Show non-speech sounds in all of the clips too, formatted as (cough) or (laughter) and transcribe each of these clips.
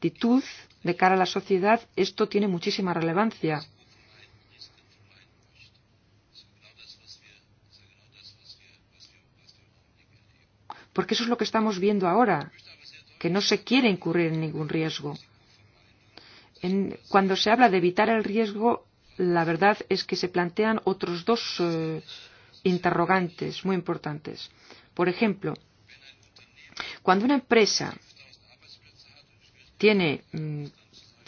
actitud de cara a la sociedad, esto tiene muchísima relevancia. Porque eso es lo que estamos viendo ahora, que no se quiere incurrir en ningún riesgo. En, cuando se habla de evitar el riesgo, la verdad es que se plantean otros dos eh, interrogantes muy importantes. Por ejemplo, cuando una empresa tiene mm,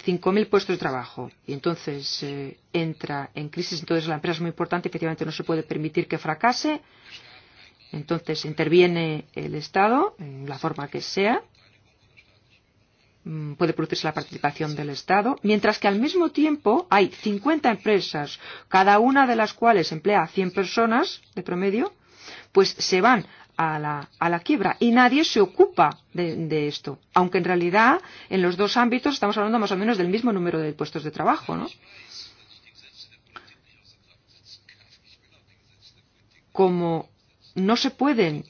cinco 5.000 puestos de trabajo y entonces eh, entra en crisis, entonces la empresa es muy importante, efectivamente no se puede permitir que fracase, entonces interviene el Estado, en la forma que sea, mm, puede producirse la participación del Estado, mientras que al mismo tiempo hay 50 empresas, cada una de las cuales emplea a 100 personas de promedio, pues se van a la, a la quiebra y nadie se ocupa de, de esto, aunque en realidad en los dos ámbitos estamos hablando más o menos del mismo número de puestos de trabajo, ¿no? Como no se pueden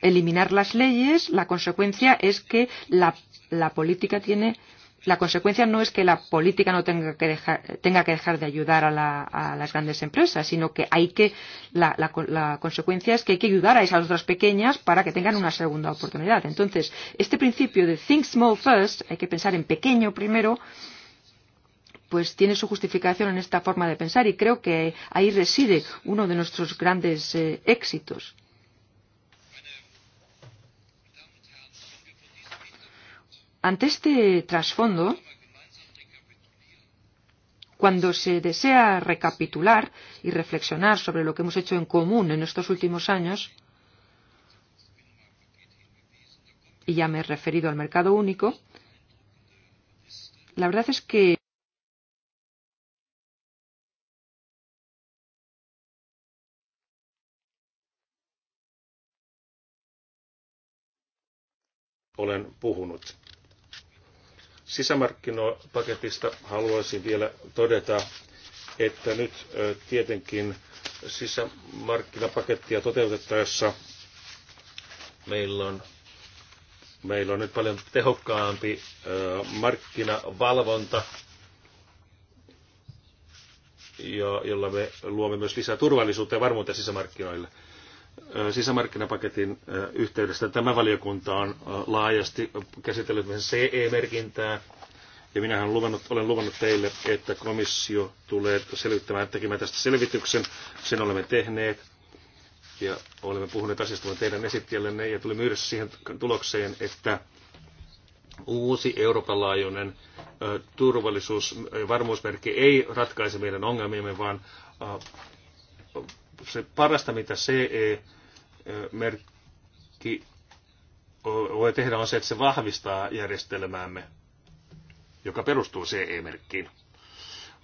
eliminar las leyes, la consecuencia es que la, la política tiene la consecuencia no es que la política no tenga que dejar, tenga que dejar de ayudar a, la, a las grandes empresas, sino que hay que la, la, la consecuencia es que hay que ayudar a esas otras pequeñas para que tengan una segunda oportunidad. Entonces, este principio de think small first, hay que pensar en pequeño primero, pues tiene su justificación en esta forma de pensar y creo que ahí reside uno de nuestros grandes eh, éxitos. Ante este trasfondo, cuando se desea recapitular y reflexionar sobre lo que hemos hecho en común en estos últimos años, y ya me he referido al mercado único, la verdad es que olen puhunut. Sisämarkkinapaketista haluaisin vielä todeta, että nyt tietenkin sisämarkkinapakettia toteutettaessa meillä on, meillä on nyt paljon tehokkaampi markkinavalvonta, jolla me luomme myös lisää turvallisuutta ja varmuutta sisämarkkinoille sisämarkkinapaketin yhteydestä. Tämä valiokunta on laajasti käsitellyt CE-merkintää. Ja minähän olen luvannut, olen luvannut teille, että komissio tulee selvittämään, tekemään tästä selvityksen. Sen olemme tehneet ja olemme puhuneet asiasta teidän esittäjällenne ja tulimme yhdessä siihen tulokseen, että uusi Euroopan laajuinen turvallisuus- ja varmuusmerkki ei ratkaise meidän ongelmiamme, vaan se parasta, mitä CE merkki voi tehdä on se, että se vahvistaa järjestelmäämme, joka perustuu CE-merkkiin.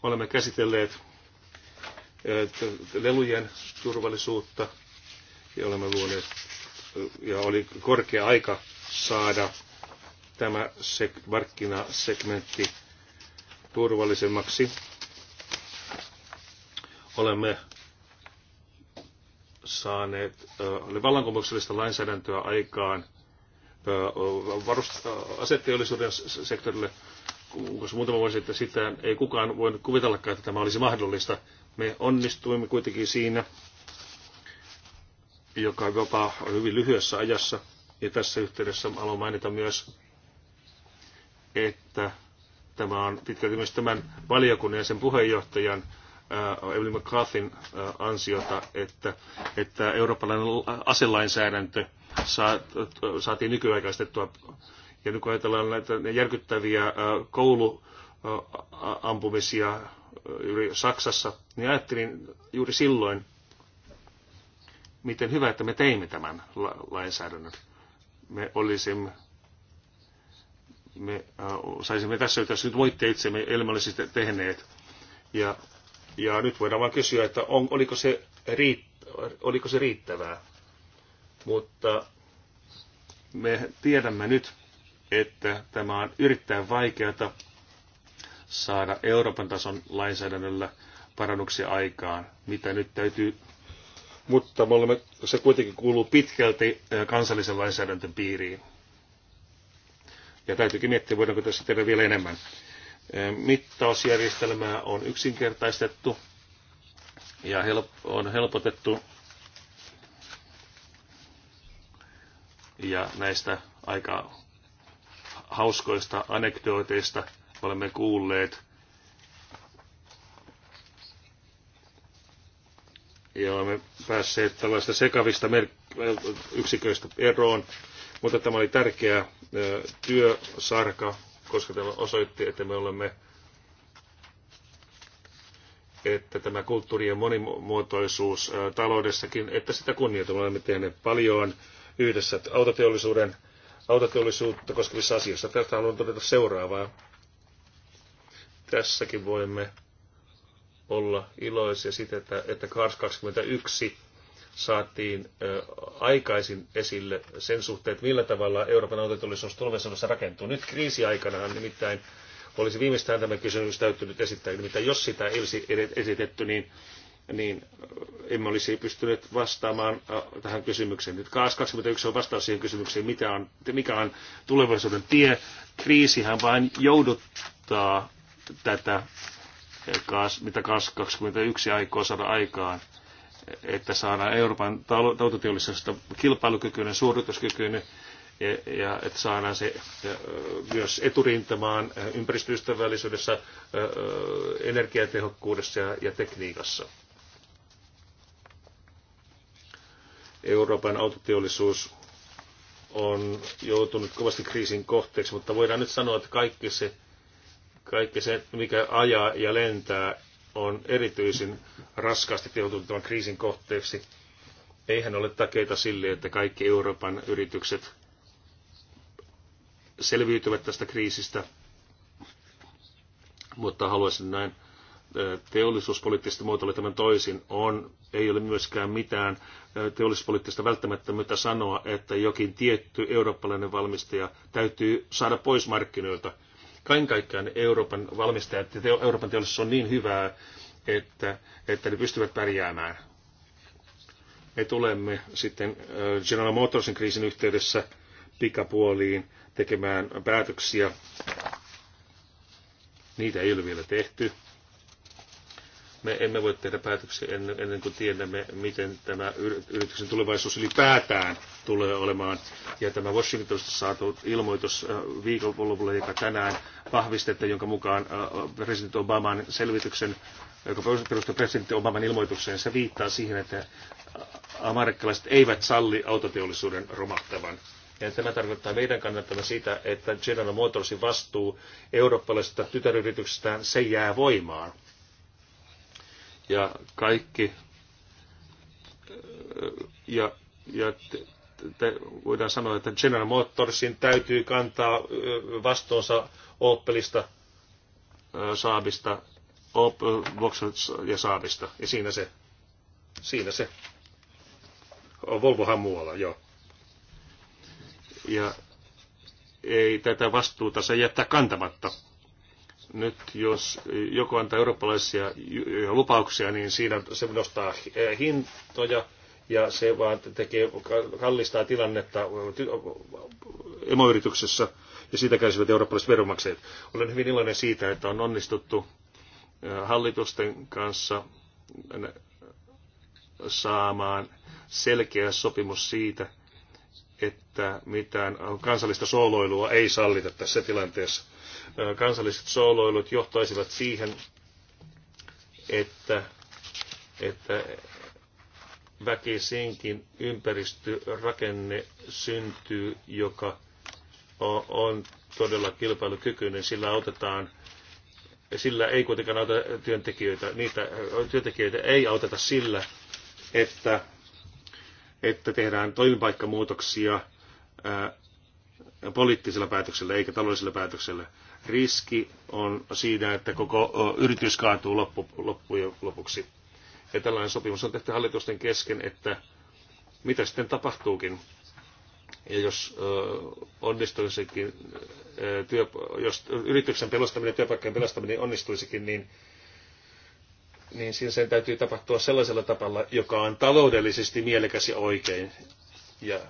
Olemme käsitelleet eh, lelujen turvallisuutta ja olemme luoneet eh, ja oli korkea aika saada tämä sek- markkinasegmentti turvallisemmaksi. Olemme saaneet, oli vallankumouksellista lainsäädäntöä aikaan varust, asetteollisuuden sektorille, koska muutama vuosi sitten sitä ei kukaan voinut kuvitellakaan, että tämä olisi mahdollista. Me onnistuimme kuitenkin siinä, joka jopa on hyvin lyhyessä ajassa. Ja tässä yhteydessä haluan mainita myös, että tämä on pitkälti myös tämän valiokunnan ja sen puheenjohtajan Äh, Evelyn McCarthyn äh, ansiota, että, että eurooppalainen aselainsäädäntö äh, saatiin nykyaikaistettua. Ja nyt kun ajatellaan näitä järkyttäviä kouluampumisia juuri Saksassa, niin ajattelin juuri silloin, miten hyvä, että me teimme tämän lainsäädännön. Me olisimme me saisimme tässä yhteydessä nyt voitte itse me olisi tehneet. Ja ja nyt voidaan vain kysyä, että on, oliko, se riitt, oliko se riittävää. Mutta me tiedämme nyt, että tämä on yrittäen vaikeata saada Euroopan tason lainsäädännöllä parannuksia aikaan, mitä nyt täytyy. Mutta me olemme, se kuitenkin kuuluu pitkälti eh, kansallisen lainsäädäntön piiriin. Ja täytyykin miettiä, voidaanko tässä tehdä vielä enemmän. Mittausjärjestelmää on yksinkertaistettu ja on helpotettu ja näistä aika hauskoista anekdooteista olemme kuulleet. Ja olemme päässeet tällaista sekavista yksiköistä eroon, mutta tämä oli tärkeä työsarka koska tämä osoitti, että me olemme että tämä kulttuurien monimuotoisuus taloudessakin, että sitä me olemme tehneet paljon yhdessä autoteollisuuden, autoteollisuutta koskevissa asioissa. Tästä haluan todeta seuraavaa. Tässäkin voimme olla iloisia siitä, että, että Kars 21 saatiin aikaisin esille sen suhteen, että millä tavalla Euroopan autoteollisuus tulevaisuudessa rakentuu. Nyt kriisiaikanahan nimittäin olisi viimeistään tämä kysymys täytynyt esittää, nimittäin jos sitä ei olisi esitetty, niin niin emme olisi pystyneet vastaamaan tähän kysymykseen. Nyt KAAS 21 on vastaus siihen kysymykseen, mitä on, mikä on tulevaisuuden tie. Kriisihän vain jouduttaa tätä, mitä KAAS 21 aikoo saada aikaan että saadaan Euroopan autoteollisuudesta kilpailukykyinen, suorituskykyinen ja, ja että saadaan se myös eturintamaan ympäristöystävällisyydessä, energiatehokkuudessa ja, ja tekniikassa. Euroopan autoteollisuus on joutunut kovasti kriisin kohteeksi, mutta voidaan nyt sanoa, että kaikki se, kaikki se mikä ajaa ja lentää, on erityisen raskaasti joutunut tämän kriisin kohteeksi. Eihän ole takeita sille, että kaikki Euroopan yritykset selviytyvät tästä kriisistä, mutta haluaisin näin teollisuuspoliittisesti muotoilla tämän toisin, on, ei ole myöskään mitään teollisuuspoliittista välttämättömyyttä sanoa, että jokin tietty eurooppalainen valmistaja täytyy saada pois markkinoilta – Kaiken kaikkiaan Euroopan valmistajat ja Euroopan teollisuus on niin hyvää, että, että ne pystyvät pärjäämään. Me tulemme sitten äh, General Motorsin kriisin yhteydessä pikapuoliin tekemään päätöksiä. Niitä ei ole vielä tehty me emme voi tehdä päätöksiä ennen, ennen kuin tiedämme, miten tämä yrityksen tulevaisuus ylipäätään tulee olemaan. Ja tämä Washingtonista saatu ilmoitus äh, viikonlopulla, joka tänään vahvistettiin, jonka mukaan äh, presidentti Obaman selvityksen, joka perustuu presidentti Obaman ilmoitukseen, se viittaa siihen, että amerikkalaiset eivät salli autoteollisuuden romahtavan. Ja tämä tarkoittaa meidän kannattamme sitä, että General Motorsin vastuu eurooppalaisesta tytäryrityksestään, se jää voimaan ja kaikki ja, ja te, te, voidaan sanoa, että General Motorsin täytyy kantaa vastuunsa Opelista Saabista, Opel, Vauxhall ja Saabista. Ja siinä se. Siinä se. Volvohan muualla, joo. Ja ei tätä vastuuta se jättää kantamatta nyt jos joku antaa eurooppalaisia lupauksia, niin siinä se nostaa eh, hintoja ja se vaan tekee, kallistaa tilannetta emoyrityksessä ja siitä kärsivät eurooppalaiset veronmaksajat. Olen hyvin iloinen siitä, että on onnistuttu eh, hallitusten kanssa eh, saamaan selkeä sopimus siitä, että mitään kansallista sooloilua ei sallita tässä tilanteessa kansalliset sooloilut johtaisivat siihen, että, että väkisinkin ympäristörakenne syntyy, joka on todella kilpailukykyinen. Sillä autetaan sillä ei kuitenkaan auta työntekijöitä. Niitä työntekijöitä ei auteta sillä, että, että tehdään toimipaikkamuutoksia ää, poliittisella päätöksellä eikä taloudellisella päätöksellä riski on siinä, että koko yritys kaatuu loppu, loppujen lopuksi. Ja tällainen sopimus on tehty hallitusten kesken, että mitä sitten tapahtuukin. Ja jos onnistuisikin, jos yrityksen pelastaminen, työpaikkojen pelastaminen onnistuisikin, niin niin siinä sen täytyy tapahtua sellaisella tavalla, joka on taloudellisesti mielekäs ja oikein. Ja,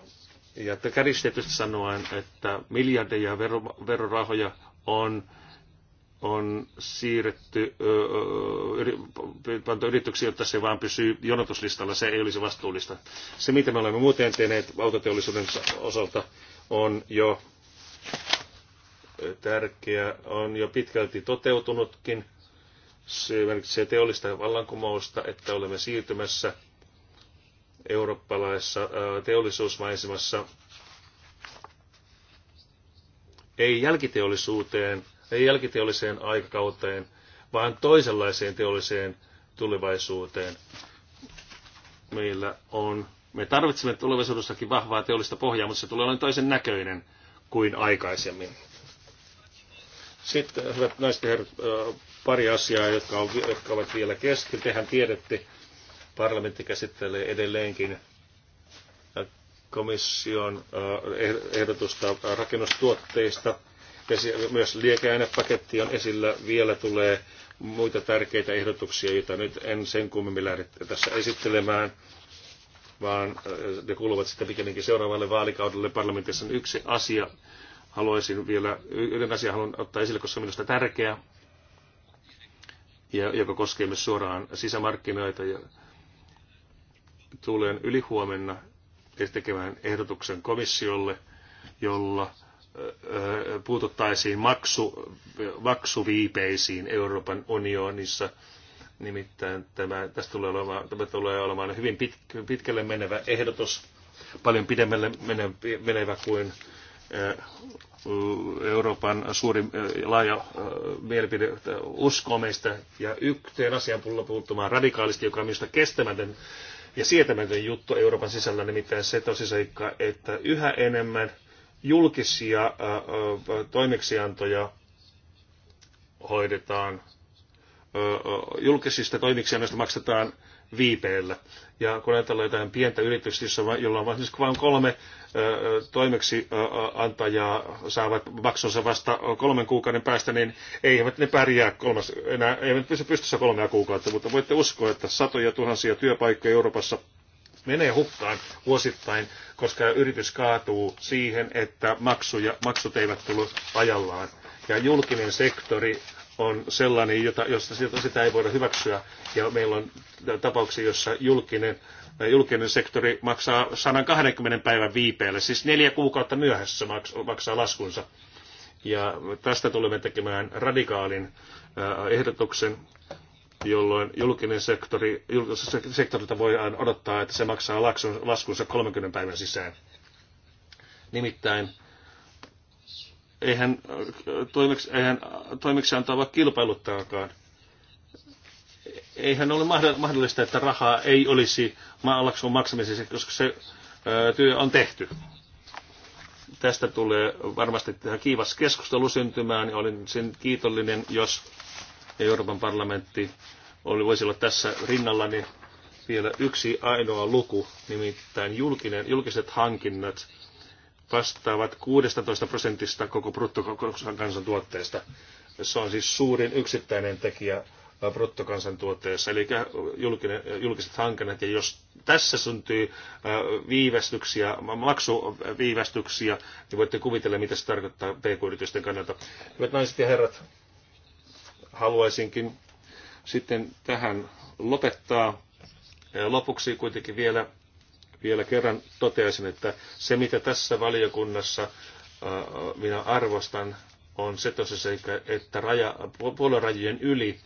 ja kärjistetysti sanoen, että miljardeja vero, verorahoja on, on siirretty, pantu yrityksiä, jotta se vaan pysyy jonotuslistalla, se ei olisi vastuullista. Se, mitä me olemme muuten tehneet autoteollisuuden osalta, on jo tärkeä, on jo pitkälti toteutunutkin. Se merkitsee teollista vallankumousta, että olemme siirtymässä eurooppalaisessa teollisuusmaisemassa ei jälkiteollisuuteen, ei jälkiteolliseen aikakauteen, vaan toisenlaiseen teolliseen tulevaisuuteen. Meillä on, me tarvitsemme tulevaisuudessakin vahvaa teollista pohjaa, mutta se tulee olemaan toisen näköinen kuin aikaisemmin. Sitten, hyvät naiset ja herrat, pari asiaa, jotka, on, jotka ovat vielä kesken. Tehän tiedätte, parlamentti käsittelee edelleenkin komission eh, ehdotusta rakennustuotteista. Myös liekeainepaketti on esillä. Vielä tulee muita tärkeitä ehdotuksia, joita nyt en sen kummemmin lähde tässä esittelemään, vaan ne kuuluvat sitten pikemminkin seuraavalle vaalikaudelle parlamentissa. Yksi asia haluaisin vielä, yhden asian haluan ottaa esille, koska se on minusta tärkeä, ja joka koskee myös suoraan sisämarkkinoita. Ja tulen ylihuomenna tekemään ehdotuksen komissiolle, jolla puututtaisiin maksu, maksuviipeisiin Euroopan unionissa. Nimittäin tämä, tästä tulee olemaan, tämä tulee olemaan hyvin pitkälle menevä ehdotus, paljon pidemmälle menevä kuin Euroopan suurin laaja mielipide uskoo meistä ja yhteen asiaan puuttumaan radikaalisti, joka on minusta kestämätön ja sietämätön juttu Euroopan sisällä, nimittäin se tosiseikka, että yhä enemmän julkisia toimeksiantoja hoidetaan, julkisista toimeksiannoista maksetaan viipeellä. Ja kun ajatellaan jotain pientä yritystä, jossa, jolla on vain siis vain kolme toimeksi antajaa saavat maksunsa vasta kolmen kuukauden päästä, niin eivät ne pärjää kolmas, enää, ei eivät pysy pystyssä kolmea kuukautta, mutta voitte uskoa, että satoja tuhansia työpaikkoja Euroopassa menee hukkaan vuosittain, koska yritys kaatuu siihen, että maksuja, maksut eivät tullut ajallaan. Ja julkinen sektori on sellainen, jota, josta sitä ei voida hyväksyä. Ja meillä on tapauksia, jossa julkinen, julkinen sektori maksaa 120 päivän viipeelle, siis neljä kuukautta myöhässä maksaa laskunsa. Ja tästä tulemme tekemään radikaalin äh, ehdotuksen, jolloin julkinen sektori, julkisesta sektorilta voidaan odottaa, että se maksaa laskunsa 30 päivän sisään. Nimittäin eihän, toimeksi, eihän toimeksiantoa voi kilpailuttaakaan. Eihän ole mahdollista, että rahaa ei olisi maalaksun maksamisessa, koska se työ on tehty. Tästä tulee varmasti tähän kiivas keskustelu syntymään ja olin sen kiitollinen, jos Euroopan parlamentti oli, voisi olla tässä rinnallani niin vielä yksi ainoa luku, nimittäin julkinen, julkiset hankinnat – vastaavat 16 prosentista koko bruttokansantuotteesta. Se on siis suurin yksittäinen tekijä bruttokansantuotteessa, eli julkinen, julkiset hankinnat. Ja jos tässä syntyy viivästyksiä, maksuviivästyksiä, niin voitte kuvitella, mitä se tarkoittaa pk-yritysten kannalta. Hyvät naiset ja herrat, haluaisinkin sitten tähän lopettaa. Lopuksi kuitenkin vielä vielä kerran toteaisin, että se mitä tässä valiokunnassa minä arvostan, on se tosiseikka, että raja, puoluerajojen yli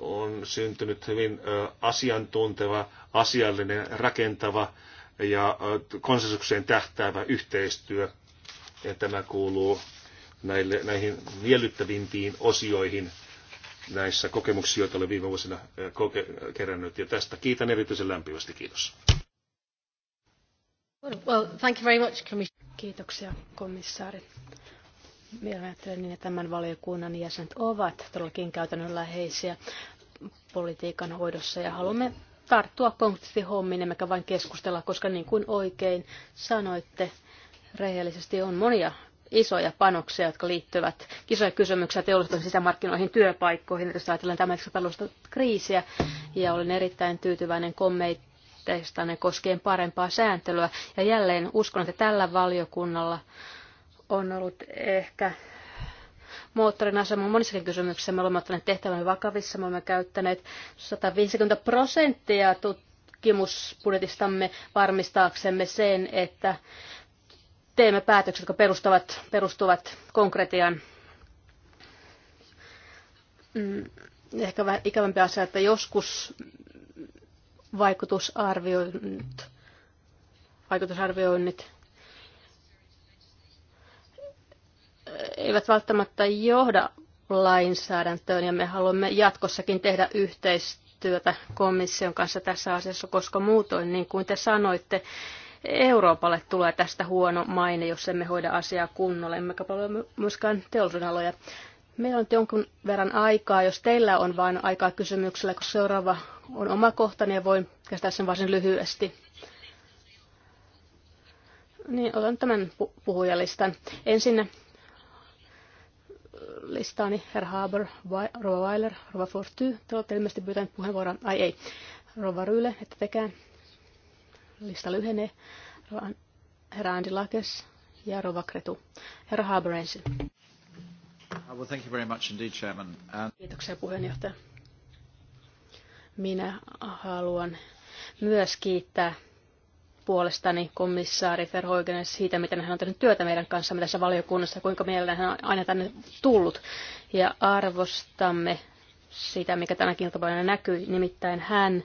on syntynyt hyvin asiantunteva, asiallinen, rakentava ja konsensukseen tähtäävä yhteistyö. Ja tämä kuuluu näille, näihin miellyttävimpiin osioihin näissä kokemuksissa, joita olen viime vuosina koke- kerännyt. Ja tästä kiitän erityisen lämpimästi. Kiitos. Well, thank you very much, Kiitoksia komissaari. Mielestäni ajattelen niin, että tämän valiokunnan jäsenet ovat todellakin käytännönläheisiä politiikan hoidossa ja haluamme tarttua konkreettisesti hommiin, emmekä vain keskustella, koska niin kuin oikein sanoitte, rehellisesti on monia isoja panoksia, jotka liittyvät isoja kysymyksiä teollisuuden sisämarkkinoihin, työpaikkoihin, jos ajatellaan tämän kriisiä. Ja olen erittäin tyytyväinen aloitteestanne koskien parempaa sääntelyä. Ja jälleen uskon, että tällä valiokunnalla on ollut ehkä moottorin asema monissakin kysymyksissä. Me olemme ottaneet tehtävän vakavissa, me olemme käyttäneet 150 prosenttia tutkimusbudjetistamme varmistaaksemme sen, että teemme päätökset, jotka perustavat, perustuvat konkretiaan. Mm, ehkä vähän ikävämpi asia, että joskus vaikutusarvioinnit, vaikutusarvioinnit eivät välttämättä johda lainsäädäntöön ja me haluamme jatkossakin tehdä yhteistyötä komission kanssa tässä asiassa, koska muutoin, niin kuin te sanoitte, Euroopalle tulee tästä huono maine, jos emme hoida asiaa kunnolla, emmekä paljon myöskään teollisuuden aloja. Meillä on nyt jonkun verran aikaa, jos teillä on vain aikaa kysymyksellä, kun seuraava on omakohtainen niin ja voin käsittää sen varsin lyhyesti. Niin, otan tämän pu- puhujalistan. Ensin listaani Herr Haber, Rova Weiler, Rova Forty. Te olette ilmeisesti pyytäneet puheenvuoroa. Ai ei. Rova Ryle, että tekään. Lista lyhenee. Herra Andi Lakes ja Rova Kretu. Herra Haber ensin. Uh, well, thank uh, Kiitoksia puheenjohtaja. Minä haluan myös kiittää puolestani komissaari Verhoigenen siitä, miten hän on tehnyt työtä meidän kanssamme tässä valiokunnassa, kuinka mielellään hän on aina tänne tullut. Ja arvostamme sitä, mikä tänäkin iltapäivänä näkyy, nimittäin hän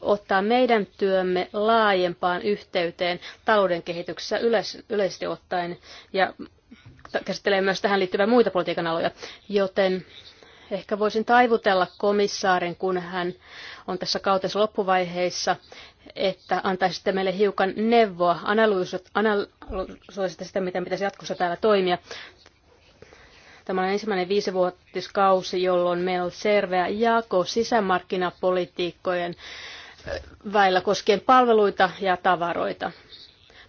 ottaa meidän työmme laajempaan yhteyteen talouden kehityksessä yleis- yleisesti ottaen ja käsittelee myös tähän liittyviä muita politiikan aloja, joten ehkä voisin taivutella komissaarin, kun hän on tässä kautensa loppuvaiheissa, että antaisitte meille hiukan neuvoa, analysoisitte sitä, miten pitäisi jatkossa täällä toimia. Tämä on ensimmäinen viisivuotiskausi, jolloin meillä on serveä jako sisämarkkinapolitiikkojen väillä koskien palveluita ja tavaroita.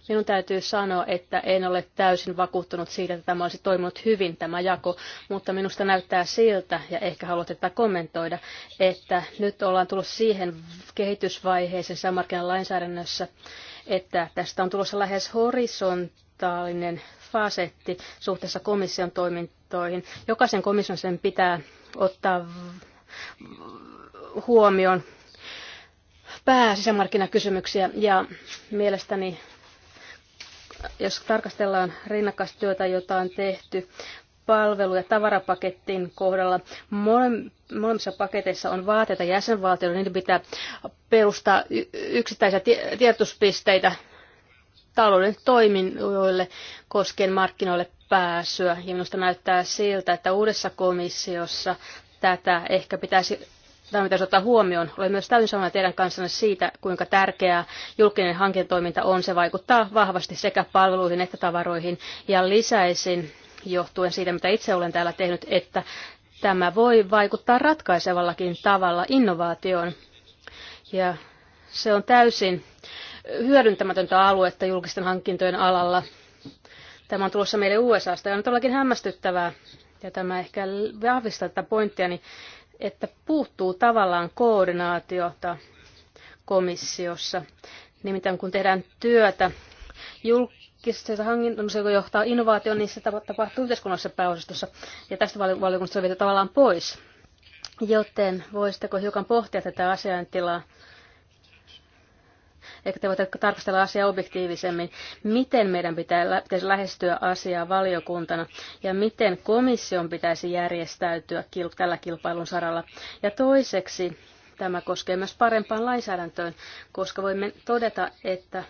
Minun täytyy sanoa, että en ole täysin vakuuttunut siitä, että tämä olisi toiminut hyvin tämä jako, mutta minusta näyttää siltä, ja ehkä haluat tätä kommentoida, että nyt ollaan tullut siihen kehitysvaiheeseen sisämarkkinan lainsäädännössä, että tästä on tulossa lähes horisontaalinen fasetti suhteessa komission toimintoihin. Jokaisen komission sen pitää ottaa huomioon pääsisämarkkinakysymyksiä ja mielestäni jos tarkastellaan rinnakkaistyötä, jota on tehty palvelu- ja tavarapaketin kohdalla. Molemmissa paketeissa on vaateita jäsenvaltioille, niiden pitää perustaa yksittäisiä tiedotuspisteitä talouden toimijoille koskien markkinoille pääsyä. Ja minusta näyttää siltä, että uudessa komissiossa tätä ehkä pitäisi tämä pitäisi ottaa huomioon. Olen myös täysin samaa teidän kanssanne siitä, kuinka tärkeää julkinen hanketoiminta on. Se vaikuttaa vahvasti sekä palveluihin että tavaroihin. Ja lisäisin, johtuen siitä, mitä itse olen täällä tehnyt, että tämä voi vaikuttaa ratkaisevallakin tavalla innovaatioon. Ja se on täysin hyödyntämätöntä aluetta julkisten hankintojen alalla. Tämä on tulossa meille USAsta ja on todellakin hämmästyttävää, ja tämä ehkä vahvistaa tätä pointtia, niin että puuttuu tavallaan koordinaatiota komissiossa. Nimittäin kun tehdään työtä julkisessa hankinnassa, joka johtaa innovaatioon, niin se tapahtuu yhteiskunnassa pääosastossa. Ja tästä valiokunnasta se tavallaan pois. Joten voisitteko hiukan pohtia tätä asiantilaa? ehkä te voitte tarkastella asiaa objektiivisemmin, miten meidän pitää, pitäisi lähestyä asiaa valiokuntana ja miten komission pitäisi järjestäytyä tällä kilpailun saralla. Ja toiseksi tämä koskee myös parempaan lainsäädäntöön, koska voimme todeta, että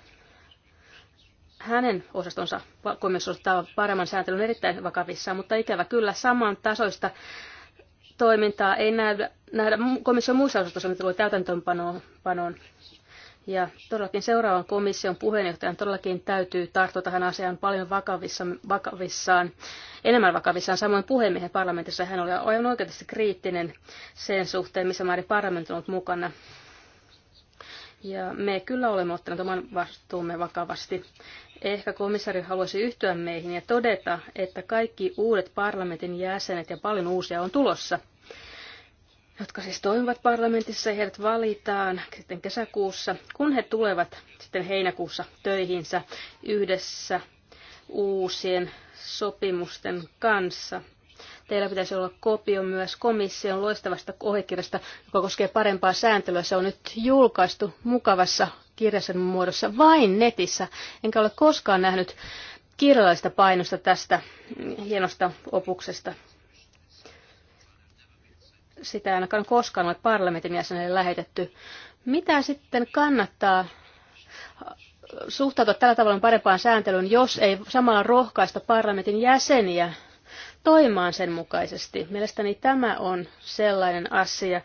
hänen osastonsa komissio ottaa paremman sääntelyn erittäin vakavissa, mutta ikävä kyllä saman tasoista toimintaa ei nähdä, nähdä komission muissa osastossa, mitä tulee täytäntöönpanoon. Ja todellakin seuraavan komission puheenjohtajan todellakin täytyy tarttua tähän asiaan paljon vakavissa, vakavissaan, enemmän vakavissaan. Samoin puhemiehen parlamentissa hän oli aivan oikeasti kriittinen sen suhteen, missä määrin parlamentti on ollut mukana. Ja me kyllä olemme ottaneet oman vastuumme vakavasti. Ehkä komissari haluaisi yhtyä meihin ja todeta, että kaikki uudet parlamentin jäsenet ja paljon uusia on tulossa – jotka siis toimivat parlamentissa ja heidät valitaan sitten kesäkuussa, kun he tulevat sitten heinäkuussa töihinsä yhdessä uusien sopimusten kanssa. Teillä pitäisi olla kopio myös komission loistavasta ohjekirjasta, joka koskee parempaa sääntelyä. Se on nyt julkaistu mukavassa kirjasen muodossa vain netissä. Enkä ole koskaan nähnyt kirjallista painosta tästä hienosta opuksesta sitä ei ainakaan koskaan ole parlamentin jäsenelle lähetetty. Mitä sitten kannattaa suhtautua tällä tavalla parempaan sääntelyyn, jos ei samalla rohkaista parlamentin jäseniä toimimaan sen mukaisesti? Mielestäni tämä on sellainen asia,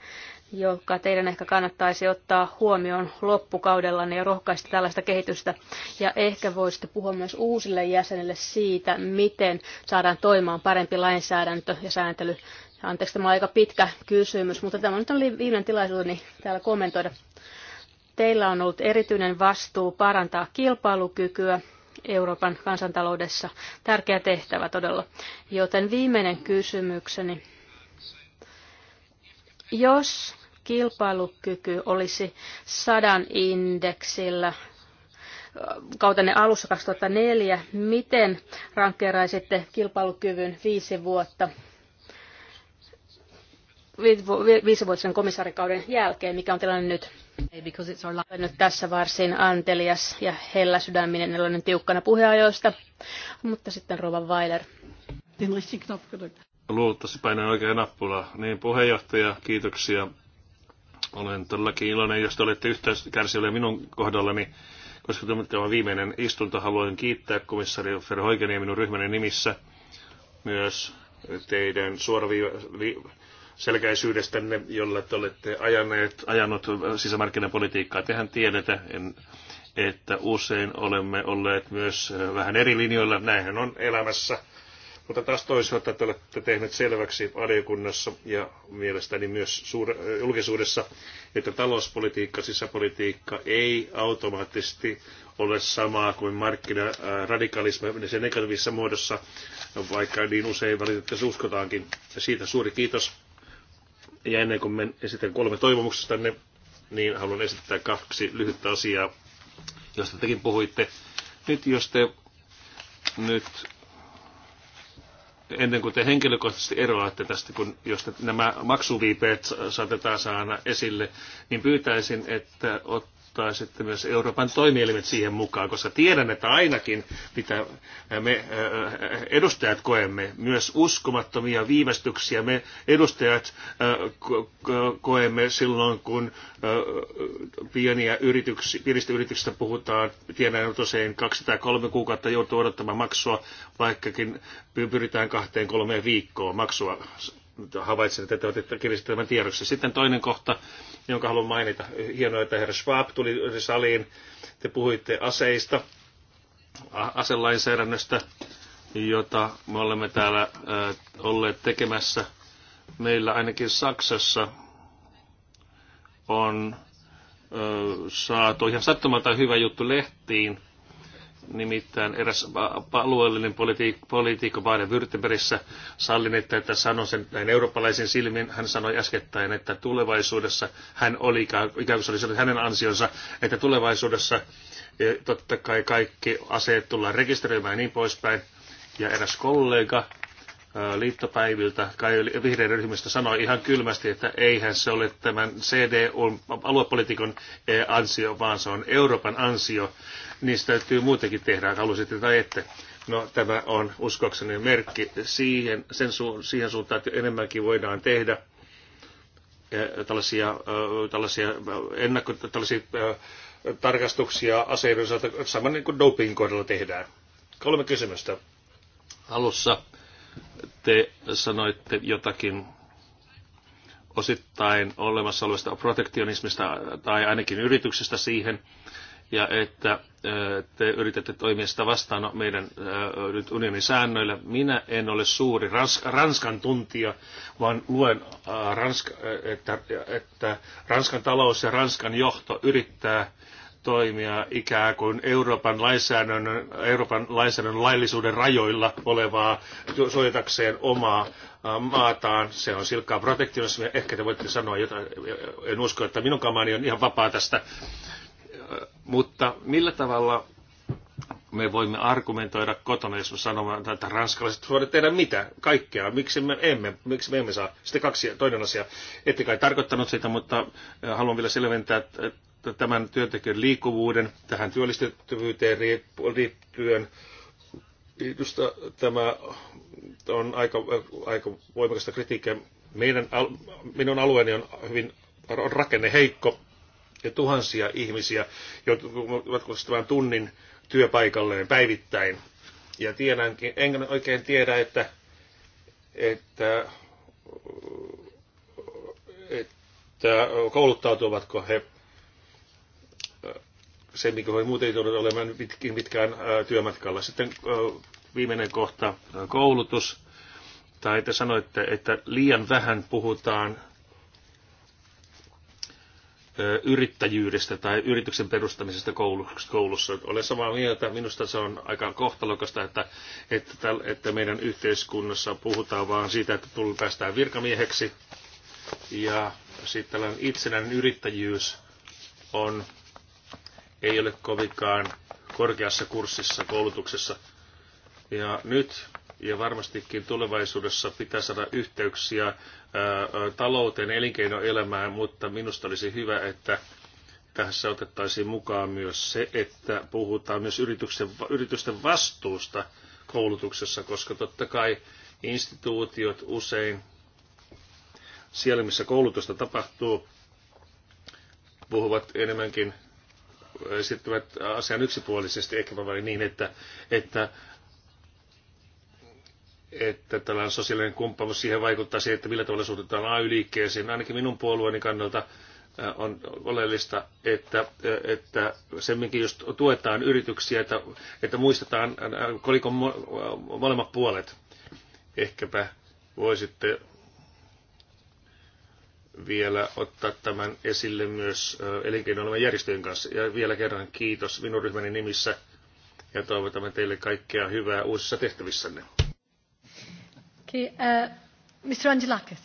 joka teidän ehkä kannattaisi ottaa huomioon loppukaudella ja rohkaista tällaista kehitystä. Ja ehkä voisitte puhua myös uusille jäsenille siitä, miten saadaan toimimaan parempi lainsäädäntö ja sääntely. Anteeksi, tämä on aika pitkä kysymys, mutta tämä nyt on viimeinen tilaisuuteni täällä kommentoida. Teillä on ollut erityinen vastuu parantaa kilpailukykyä Euroopan kansantaloudessa. Tärkeä tehtävä todella. Joten viimeinen kysymykseni. Jos kilpailukyky olisi sadan indeksillä kautenne alussa 2004, miten rankkeeraisitte kilpailukyvyn viisi vuotta viisivuotisen komissaarikauden jälkeen, mikä on tilanne nyt. Nyt tässä varsin antelias ja hellä sydäminen, nyt tiukkana puheajoista, mutta sitten Rova Weiler. Luultavasti painan oikea nappula. Niin, puheenjohtaja, kiitoksia. Olen todellakin iloinen, jos te olette yhtä minun kohdallani, koska tämä on viimeinen istunto. Haluan kiittää komissaari Ferhoikenia minun ryhmäni nimissä myös teidän suoraviivaisesta selkäisyydestänne, jolla te olette ajaneet, ajanut sisämarkkinapolitiikkaa. Tehän en, että usein olemme olleet myös äh, vähän eri linjoilla. Näinhän on elämässä. Mutta taas toisaalta te olette tehneet selväksi valiokunnassa ja mielestäni myös suur- äh, julkisuudessa, että talouspolitiikka, sisäpolitiikka ei automaattisesti ole samaa kuin markkinaradikalismi äh, sen negatiivisessa muodossa, vaikka niin usein valitettavasti uskotaankin. Ja siitä suuri kiitos ja ennen kuin men esitän kolme tänne, niin haluan esittää kaksi lyhyttä asiaa, josta tekin puhuitte. Nyt jos te nyt ennen kuin te henkilökohtaisesti eroatte tästä, kun jos te nämä maksuviipeet saatetaan saada esille, niin pyytäisin, että ottaa sitten myös Euroopan toimielimet siihen mukaan, koska tiedän, että ainakin mitä me äh, äh, edustajat koemme, myös uskomattomia viivästyksiä me edustajat äh, koemme silloin, kun pieniä yrityksiä, pienistä yrityksistä puhutaan, tiedän, että usein kaksi tai kolme kuukautta joutuu odottamaan maksua, vaikkakin pyritään kahteen kolmeen viikkoon maksua havaitsen, että te olette kirjasta tämän tiedoksi. Sitten toinen kohta, jonka haluan mainita. Hienoa, että herra Schwab tuli saliin. Te puhuitte aseista, aselainsäädännöstä, jota me olemme täällä äh, olleet tekemässä. Meillä ainakin Saksassa on äh, saatu ihan sattumalta hyvä juttu lehtiin – nimittäin eräs alueellinen poliitikko Baden-Württembergissä, sallin, että, että sanon sen näin eurooppalaisen silmin, hän sanoi äskettäin, että tulevaisuudessa hän oli, ikään kuin se oli hänen ansionsa, että tulevaisuudessa e, totta kai kaikki aseet tullaan rekisteröimään ja niin poispäin. Ja eräs kollega Äh, liittopäiviltä, kai vihreiden ryhmästä sanoi ihan kylmästi, että eihän se ole tämän CDU-aluepolitiikon äh, ansio, vaan se on Euroopan ansio. Niistä täytyy muutenkin tehdä, halusitte tai ette. No tämä on uskokseni merkki siihen, sen su- siihen suuntaan, että enemmänkin voidaan tehdä äh, tällaisia, tällaisia ennakko, tällaisia tarkastuksia aseiden osalta, saman niin kuin doping kohdalla tehdään. Kolme kysymystä alussa te sanoitte jotakin osittain olemassa olevasta protektionismista tai ainakin yrityksestä siihen, ja että te yritätte toimia sitä vastaan no, meidän nyt unionin säännöillä. Minä en ole suuri Ranskan tuntija, vaan luen, Ranska, että, että Ranskan talous ja Ranskan johto yrittää toimia ikään kuin Euroopan lainsäädännön, Euroopan lainsäädännön laillisuuden rajoilla olevaa suojatakseen omaa maataan. Se on silkkaa protektionismia. Ehkä te voitte sanoa jotain. En usko, että minun kamani on ihan vapaa tästä. Mutta millä tavalla me voimme argumentoida kotona, jos me sanomme, että ranskalaiset voivat tehdä mitä, kaikkea, miksi me emme, miksi me emme saa. Sitten kaksi, toinen asia, ette kai tarkoittanut sitä, mutta haluan vielä selventää, että tämän työntekijän liikkuvuuden tähän työllistettävyyteen liittyen. Minusta tämä on aika, aika voimakasta kritiikkiä. Meidän, minun alueeni on hyvin on rakenne heikko ja tuhansia ihmisiä jotkut tämän tunnin työpaikalleen päivittäin. Ja tiedänkin, en oikein tiedä, että, että, että kouluttautuvatko he se, mikä voi muuten jouduta olemaan pitkin, pitkään työmatkalla. Sitten viimeinen kohta, koulutus. Tai te sanoitte, että liian vähän puhutaan yrittäjyydestä tai yrityksen perustamisesta koulussa. Olen samaa mieltä, minusta se on aika kohtalokasta, että, että, että meidän yhteiskunnassa puhutaan vaan siitä, että tullut päästään virkamieheksi ja sitten tällainen itsenäinen yrittäjyys on ei ole kovinkaan korkeassa kurssissa koulutuksessa. Ja nyt ja varmastikin tulevaisuudessa pitää saada yhteyksiä ää, talouteen, elinkeinoelämään, mutta minusta olisi hyvä, että tässä otettaisiin mukaan myös se, että puhutaan myös yrityksen, yritysten vastuusta koulutuksessa, koska totta kai instituutiot usein siellä, missä koulutusta tapahtuu, puhuvat enemmänkin esittävät asian yksipuolisesti. Ehkä vain niin, että, että, että tällainen sosiaalinen kumppanuus siihen vaikuttaa siihen, että millä tavalla suhtutaan AY-liikkeeseen. Ainakin minun puolueeni kannalta äh, on oleellista, että, äh, että semminkin jos tuetaan yrityksiä, että, että muistetaan äh, kolikon molemmat puolet. Ehkäpä voisitte vielä ottaa tämän esille myös elinkeinoelämän järjestöjen kanssa. Ja vielä kerran kiitos minun ryhmäni nimissä ja toivotamme teille kaikkea hyvää uusissa tehtävissänne. Okay, uh, äh, Mr. Angelakis.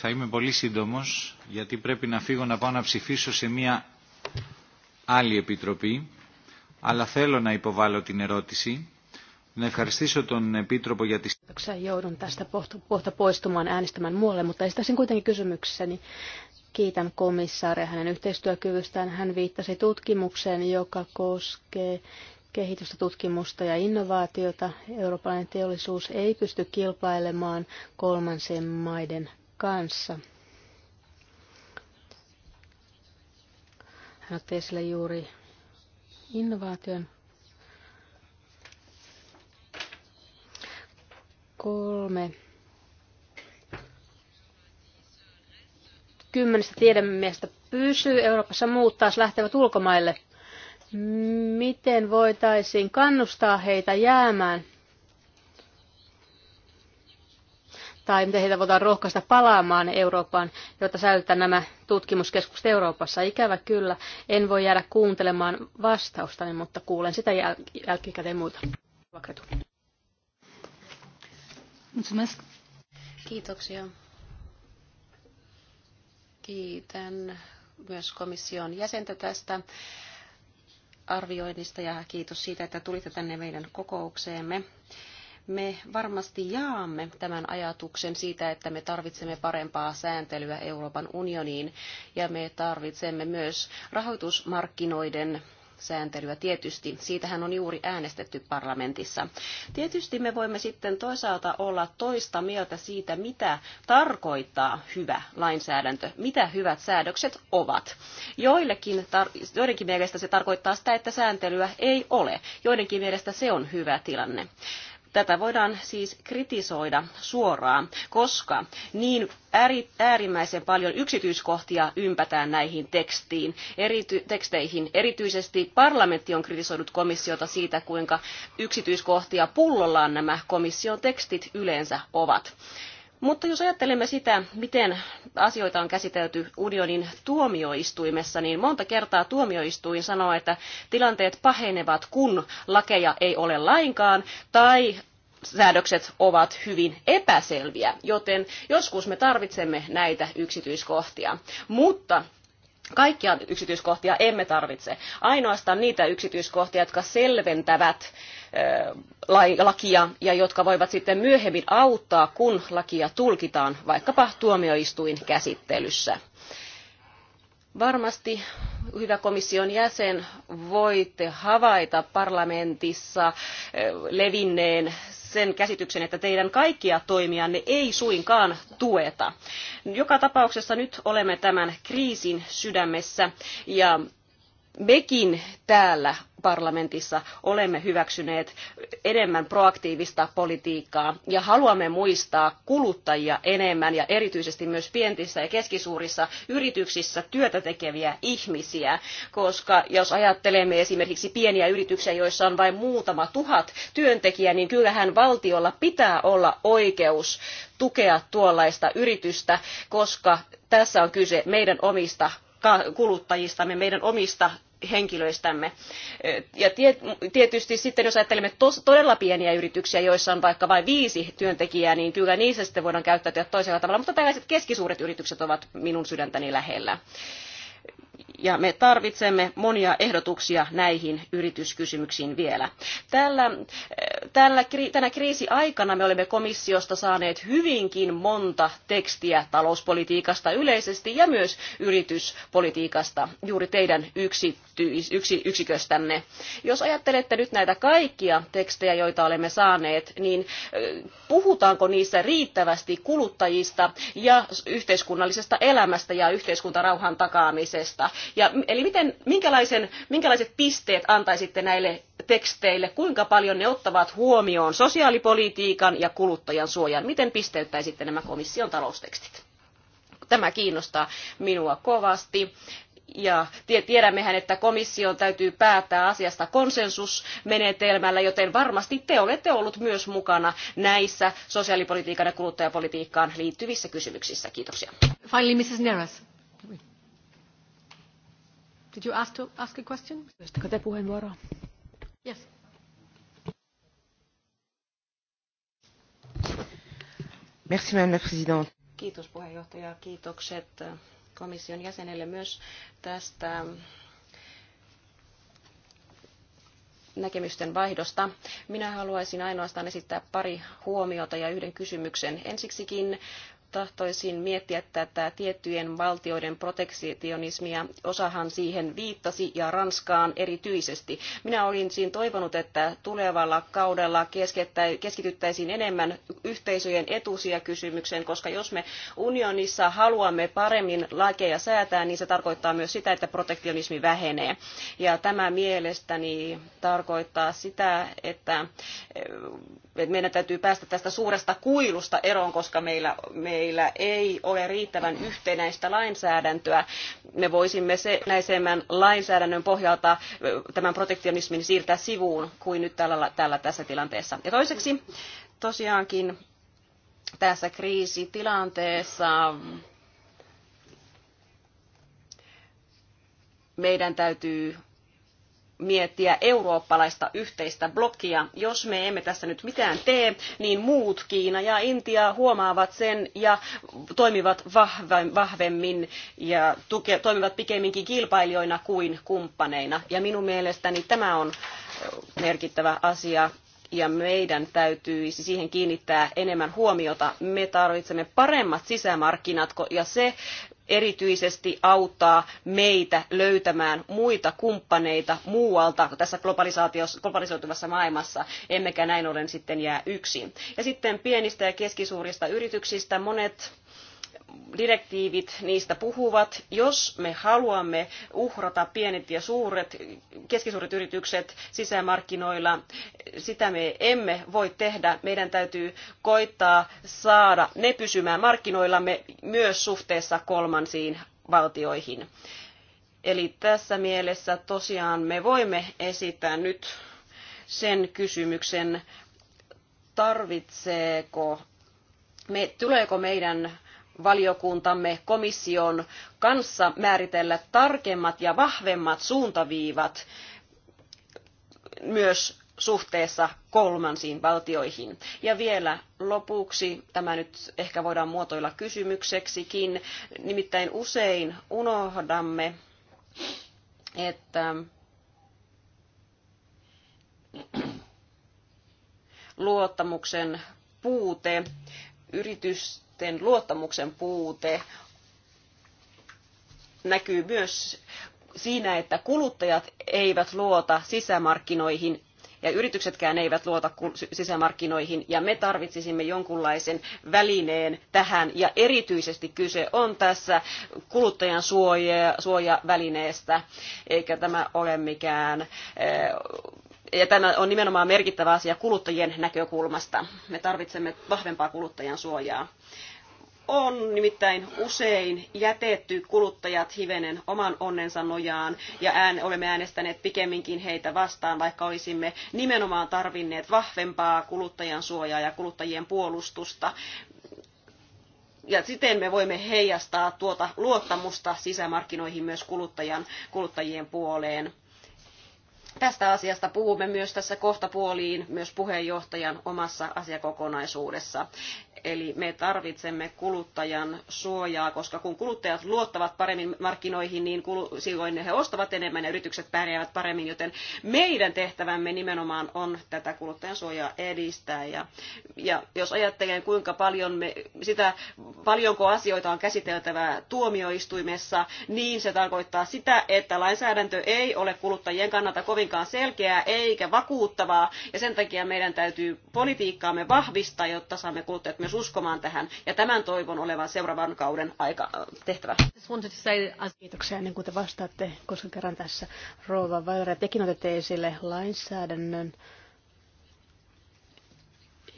Θα είμαι πολύ γιατί πρέπει να φύγω να πάω να ψηφίσω σε μια άλλη επιτροπή αλλά θέλω να υποβάλω την ερώτηση να ευχαριστήσω τον Επίτροπο για τις... Joudun tästä kohta poistumaan äänestämään muualle, mutta esitäisin kuitenkin kysymykseni. Kiitän komissaaria hänen yhteistyökyvystään. Hän viittasi tutkimukseen, joka koskee kehitystä, tutkimusta ja innovaatiota. Eurooppalainen teollisuus ei pysty kilpailemaan kolmansien maiden kanssa. Hän otti esille juuri innovaation Kolme. Kymmenestä tiedemiestä pysyy Euroopassa, muut taas lähtevät ulkomaille. Miten voitaisiin kannustaa heitä jäämään? Tai miten heitä voidaan rohkaista palaamaan Eurooppaan, jotta säilyttää nämä tutkimuskeskukset Euroopassa? Ikävä kyllä, en voi jäädä kuuntelemaan vastaustani, mutta kuulen sitä jäl- jälkikäteen muuta. Mulțumesc. Kiitoksia. Kiitän myös komission jäsentä tästä arvioinnista ja kiitos siitä, että tulitte tänne meidän kokoukseemme. Me varmasti jaamme tämän ajatuksen siitä, että me tarvitsemme parempaa sääntelyä Euroopan unioniin ja me tarvitsemme myös rahoitusmarkkinoiden sääntelyä tietysti. Siitähän on juuri äänestetty parlamentissa. Tietysti me voimme sitten toisaalta olla toista mieltä siitä, mitä tarkoittaa hyvä lainsäädäntö, mitä hyvät säädökset ovat. Joillekin tar- joidenkin mielestä se tarkoittaa sitä, että sääntelyä ei ole. Joidenkin mielestä se on hyvä tilanne. Tätä voidaan siis kritisoida suoraan, koska niin äärimmäisen paljon yksityiskohtia ympätään näihin tekstiin, erity, teksteihin. Erityisesti parlamentti on kritisoinut komissiota siitä, kuinka yksityiskohtia pullollaan nämä komission tekstit yleensä ovat. Mutta jos ajattelemme sitä, miten asioita on käsitelty unionin tuomioistuimessa, niin monta kertaa tuomioistuin sanoo, että tilanteet pahenevat, kun lakeja ei ole lainkaan, tai säädökset ovat hyvin epäselviä, joten joskus me tarvitsemme näitä yksityiskohtia. Mutta kaikkia yksityiskohtia emme tarvitse, ainoastaan niitä yksityiskohtia, jotka selventävät lakia ja jotka voivat sitten myöhemmin auttaa, kun lakia tulkitaan vaikkapa tuomioistuin käsittelyssä. Varmasti, hyvä komission jäsen, voitte havaita parlamentissa levinneen sen käsityksen, että teidän kaikkia toimianne ei suinkaan tueta. Joka tapauksessa nyt olemme tämän kriisin sydämessä ja mekin täällä parlamentissa olemme hyväksyneet enemmän proaktiivista politiikkaa ja haluamme muistaa kuluttajia enemmän ja erityisesti myös pienissä ja keskisuurissa yrityksissä työtä tekeviä ihmisiä, koska jos ajattelemme esimerkiksi pieniä yrityksiä, joissa on vain muutama tuhat työntekijää, niin kyllähän valtiolla pitää olla oikeus tukea tuollaista yritystä, koska tässä on kyse meidän omista kuluttajistamme, meidän omista henkilöistämme. Ja tietysti sitten, jos ajattelemme tos, todella pieniä yrityksiä, joissa on vaikka vain viisi työntekijää, niin kyllä niissä sitten voidaan käyttäytyä toisella tavalla, mutta tällaiset keskisuuret yritykset ovat minun sydäntäni lähellä ja me tarvitsemme monia ehdotuksia näihin yrityskysymyksiin vielä. Tällä, eh, tällä, tänä kriisiaikana me olemme komissiosta saaneet hyvinkin monta tekstiä talouspolitiikasta yleisesti ja myös yrityspolitiikasta juuri teidän yksityis, yksi, yksiköstänne. Jos ajattelette nyt näitä kaikkia tekstejä, joita olemme saaneet, niin eh, puhutaanko niissä riittävästi kuluttajista ja yhteiskunnallisesta elämästä ja yhteiskuntarauhan takaamisesta? Ja, eli miten, minkälaisen, minkälaiset pisteet antaisitte näille teksteille, kuinka paljon ne ottavat huomioon sosiaalipolitiikan ja kuluttajan suojan? Miten pisteyttäisitte nämä komission taloustekstit? Tämä kiinnostaa minua kovasti ja tiedämmehän, että komission täytyy päättää asiasta konsensusmenetelmällä, joten varmasti te olette ollut myös mukana näissä sosiaalipolitiikan ja kuluttajapolitiikkaan liittyvissä kysymyksissä. Kiitoksia. Finally, Mrs. Neres. Did you ask, to ask a question? puheenvuoroa? Yes. Merci, Madame Kiitos puheenjohtaja. Kiitokset komission jäsenelle myös tästä näkemysten vaihdosta. Minä haluaisin ainoastaan esittää pari huomiota ja yhden kysymyksen. Ensiksikin tahtoisin miettiä tätä tiettyjen valtioiden protektionismia. Osahan siihen viittasi ja Ranskaan erityisesti. Minä olin siinä toivonut, että tulevalla kaudella keskityttäisiin enemmän yhteisöjen etusia kysymykseen, koska jos me unionissa haluamme paremmin lakeja säätää, niin se tarkoittaa myös sitä, että protektionismi vähenee. Ja tämä mielestäni tarkoittaa sitä, että eh, meidän täytyy päästä tästä suuresta kuilusta eroon, koska meillä me meillä ei ole riittävän yhtenäistä lainsäädäntöä. Me voisimme se näisemmän lainsäädännön pohjalta tämän protektionismin siirtää sivuun kuin nyt tällä, tällä tässä tilanteessa. Ja toiseksi tosiaankin tässä kriisitilanteessa meidän täytyy miettiä eurooppalaista yhteistä blokkia. Jos me emme tässä nyt mitään tee, niin muut Kiina ja Intia huomaavat sen ja toimivat vahvemmin ja tuke, toimivat pikemminkin kilpailijoina kuin kumppaneina. Ja minun mielestäni tämä on merkittävä asia ja meidän täytyisi siihen kiinnittää enemmän huomiota. Me tarvitsemme paremmat sisämarkkinat ja se erityisesti auttaa meitä löytämään muita kumppaneita muualta tässä globalisoituvassa maailmassa, emmekä näin ollen sitten jää yksin. Ja sitten pienistä ja keskisuurista yrityksistä monet direktiivit niistä puhuvat. Jos me haluamme uhrata pienet ja suuret, keskisuuret yritykset sisämarkkinoilla, sitä me emme voi tehdä. Meidän täytyy koittaa saada ne pysymään markkinoillamme myös suhteessa kolmansiin valtioihin. Eli tässä mielessä tosiaan me voimme esittää nyt sen kysymyksen, tarvitseeko me, tuleeko meidän valiokuntamme komission kanssa määritellä tarkemmat ja vahvemmat suuntaviivat myös suhteessa kolmansiin valtioihin. Ja vielä lopuksi, tämä nyt ehkä voidaan muotoilla kysymykseksikin, nimittäin usein unohdamme, että luottamuksen puute yritys, sitten luottamuksen puute näkyy myös siinä, että kuluttajat eivät luota sisämarkkinoihin ja yrityksetkään eivät luota sisämarkkinoihin ja me tarvitsisimme jonkunlaisen välineen tähän ja erityisesti kyse on tässä kuluttajan suoja, suojavälineestä eikä tämä ole mikään eh, ja tämä on nimenomaan merkittävä asia kuluttajien näkökulmasta. Me tarvitsemme vahvempaa kuluttajan suojaa on nimittäin usein jätetty kuluttajat hivenen oman onnensa nojaan ja ään, olemme äänestäneet pikemminkin heitä vastaan, vaikka olisimme nimenomaan tarvinneet vahvempaa kuluttajan suojaa ja kuluttajien puolustusta ja siten me voimme heijastaa tuota luottamusta sisämarkkinoihin myös kuluttajan, kuluttajien puoleen. Tästä asiasta puhumme myös tässä kohtapuoliin, myös puheenjohtajan omassa asiakokonaisuudessa. Eli me tarvitsemme kuluttajan suojaa, koska kun kuluttajat luottavat paremmin markkinoihin, niin silloin he ostavat enemmän ja yritykset pärjäävät paremmin, joten meidän tehtävämme nimenomaan on tätä kuluttajan suojaa edistää. Ja, ja jos ajattelen, kuinka paljon me, sitä, paljonko asioita on käsiteltävää tuomioistuimessa, niin se tarkoittaa sitä, että lainsäädäntö ei ole kuluttajien kannalta kovin kovinkaan selkeää eikä vakuuttavaa, ja sen takia meidän täytyy politiikkaamme vahvistaa, jotta saamme kuluttajat myös uskomaan tähän, ja tämän toivon olevan seuraavan kauden aika äh, tehtävä. Kiitoksia ennen kuin te vastaatte, koska kerran tässä Rova Väyrä, tekin otette esille lainsäädännön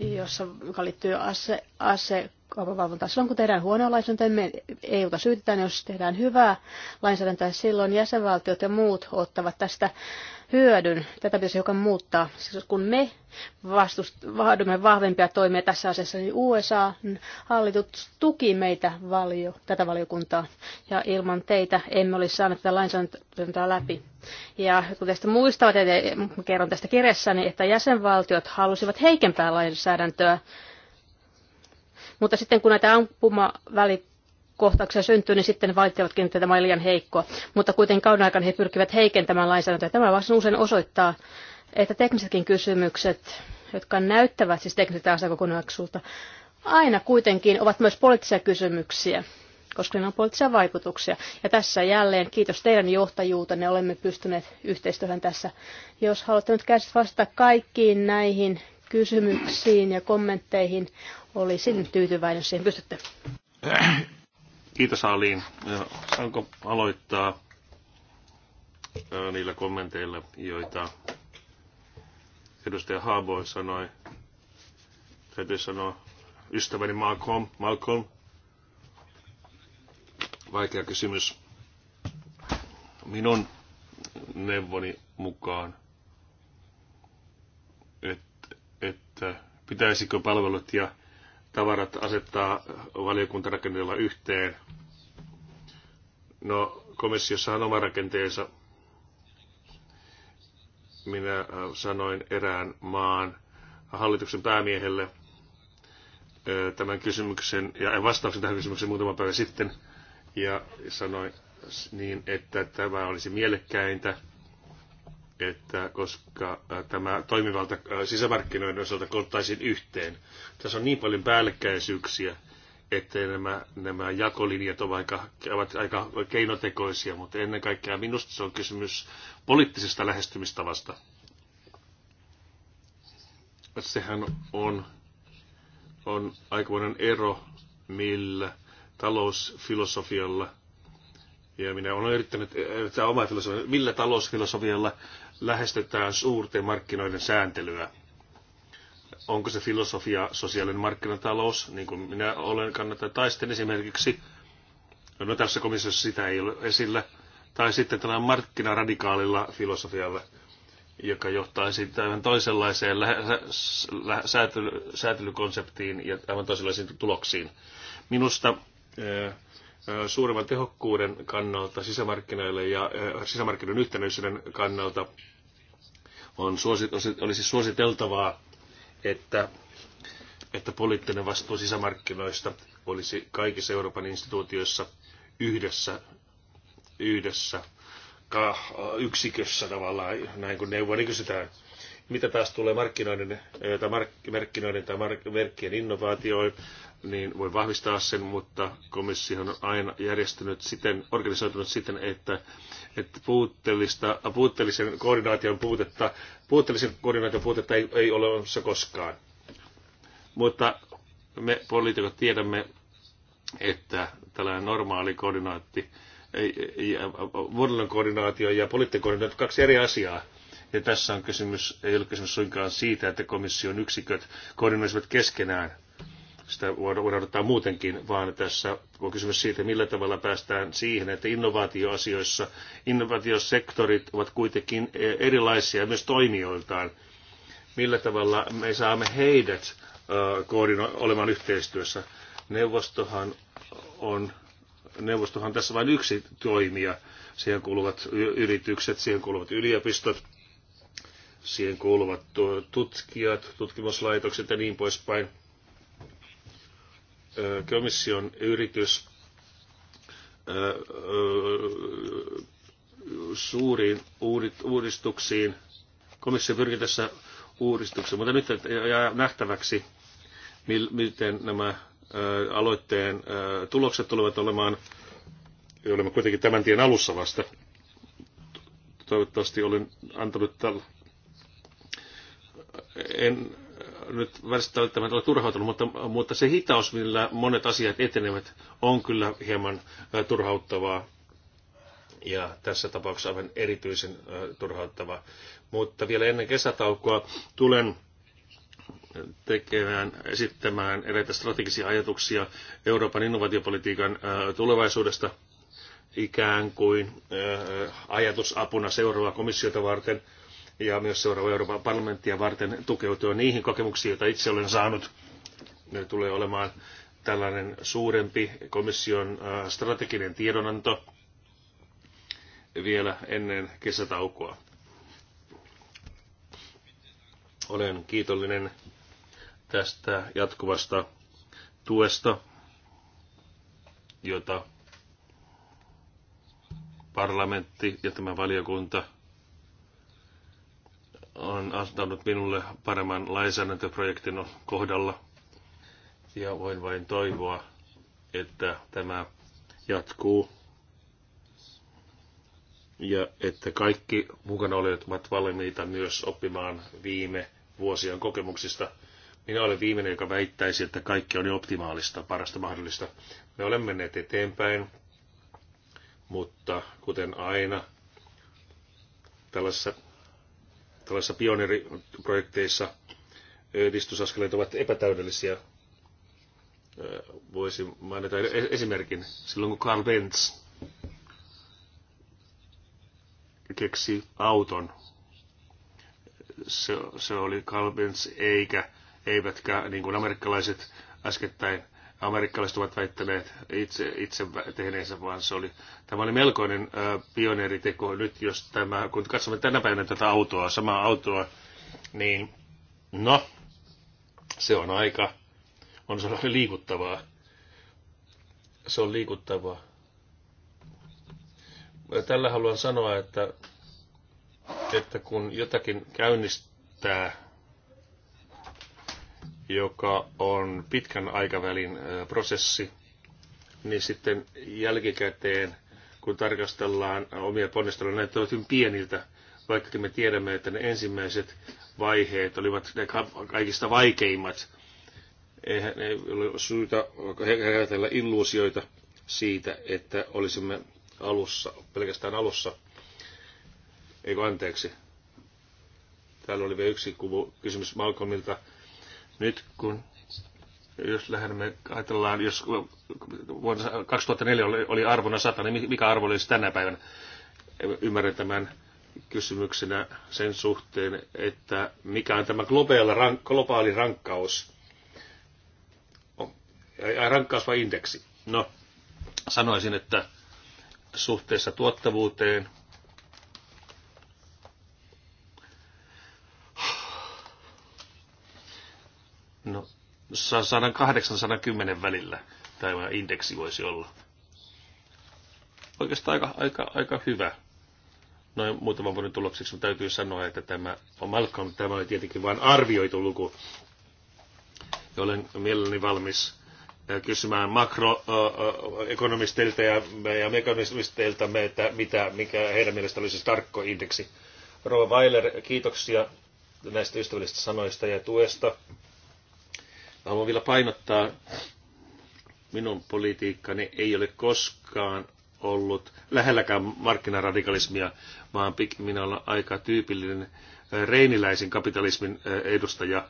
jossa, joka liittyy ase, ase kaupavalvontaa. Silloin kun tehdään huonoa lainsäädäntöä, me EUta syytetään, jos tehdään hyvää lainsäädäntöä, silloin jäsenvaltiot ja muut ottavat tästä hyödyn. Tätä pitäisi joka muuttaa. Siis kun me vastust, vaadimme vahvempia toimia tässä asiassa, niin usa hallitut tuki meitä valio, tätä valiokuntaa. Ja ilman teitä emme olisi saaneet tätä lainsäädäntöä läpi. Ja kun teistä muistavat, että kerron tästä kirjassani, niin että jäsenvaltiot halusivat heikempää lainsäädäntöä mutta sitten kun näitä ampumavälikohtauksia syntyy, niin sitten valittavatkin, että tämä on liian heikko. Mutta kuitenkin kauden aikana he pyrkivät heikentämään lainsäädäntöä. Tämä vasta usein osoittaa, että teknisetkin kysymykset, jotka näyttävät siis tekniseltä asiakokonaisuutta, aina kuitenkin ovat myös poliittisia kysymyksiä koska ne on poliittisia vaikutuksia. Ja tässä jälleen kiitos teidän johtajuutenne, olemme pystyneet yhteistyöhön tässä. Jos haluatte nyt käsit vastata kaikkiin näihin kysymyksiin ja kommentteihin. Olisin tyytyväinen, jos siihen pystytte. Kiitos Aliin. Saanko aloittaa niillä kommenteilla, joita edustaja Haaboi sanoi, täytyy sanoa, ystäväni Malcolm, Malcolm, vaikea kysymys. Minun neuvoni mukaan että pitäisikö palvelut ja tavarat asettaa valiokuntarakenteella yhteen. No, komissiossa on oma rakenteensa. Minä äh, sanoin erään maan hallituksen päämiehelle äh, tämän kysymyksen ja äh, vastauksen tähän kysymykseen muutama päivä sitten ja sanoin niin, että tämä olisi mielekkäintä että koska tämä toimivalta sisämarkkinoiden osalta koottaisiin yhteen. Tässä on niin paljon päällekkäisyyksiä, että nämä, nämä jakolinjat ovat aika, ovat aika keinotekoisia, mutta ennen kaikkea minusta se on kysymys poliittisesta lähestymistavasta. Sehän on, on aikamoinen ero, millä talousfilosofialla – ja minä olen yrittänyt tämä oma filosofia, millä talousfilosofialla lähestytään suurten markkinoiden sääntelyä. Onko se filosofia sosiaalinen markkinatalous, niin kuin minä olen kannattanut, tai sitten esimerkiksi, no tässä komissiossa sitä ei ole esillä, tai sitten tällä markkinaradikaalilla filosofialla, joka johtaisi aivan toisenlaiseen lä- lä- säätely- säätelykonseptiin ja aivan toisenlaisiin tuloksiin. Minusta eh, suuremman tehokkuuden kannalta sisämarkkinoille ja sisämarkkinoiden yhtenäisyyden kannalta on suosit, olisi suositeltavaa, että, että poliittinen vastuu sisämarkkinoista olisi kaikissa Euroopan instituutioissa yhdessä, yhdessä ka, yksikössä tavallaan, näin kuin neuvoa niin kysytään. Mitä taas tulee markkinoiden eh, tai, mark, markkinoiden tai mark, merkkien innovaatioihin, niin voi vahvistaa sen, mutta komissio on aina järjestynyt siten, organisoitunut siten, että, että puutteellista, puutteellisen koordinaation puutetta, puutteellisen koordinaation puutetta ei, ei ole olemassa koskaan. Mutta me poliitikot tiedämme, että tällainen normaali koordinaatti, muodollinen koordinaatio ja poliittinen koordinaatio ovat kaksi eri asiaa ja tässä on kysymys, ei ole kysymys suinkaan siitä, että komission yksiköt koordinoisivat keskenään. Sitä voidaan odottaa muutenkin, vaan tässä on kysymys siitä, millä tavalla päästään siihen, että innovaatioasioissa innovaatiosektorit ovat kuitenkin erilaisia myös toimijoiltaan. Millä tavalla me saamme heidät koordino- olemaan yhteistyössä. Neuvostohan on neuvostohan tässä vain yksi toimija. Siihen kuuluvat yritykset, siihen kuuluvat yliopistot, siihen kuuluvat tutkijat, tutkimuslaitokset ja niin poispäin. Komission yritys suuriin uudistuksiin, komissio pyrkii tässä uudistuksen, mutta nyt jää nähtäväksi, miten nämä aloitteen tulokset tulevat olemaan. Olemme kuitenkin tämän tien alussa vasta. Toivottavasti olen antanut tällä en nyt välttämättä ole turhautunut, mutta, mutta se hitaus, millä monet asiat etenevät, on kyllä hieman turhauttavaa. Ja tässä tapauksessa aivan erityisen turhauttavaa. Mutta vielä ennen kesätaukoa tulen tekemään, esittämään eräitä strategisia ajatuksia Euroopan innovaatiopolitiikan tulevaisuudesta ikään kuin ajatusapuna seuraavaa komissiota varten – ja myös seuraava Euroopan parlamenttia varten tukeutua niihin kokemuksiin, joita itse olen saanut. Ne tulee olemaan tällainen suurempi komission äh, strateginen tiedonanto vielä ennen kesätaukoa. Olen kiitollinen tästä jatkuvasta tuesta, jota parlamentti ja tämä valiokunta – on antanut minulle paremman lainsäädäntöprojektin kohdalla. Ja voin vain toivoa, että tämä jatkuu ja että kaikki mukana olijat ovat valmiita myös oppimaan viime vuosien kokemuksista. Minä olen viimeinen, joka väittäisi, että kaikki on optimaalista, parasta mahdollista. Me olemme menneet eteenpäin, mutta kuten aina tällaisessa tällaisissa pioneeriprojekteissa edistysaskeleet ovat epätäydellisiä. Voisin mainita e- esimerkin. Silloin kun Carl Benz keksi auton, se, se oli Carl Benz eikä, eivätkä niin kuin amerikkalaiset äskettäin amerikkalaiset ovat väittäneet itse, itse tehneensä, vaan se oli, tämä oli melkoinen ö, pioneeriteko. Nyt jos tämä, kun katsomme tänä päivänä tätä autoa, samaa autoa, niin no, se on aika, on se liikuttavaa. Se on liikuttavaa. Tällä haluan sanoa, että, että kun jotakin käynnistää, joka on pitkän aikavälin prosessi, niin sitten jälkikäteen, kun tarkastellaan omia ponnisteluja, näyttää hyvin pieniltä, vaikka me tiedämme, että ne ensimmäiset vaiheet olivat ne kaikista vaikeimmat. Eihän ei ole syytä herätellä illuusioita siitä, että olisimme alussa, pelkästään alussa. Eikö anteeksi? Täällä oli vielä yksi kysymys Malcolmilta nyt kun jos lähdemme, ajatellaan, jos vuonna 2004 oli, oli arvona 100, niin mikä arvo olisi tänä päivänä? Ymmärrän tämän kysymyksenä sen suhteen, että mikä on tämä globaali, rank, globaali rankkaus, rankkaus vai indeksi? No, sanoisin, että suhteessa tuottavuuteen – No, 180 välillä tämä indeksi voisi olla. Oikeastaan aika, aika, aika hyvä. Noin muutaman vuoden tulokseksi mutta täytyy sanoa, että tämä on oh, Malcolm, tämä oli tietenkin vain arvioitu luku. Ja olen mielelläni valmis eh, kysymään makroekonomisteilta eh, eh, ja, ja mekanismisteilta, että mitä, mikä heidän mielestä olisi siis tarkko indeksi. Rova Weiler, kiitoksia näistä ystävällisistä sanoista ja tuesta. Haluan vielä painottaa, minun politiikkani ei ole koskaan ollut lähelläkään markkinaradikalismia, vaan minä olen aika tyypillinen äh, reiniläisen kapitalismin äh, edustaja,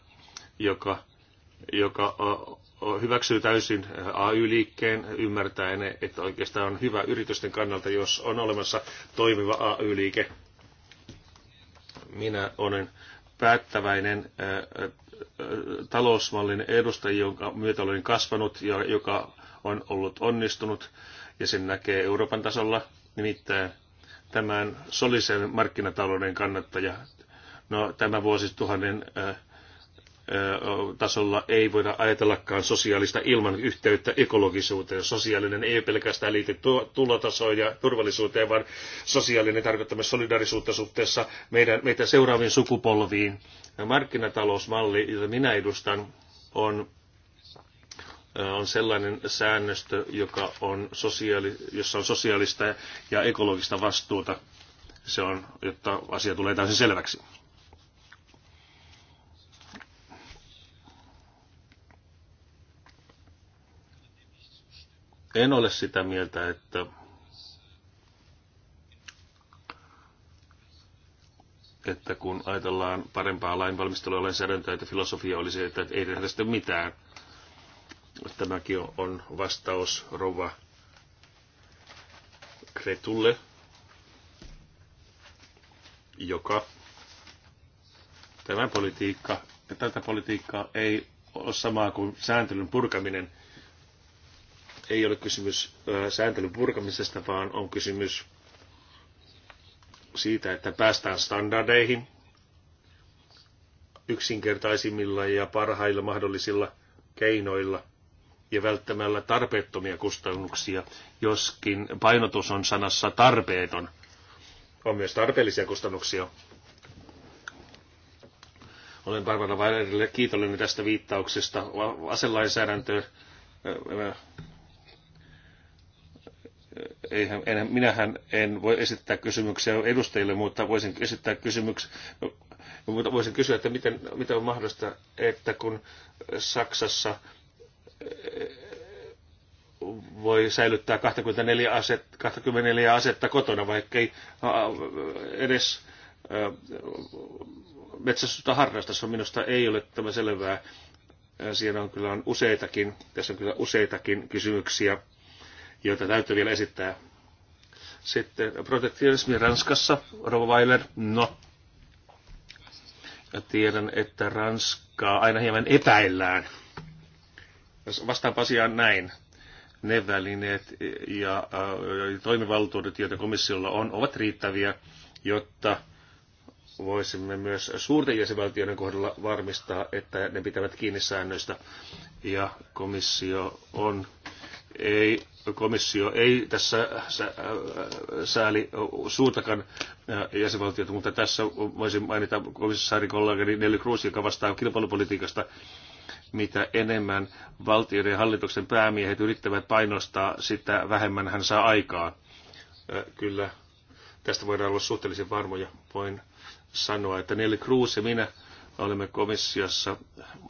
joka, joka äh, hyväksyy täysin AY-liikkeen ymmärtäen, että oikeastaan on hyvä yritysten kannalta, jos on olemassa toimiva AY-liike. Minä olen päättäväinen talousmallin edustajia, jonka myötä olen kasvanut ja joka on ollut onnistunut ja sen näkee Euroopan tasolla, nimittäin tämän solisen markkinatalouden kannattaja. No, tämä vuosituhannen äh, tasolla ei voida ajatellakaan sosiaalista ilman yhteyttä ekologisuuteen. Sosiaalinen ei pelkästään liity tulotasoon ja turvallisuuteen, vaan sosiaalinen tarkoittaa myös solidarisuutta suhteessa meidän, meitä seuraaviin sukupolviin. ja Markkinatalousmalli, jota minä edustan, on äh, on sellainen säännöstö, joka on sosiaali, jossa on sosiaalista ja ekologista vastuuta. Se on, jotta asia tulee täysin selväksi. En ole sitä mieltä, että että kun ajatellaan parempaa lainvalmistelua ja lainsäädäntöä, että filosofia oli se, että ei tehdä sitä mitään. Tämäkin on vastaus Rova Kretulle, joka tämä politiikka, tätä politiikkaa ei ole samaa kuin sääntelyn purkaminen ei ole kysymys sääntelyn purkamisesta, vaan on kysymys siitä, että päästään standardeihin yksinkertaisimmilla ja parhailla mahdollisilla keinoilla ja välttämällä tarpeettomia kustannuksia, joskin painotus on sanassa tarpeeton. On myös tarpeellisia kustannuksia. Olen Barbara Weilerille kiitollinen tästä viittauksesta aselainsäädäntöön eihän, en, minähän en voi esittää kysymyksiä edustajille, mutta voisin esittää kysymyksiä, mutta voisin kysyä, että miten, miten on mahdollista, että kun Saksassa eh, voi säilyttää 24 asetta, 24 asetta kotona, vaikka ei edes metsästystä harrasta. Se on minusta ei ole tämä selvää. Siinä on kyllä on useitakin, tässä on kyllä useitakin kysymyksiä joita täytyy vielä esittää. Sitten protektionismi Ranskassa, Rova Weiler, no. Ja tiedän, että Ranskaa aina hieman epäillään. Vastaan asiaan näin. Ne välineet ja äh, toimivaltuudet, joita komissiolla on, ovat riittäviä, jotta voisimme myös suurten jäsenvaltioiden kohdalla varmistaa, että ne pitävät kiinni säännöistä. Ja komissio on, ei komissio ei tässä äh, sääli suutakan äh, jäsenvaltiota, mutta tässä voisin mainita komissaarikollegani Nelly Cruz, joka vastaa kilpailupolitiikasta, mitä enemmän valtioiden ja hallituksen päämiehet yrittävät painostaa, sitä vähemmän hän saa aikaa. Äh, kyllä, tästä voidaan olla suhteellisen varmoja. Voin sanoa, että Nelly Cruz ja minä olemme komissiossa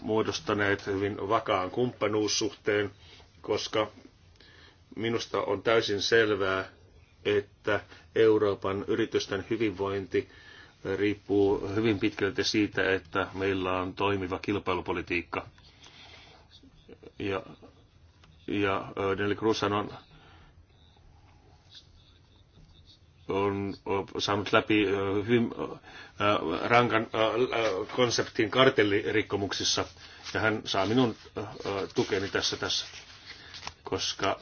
muodostaneet hyvin vakaan kumppanuussuhteen, koska Minusta on täysin selvää, että Euroopan yritysten hyvinvointi riippuu hyvin pitkälti siitä, että meillä on toimiva kilpailupolitiikka. Ja, ja äh, Nelly on, on saanut läpi äh, hyvin äh, rankan konseptin kartellirikkomuksissa, ja hän saa minun tukeni tässä tässä koska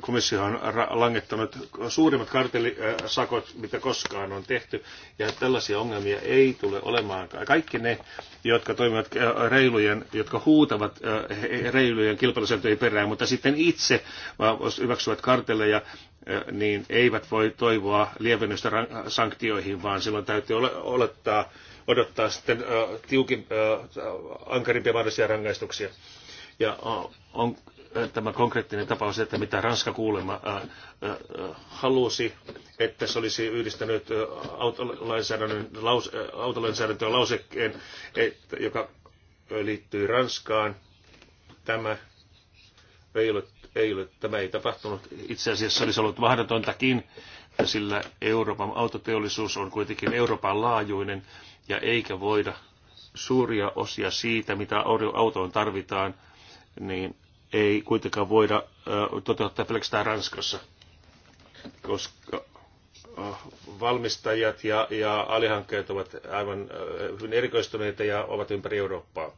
komissio on langettanut suurimmat kartellisakot, mitä koskaan on tehty, ja tällaisia ongelmia ei tule olemaan. Kaikki ne, jotka toimivat reilujen, jotka huutavat reilujen kilpailusääntöjen perään, mutta sitten itse hyväksyvät kartelleja, niin eivät voi toivoa lievennystä sanktioihin, vaan silloin täytyy olettaa, odottaa sitten tiukin, ankarimpia mahdollisia rangaistuksia ja on, tämä konkreettinen tapaus, että mitä Ranska kuulema halusi, että se olisi yhdistänyt autolainsäädäntöä laus, lausekkeen, että, joka liittyy Ranskaan. Tämä ei ole, ei ole, tämä ei tapahtunut. Itse asiassa olisi ollut mahdotontakin, sillä Euroopan autoteollisuus on kuitenkin Euroopan laajuinen ja eikä voida suuria osia siitä, mitä autoon tarvitaan, niin ei kuitenkaan voida toteuttaa pelkästään Ranskassa, koska valmistajat ja, ja alihankkeet ovat aivan hyvin erikoistuneita ja ovat ympäri Eurooppaa.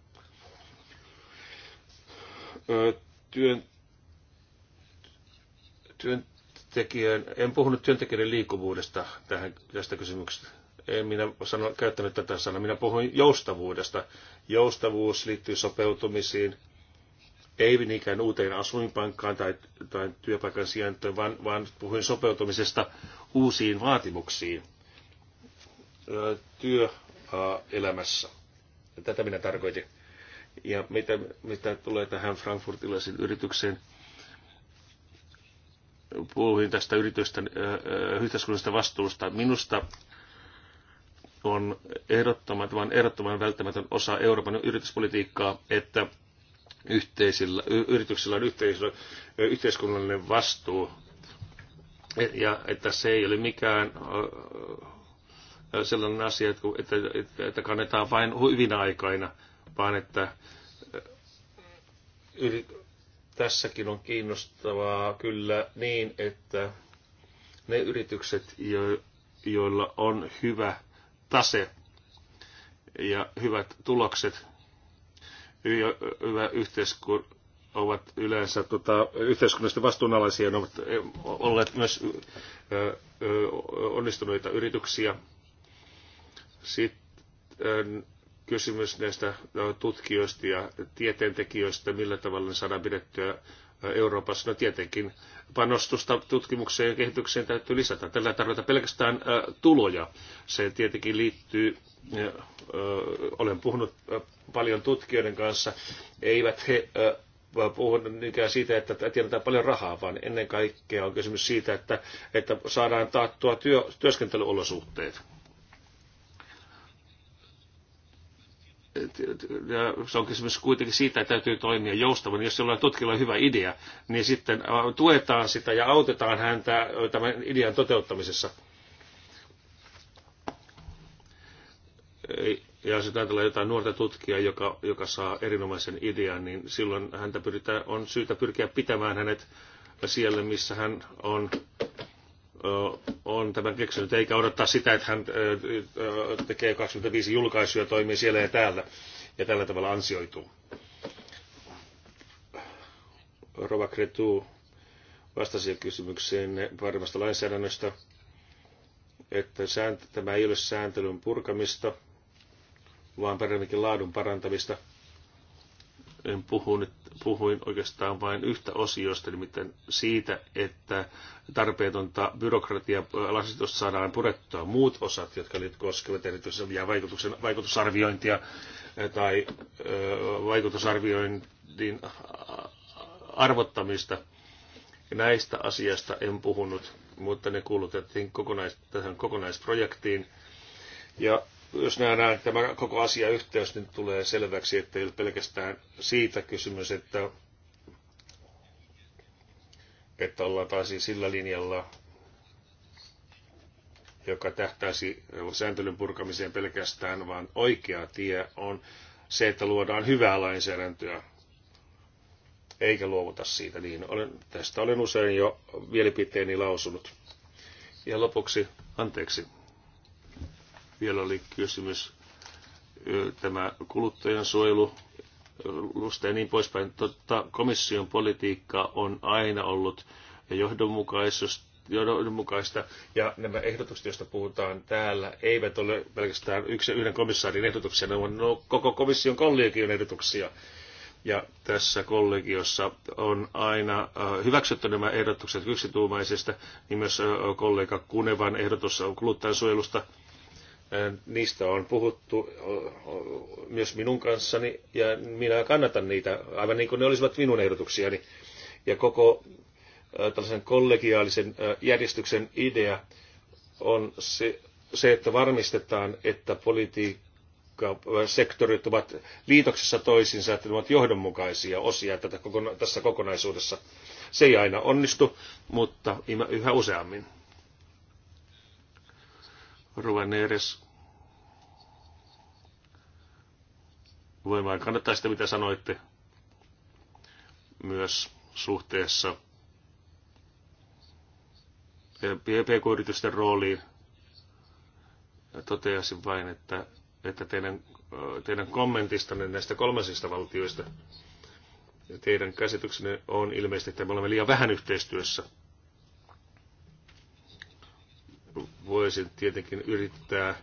Työn, työntekijän, en puhunut työntekijöiden liikkuvuudesta tähän, tästä kysymyksestä. En minä sano, käyttänyt tätä sanaa, minä puhuin joustavuudesta. Joustavuus liittyy sopeutumisiin, ei niinkään uuteen asuinpaikkaan tai, tai työpaikan sijaintoon, vaan, vaan puhuin sopeutumisesta uusiin vaatimuksiin työelämässä. Tätä minä tarkoitin. Ja mitä, mitä tulee tähän frankfurtilaisen yritykseen, puhuin tästä yritysten yhteiskunnallisesta vastuusta. Minusta on ehdottoman, vaan ehdottoman välttämätön osa Euroopan yrityspolitiikkaa, että yhteisillä, yrityksillä on yhteisö, yhteiskunnallinen vastuu e, ja että se ei ole mikään sellainen asia, että, että, että kannetaan vain hyvin aikaina, vaan että yli, tässäkin on kiinnostavaa kyllä niin, että ne yritykset, jo, joilla on hyvä tase ja hyvät tulokset, hyvä ovat yleensä tota, yhteiskunnallisesti vastuunalaisia, ne ovat e, olleet myös ö, ö, onnistuneita yrityksiä. Sitten kysymys näistä tutkijoista ja tieteentekijöistä, millä tavalla ne saadaan pidettyä Euroopassa. No tietenkin panostusta tutkimukseen ja kehitykseen täytyy lisätä. Tällä tarvitaan pelkästään tuloja. Se tietenkin liittyy, olen puhunut paljon tutkijoiden kanssa, eivät he puhun niinkään siitä, että tiedetään paljon rahaa, vaan ennen kaikkea on kysymys siitä, että, että saadaan taattua työ, työskentelyolosuhteet. se on kysymys kuitenkin siitä, että täytyy toimia joustavan. Jos jollain tutkilla on hyvä idea, niin sitten tuetaan sitä ja autetaan häntä tämän idean toteuttamisessa. Ja jos ajatellaan jotain nuorta tutkijaa, joka, joka saa erinomaisen idean, niin silloin häntä pyritään, on syytä pyrkiä pitämään hänet siellä, missä hän on on tämän keksinyt, eikä odottaa sitä, että hän tekee 25 julkaisuja, toimii siellä ja täällä, ja tällä tavalla ansioituu. Rova Kretu vastasi kysymykseen varmasta lainsäädännöstä, että sääntö, tämä ei ole sääntelyn purkamista, vaan paremminkin laadun parantamista. En puhu nyt puhuin oikeastaan vain yhtä osiosta, nimittäin siitä, että tarpeetonta lasitusta saadaan purettua. Muut osat, jotka nyt koskevat erityisesti vaikutuksen, vaikutusarviointia tai vaikutusarvioinnin arvottamista, näistä asiasta en puhunut, mutta ne kuulutettiin kokonais, tähän kokonaisprojektiin. Ja jos nähdään tämä koko asia yhteys, niin tulee selväksi, että ei ole pelkästään siitä kysymys, että, että ollaan taas sillä linjalla, joka tähtäisi sääntelyn purkamiseen pelkästään, vaan oikea tie on se, että luodaan hyvää lainsäädäntöä, eikä luovuta siitä. Niin olen, tästä olen usein jo mielipiteeni lausunut. Ja lopuksi, anteeksi, vielä oli kysymys tämä kuluttajan ja niin poispäin. Totta, komission politiikka on aina ollut johdonmukaista, ja nämä ehdotukset, joista puhutaan täällä, eivät ole pelkästään yksi, yhden komissaarin ehdotuksia, ne on no, koko komission kollegion ehdotuksia. Ja tässä kollegiossa on aina hyväksytty nämä ehdotukset yksituumaisesta, niin myös kollega Kunevan ehdotus kuluttajansuojelusta suojelusta Niistä on puhuttu myös minun kanssani ja minä kannatan niitä aivan niin kuin ne olisivat minun ehdotuksiani. Ja koko tällaisen kollegiaalisen järjestyksen idea on se, se että varmistetaan, että politiikka, sektorit ovat liitoksessa toisiinsa, että ne ovat johdonmukaisia osia tätä, tässä kokonaisuudessa. Se ei aina onnistu, mutta yhä useammin ruvennut edes voimaan. kannattaa sitä, mitä sanoitte myös suhteessa ppk yritysten rooliin. Toteasin vain, että, että teidän, teidän kommentistanne näistä kolmansista valtioista ja teidän käsityksenne on ilmeisesti, että me olemme liian vähän yhteistyössä voisin tietenkin yrittää äh,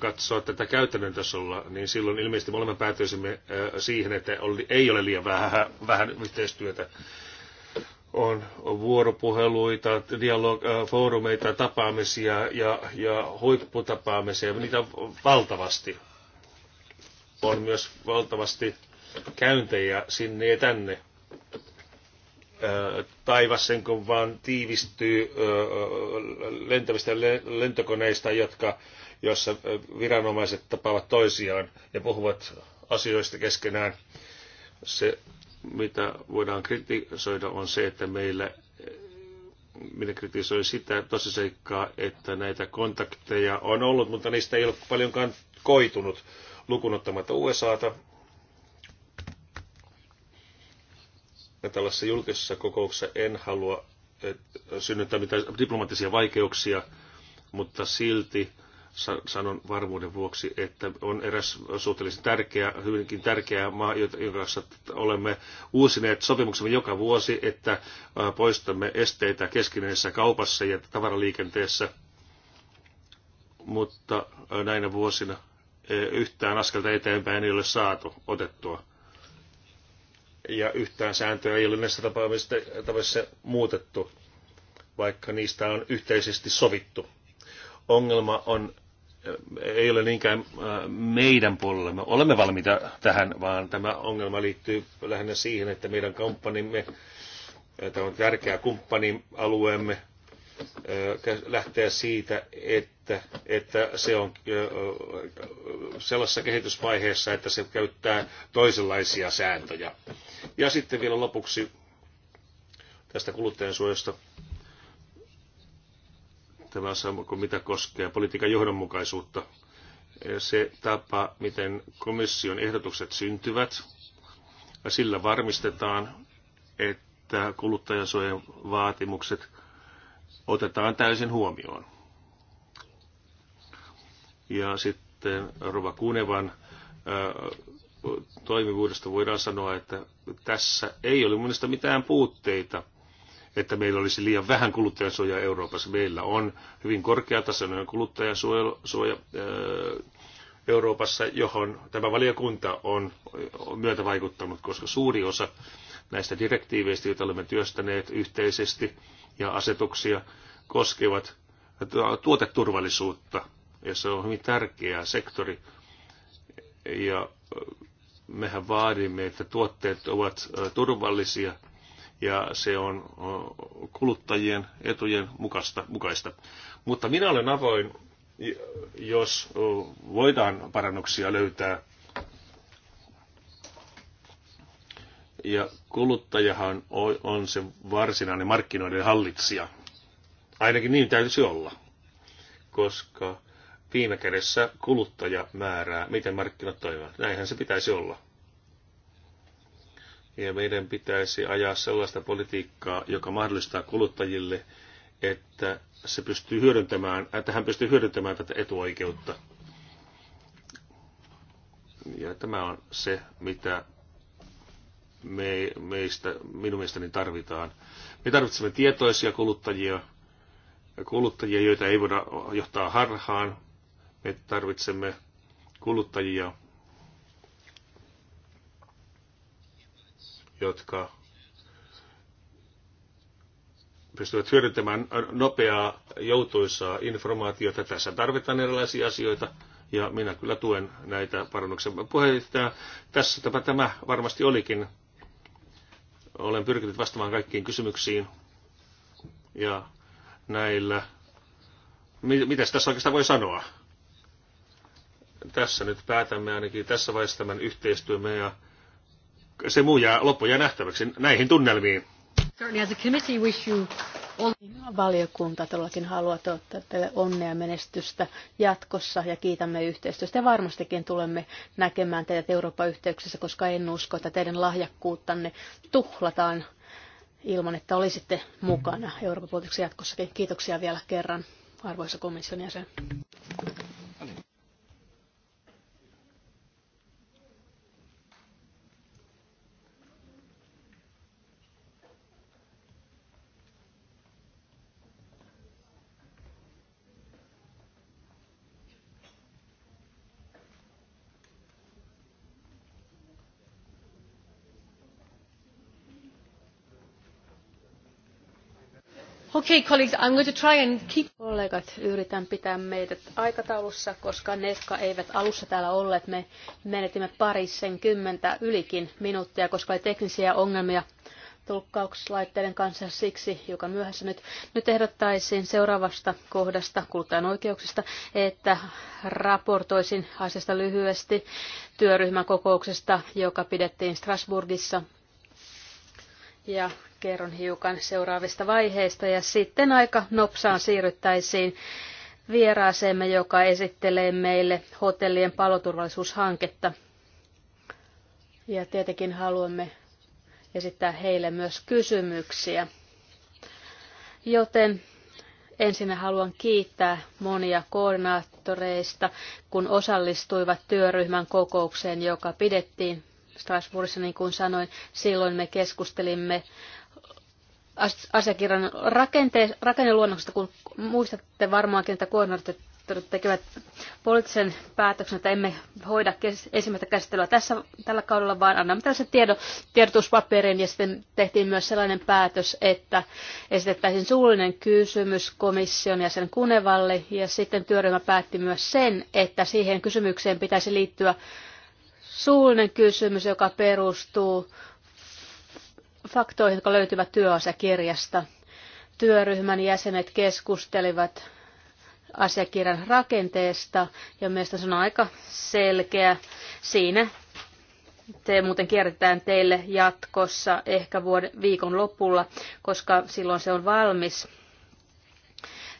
katsoa tätä käytännön tasolla, niin silloin ilmeisesti me päätyisimme äh, siihen, että ei ole liian vähän, vähän yhteistyötä. On vuoropuheluita, dialog, äh, foorumeita, tapaamisia ja, ja huipputapaamisia. Niitä on valtavasti. On myös valtavasti käyntejä sinne ja tänne taivas sen kun vaan tiivistyy lentävistä lentokoneista, jotka, jossa viranomaiset tapaavat toisiaan ja puhuvat asioista keskenään. Se, mitä voidaan kritisoida, on se, että meillä minä kritisoin sitä tosiseikkaa, että näitä kontakteja on ollut, mutta niistä ei ole paljonkaan koitunut lukunottamatta USAta, tällaisessa julkisessa kokouksessa en halua synnyttää mitään diplomaattisia vaikeuksia, mutta silti sanon varmuuden vuoksi, että on eräs suhteellisen tärkeä, hyvinkin tärkeä maa, jonka kanssa olemme uusineet sopimuksemme joka vuosi, että poistamme esteitä keskinäisessä kaupassa ja tavaraliikenteessä. Mutta näinä vuosina yhtään askelta eteenpäin ei ole saatu otettua ja yhtään sääntöä ei ole näissä tapauksissa muutettu, vaikka niistä on yhteisesti sovittu. Ongelma on, ei ole niinkään äh, meidän puolella. Me olemme valmiita tähän, vaan tämä ongelma liittyy lähinnä siihen, että meidän kumppanimme, äh, tämä on tärkeä alueemme lähteä siitä, että, että se on sellaisessa kehitysvaiheessa, että se käyttää toisenlaisia sääntöjä. Ja sitten vielä lopuksi tästä kuluttajansuojasta tämä sama kuin mitä koskee politiikan johdonmukaisuutta. Se tapa, miten komission ehdotukset syntyvät, sillä varmistetaan, että kuluttajansuojan vaatimukset otetaan täysin huomioon. Ja sitten Rova Kunevan äh, toimivuudesta voidaan sanoa, että tässä ei ole minusta mitään puutteita, että meillä olisi liian vähän kuluttajansuoja Euroopassa. Meillä on hyvin korkeatasoinen kuluttajansuoja äh, Euroopassa, johon tämä valiokunta on vaikuttanut, koska suuri osa näistä direktiiveistä, joita olemme työstäneet yhteisesti, ja asetuksia koskevat tuoteturvallisuutta, ja se on hyvin tärkeä sektori. Ja mehän vaadimme, että tuotteet ovat turvallisia, ja se on kuluttajien etujen mukaista. mukaista. Mutta minä olen avoin, jos voidaan parannuksia löytää Ja kuluttajahan on, se varsinainen markkinoiden hallitsija. Ainakin niin täytyisi olla, koska viime kädessä kuluttaja määrää, miten markkinat toimivat. Näinhän se pitäisi olla. Ja meidän pitäisi ajaa sellaista politiikkaa, joka mahdollistaa kuluttajille, että, se pystyy hyödyntämään, että hän pystyy hyödyntämään tätä etuoikeutta. Ja tämä on se, mitä me, meistä, minun mielestäni tarvitaan. Me tarvitsemme tietoisia kuluttajia, kuluttajia, joita ei voida johtaa harhaan. Me tarvitsemme kuluttajia, jotka pystyvät hyödyntämään nopeaa, joutuisaa informaatiota. Tässä tarvitaan erilaisia asioita ja minä kyllä tuen näitä parannuksia. Puheenjohtaja, tässä tämä, tämä varmasti olikin olen pyrkinyt vastaamaan kaikkiin kysymyksiin. Ja näillä... mitä tässä oikeastaan voi sanoa? Tässä nyt päätämme ainakin tässä vaiheessa tämän yhteistyömme ja se muu jää, loppu jää nähtäväksi näihin tunnelmiin. Certainly as a committee wish you Valiokunta todellakin haluaa toivottaa teille onnea ja menestystä jatkossa ja kiitämme yhteistyöstä. Ja varmastikin tulemme näkemään teidät Euroopan yhteyksissä, koska en usko, että teidän lahjakkuuttanne tuhlataan ilman, että olisitte mukana Euroopan politiikassa jatkossakin. Kiitoksia vielä kerran, arvoisa komission jäsen. Okay, colleagues, I'm going to try and keep... Kollegat, yritän pitää meitä aikataulussa, koska ne, jotka eivät alussa täällä olleet, me menetimme parisen kymmentä ylikin minuuttia, koska oli teknisiä ongelmia tulkkauslaitteiden kanssa siksi, joka myöhässä nyt, nyt ehdottaisin seuraavasta kohdasta kuluttajan oikeuksista, että raportoisin asiasta lyhyesti työryhmän kokouksesta, joka pidettiin Strasbourgissa ja kerron hiukan seuraavista vaiheista ja sitten aika nopsaan siirryttäisiin vieraaseemme, joka esittelee meille hotellien paloturvallisuushanketta. Ja tietenkin haluamme esittää heille myös kysymyksiä. Joten ensin haluan kiittää monia koordinaattoreista, kun osallistuivat työryhmän kokoukseen, joka pidettiin Strasbourgissa, niin kuin sanoin, silloin me keskustelimme asiakirjan rakente- rakenneluonnoksesta, kun muistatte varmaankin, että koordinaattorit tekevät poliittisen päätöksen, että emme hoida kes- ensimmäistä käsittelyä tässä, tällä kaudella, vaan annamme tällaisen tiedo, tiedotuspaperin ja sitten tehtiin myös sellainen päätös, että esitettäisiin suullinen kysymys komission ja sen kunevalle ja sitten työryhmä päätti myös sen, että siihen kysymykseen pitäisi liittyä suullinen kysymys, joka perustuu faktoihin, jotka löytyvät työasiakirjasta. Työryhmän jäsenet keskustelivat asiakirjan rakenteesta ja meistä se on aika selkeä. Siinä se muuten kierretään teille jatkossa ehkä vuoden, viikon lopulla, koska silloin se on valmis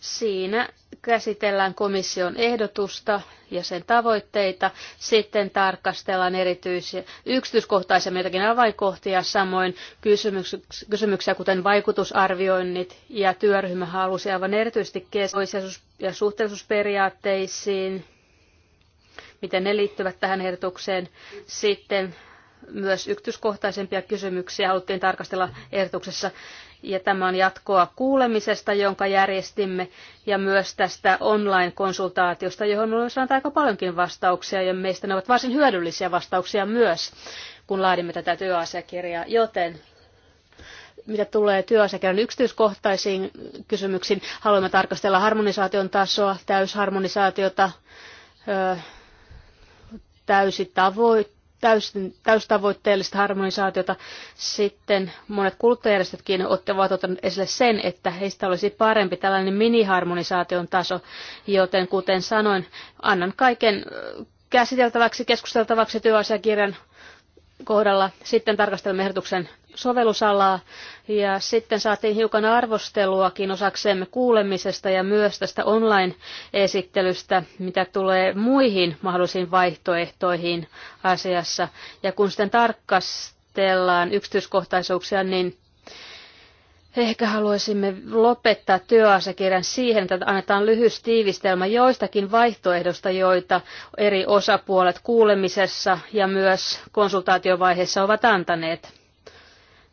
Siinä käsitellään komission ehdotusta ja sen tavoitteita, sitten tarkastellaan erityisiä yksityiskohtaisemmin jotakin avainkohtia, samoin kysymyksiä kuten vaikutusarvioinnit ja työryhmä halusi aivan erityisesti keskeisiä ja suhteellisuusperiaatteisiin, miten ne liittyvät tähän ehdotukseen. Sitten myös yksityiskohtaisempia kysymyksiä haluttiin tarkastella ehdotuksessa ja tämä on jatkoa kuulemisesta, jonka järjestimme, ja myös tästä online-konsultaatiosta, johon on saanut aika paljonkin vastauksia, ja meistä ne ovat varsin hyödyllisiä vastauksia myös, kun laadimme tätä työasiakirjaa. Joten mitä tulee työasiakirjan yksityiskohtaisiin kysymyksiin, haluamme tarkastella harmonisaation tasoa, täysharmonisaatiota, täysitavoitteita, täysin, täystavoitteellista harmonisaatiota. Sitten monet kuluttajärjestötkin ottavat ottaneet esille sen, että heistä olisi parempi tällainen miniharmonisaation taso, joten kuten sanoin, annan kaiken äh, käsiteltäväksi, keskusteltavaksi työasiakirjan kohdalla. Sitten tarkastelemme ehdotuksen sovellusalaa ja sitten saatiin hiukan arvosteluakin osaksemme kuulemisesta ja myös tästä online-esittelystä, mitä tulee muihin mahdollisiin vaihtoehtoihin asiassa. Ja kun sitten tarkastellaan yksityiskohtaisuuksia, niin Ehkä haluaisimme lopettaa työasiakirjan siihen, että annetaan lyhyt tiivistelmä joistakin vaihtoehdosta, joita eri osapuolet kuulemisessa ja myös konsultaatiovaiheessa ovat antaneet.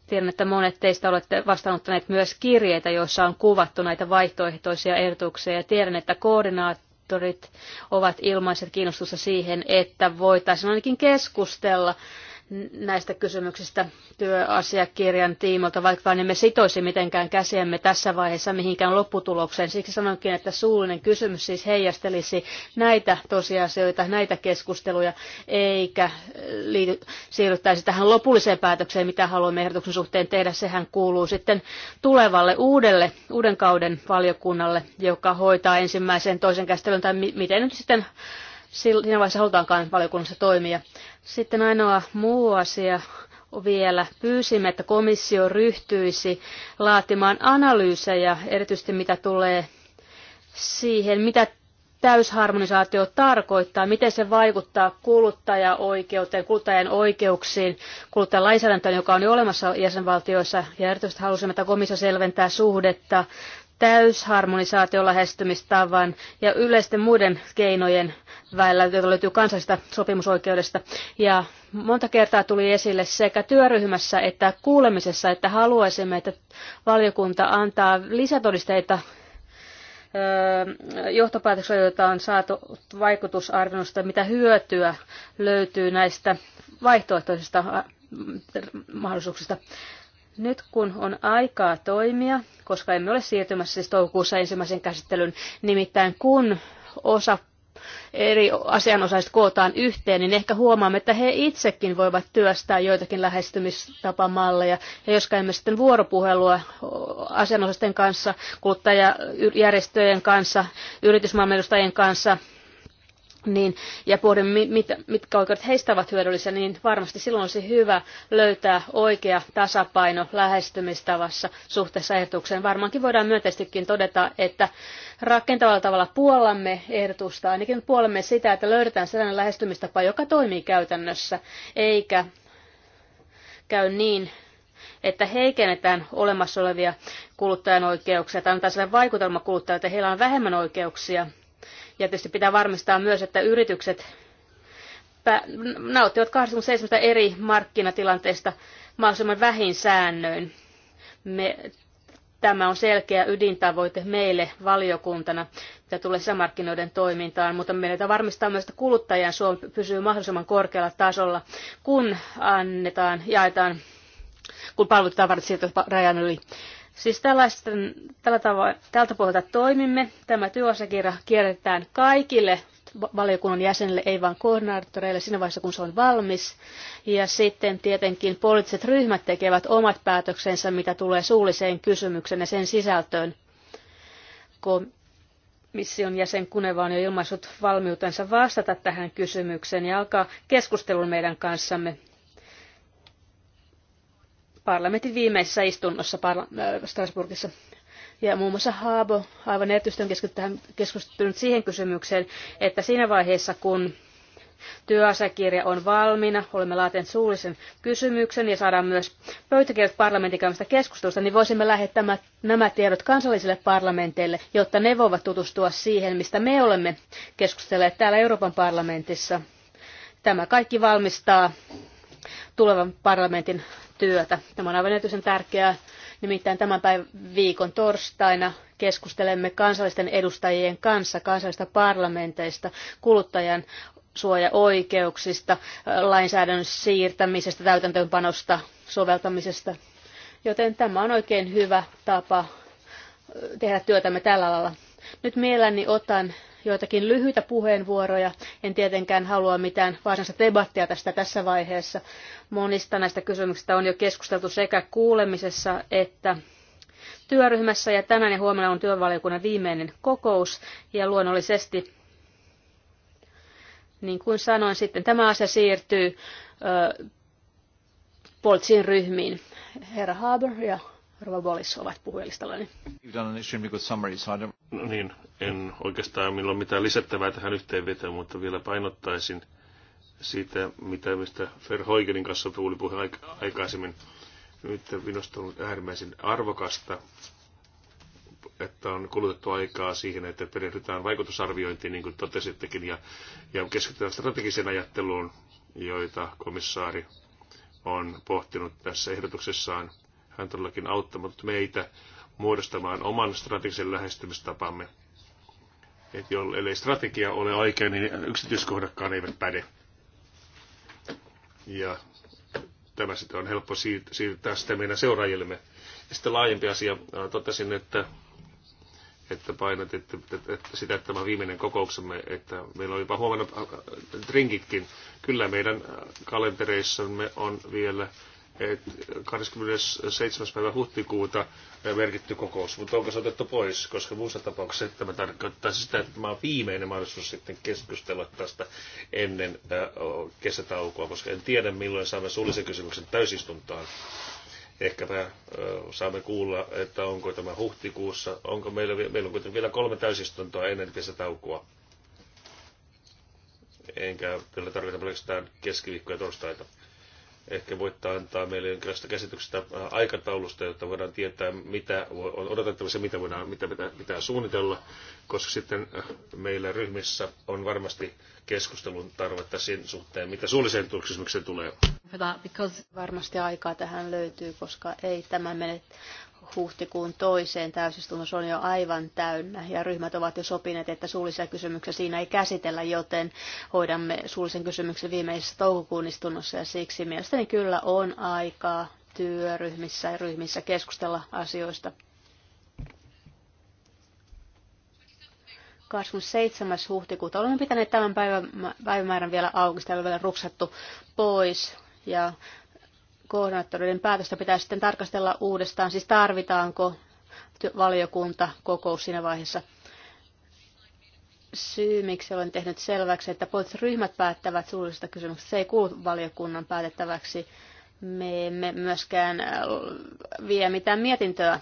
Tiedän, että monet teistä olette vastaanottaneet myös kirjeitä, joissa on kuvattu näitä vaihtoehtoisia ehdotuksia ja tiedän, että koordinaattorit ovat ilmaiset kiinnostusta siihen, että voitaisiin ainakin keskustella näistä kysymyksistä työasiakirjan tiimolta, vaikka emme me sitoisi mitenkään käsiämme tässä vaiheessa mihinkään lopputulokseen. Siksi sanonkin, että suullinen kysymys siis heijastelisi näitä tosiasioita, näitä keskusteluja, eikä äh, liity, siirryttäisi tähän lopulliseen päätökseen, mitä haluamme ehdotuksen suhteen tehdä. Sehän kuuluu sitten tulevalle uudelle, uuden kauden valiokunnalle, joka hoitaa ensimmäisen, toisen käsittelyn tai miten nyt sitten siinä vaiheessa halutaankaan valiokunnassa toimia. Sitten ainoa muu asia vielä. Pyysimme, että komissio ryhtyisi laatimaan analyysejä, erityisesti mitä tulee siihen, mitä täysharmonisaatio tarkoittaa, miten se vaikuttaa kuluttajaoikeuteen, kuluttajien oikeuksiin, kuluttajan lainsäädäntöön, joka on jo olemassa jäsenvaltioissa. Ja erityisesti halusimme, että komissio selventää suhdetta täysharmonisaation lähestymistavan ja yleisten muiden keinojen väillä, joita löytyy kansallisesta sopimusoikeudesta. Ja monta kertaa tuli esille sekä työryhmässä että kuulemisessa, että haluaisimme, että valiokunta antaa lisätodisteita johtopäätöksillä, joita on saatu vaikutusarvioista, mitä hyötyä löytyy näistä vaihtoehtoisista mahdollisuuksista. Nyt kun on aikaa toimia, koska emme ole siirtymässä siis toukokuussa ensimmäisen käsittelyn, nimittäin kun osa eri asianosaiset kootaan yhteen, niin ehkä huomaamme, että he itsekin voivat työstää joitakin lähestymistapamalleja. Ja jos käymme sitten vuoropuhelua asianosaisten kanssa, kuluttajajärjestöjen kanssa, yritysmaailman kanssa, niin, ja pohdin, mit, mitkä oikeudet heistä ovat hyödyllisiä, niin varmasti silloin olisi hyvä löytää oikea tasapaino lähestymistavassa suhteessa ehdotukseen. Varmaankin voidaan myönteisestikin todeta, että rakentavalla tavalla puolamme ehdotusta, ainakin puolamme sitä, että löydetään sellainen lähestymistapa, joka toimii käytännössä, eikä käy niin, että heikennetään olemassa olevia kuluttajan oikeuksia tai antaa sellainen vaikutelma kuluttajalle, että heillä on vähemmän oikeuksia ja tietysti pitää varmistaa myös, että yritykset nauttivat 27 eri markkinatilanteista mahdollisimman vähin säännöin. Me, tämä on selkeä ydintavoite meille valiokuntana, mitä tulee sisämarkkinoiden toimintaan, mutta meidän varmistaa myös, että kuluttajan Suomi pysyy mahdollisimman korkealla tasolla, kun annetaan, jaetaan, kun palvelutavarat siirtyvät rajan yli. Siis tällaisten, tällä tavoin, tältä pohjalta toimimme. Tämä työasiakirja kierretään kaikille valiokunnan jäsenille, ei vain koordinaattoreille siinä vaiheessa, kun se on valmis. Ja sitten tietenkin poliittiset ryhmät tekevät omat päätöksensä, mitä tulee suulliseen kysymykseen ja sen sisältöön. Komission jäsen Kuneva on jo ilmaissut valmiutensa vastata tähän kysymykseen ja alkaa keskustelun meidän kanssamme parlamentin viimeisessä istunnossa parla- äh, Strasbourgissa. Ja muun muassa Haabo aivan erityisesti on keskittynyt siihen kysymykseen, että siinä vaiheessa kun työasiakirja on valmiina, olemme laatineet suullisen kysymyksen ja saadaan myös pöytäkirjat parlamentin käymästä keskustelusta, niin voisimme lähettää nämä tiedot kansallisille parlamenteille, jotta ne voivat tutustua siihen, mistä me olemme keskustelleet täällä Euroopan parlamentissa. Tämä kaikki valmistaa tulevan parlamentin työtä. Tämä on aivan erityisen tärkeää. Nimittäin tämän päivän viikon torstaina keskustelemme kansallisten edustajien kanssa kansallista parlamenteista, kuluttajan suojaoikeuksista, lainsäädännön siirtämisestä, täytäntöönpanosta, soveltamisesta. Joten tämä on oikein hyvä tapa tehdä työtämme tällä alalla. Nyt mielelläni otan joitakin lyhyitä puheenvuoroja. En tietenkään halua mitään varsinaista debattia tästä tässä vaiheessa. Monista näistä kysymyksistä on jo keskusteltu sekä kuulemisessa että työryhmässä ja tänään ja huomenna on työvaliokunnan viimeinen kokous ja luonnollisesti niin kuin sanoin sitten tämä asia siirtyy ö, poliittisiin ryhmiin. Herra Haber ja Rova Bolis ovat puhujalistallani. Niin- No niin, en oikeastaan milloin mitään lisättävää tähän yhteenvetoon, mutta vielä painottaisin siitä, mitä mistä Hoigenin kanssa tuli puhe aikaisemmin. Nyt minusta on ollut äärimmäisen arvokasta, että on kulutettu aikaa siihen, että perehdytään vaikutusarviointiin, niin kuin totesittekin, ja, ja keskitytään strategiseen ajatteluun, joita komissaari on pohtinut tässä ehdotuksessaan. Hän todellakin auttanut meitä muodostamaan oman strategisen lähestymistapamme. Et jollei strategia ole oikein, niin yksityiskohdatkaan eivät päde. Ja tämä sitten on helppo siirtää sitä meidän seuraajillemme. Ja sitten laajempi asia, totesin, että, että painat että, että sitä, että tämä viimeinen kokouksemme, että meillä on jopa huomannut drinkitkin. Kyllä meidän kalentereissamme on vielä 27. päivä huhtikuuta merkitty kokous, mutta onko se otettu pois, koska muussa tapauksessa tämä tarkoittaa sitä, että tämä on viimeinen mahdollisuus sitten keskustella tästä ennen äh, kesätaukoa, koska en tiedä milloin saamme suullisen kysymyksen täysistuntaan. Ehkäpä äh, saamme kuulla, että onko tämä huhtikuussa, onko meillä, meillä on kuitenkin vielä kolme täysistuntoa ennen kesätaukoa. Enkä vielä tarvita pelkästään keskiviikkoa torstaita Ehkä voitte antaa meille jonkinlaista käsityksestä äh, aikataulusta, jotta voidaan tietää, mitä on odotettavissa, mitä, voidaan, mitä pitää, pitää suunnitella, koska sitten äh, meillä ryhmissä on varmasti keskustelun tarvetta sen suhteen, mitä suulliseen Hyvä, tulee. Varmasti aikaa tähän löytyy, koska ei tämä mene huhtikuun toiseen täysistunnossa on jo aivan täynnä ja ryhmät ovat jo sopineet, että suullisia kysymyksiä siinä ei käsitellä, joten hoidamme suullisen kysymyksen viimeisessä toukokuun istunnossa ja siksi mielestäni kyllä on aikaa työryhmissä ja ryhmissä keskustella asioista. 27. huhtikuuta. Olemme pitäneet tämän päivän, päivämäärän vielä auki, sitä ei ole vielä ruksattu pois. Ja koordinaattoreiden päätöstä pitää sitten tarkastella uudestaan, siis tarvitaanko valiokunta kokous siinä vaiheessa. Syy, miksi olen tehnyt selväksi, että poliittiset ryhmät päättävät suullisesta kysymyksestä, se ei kuulu valiokunnan päätettäväksi. Me emme myöskään äh, vie mitään mietintöä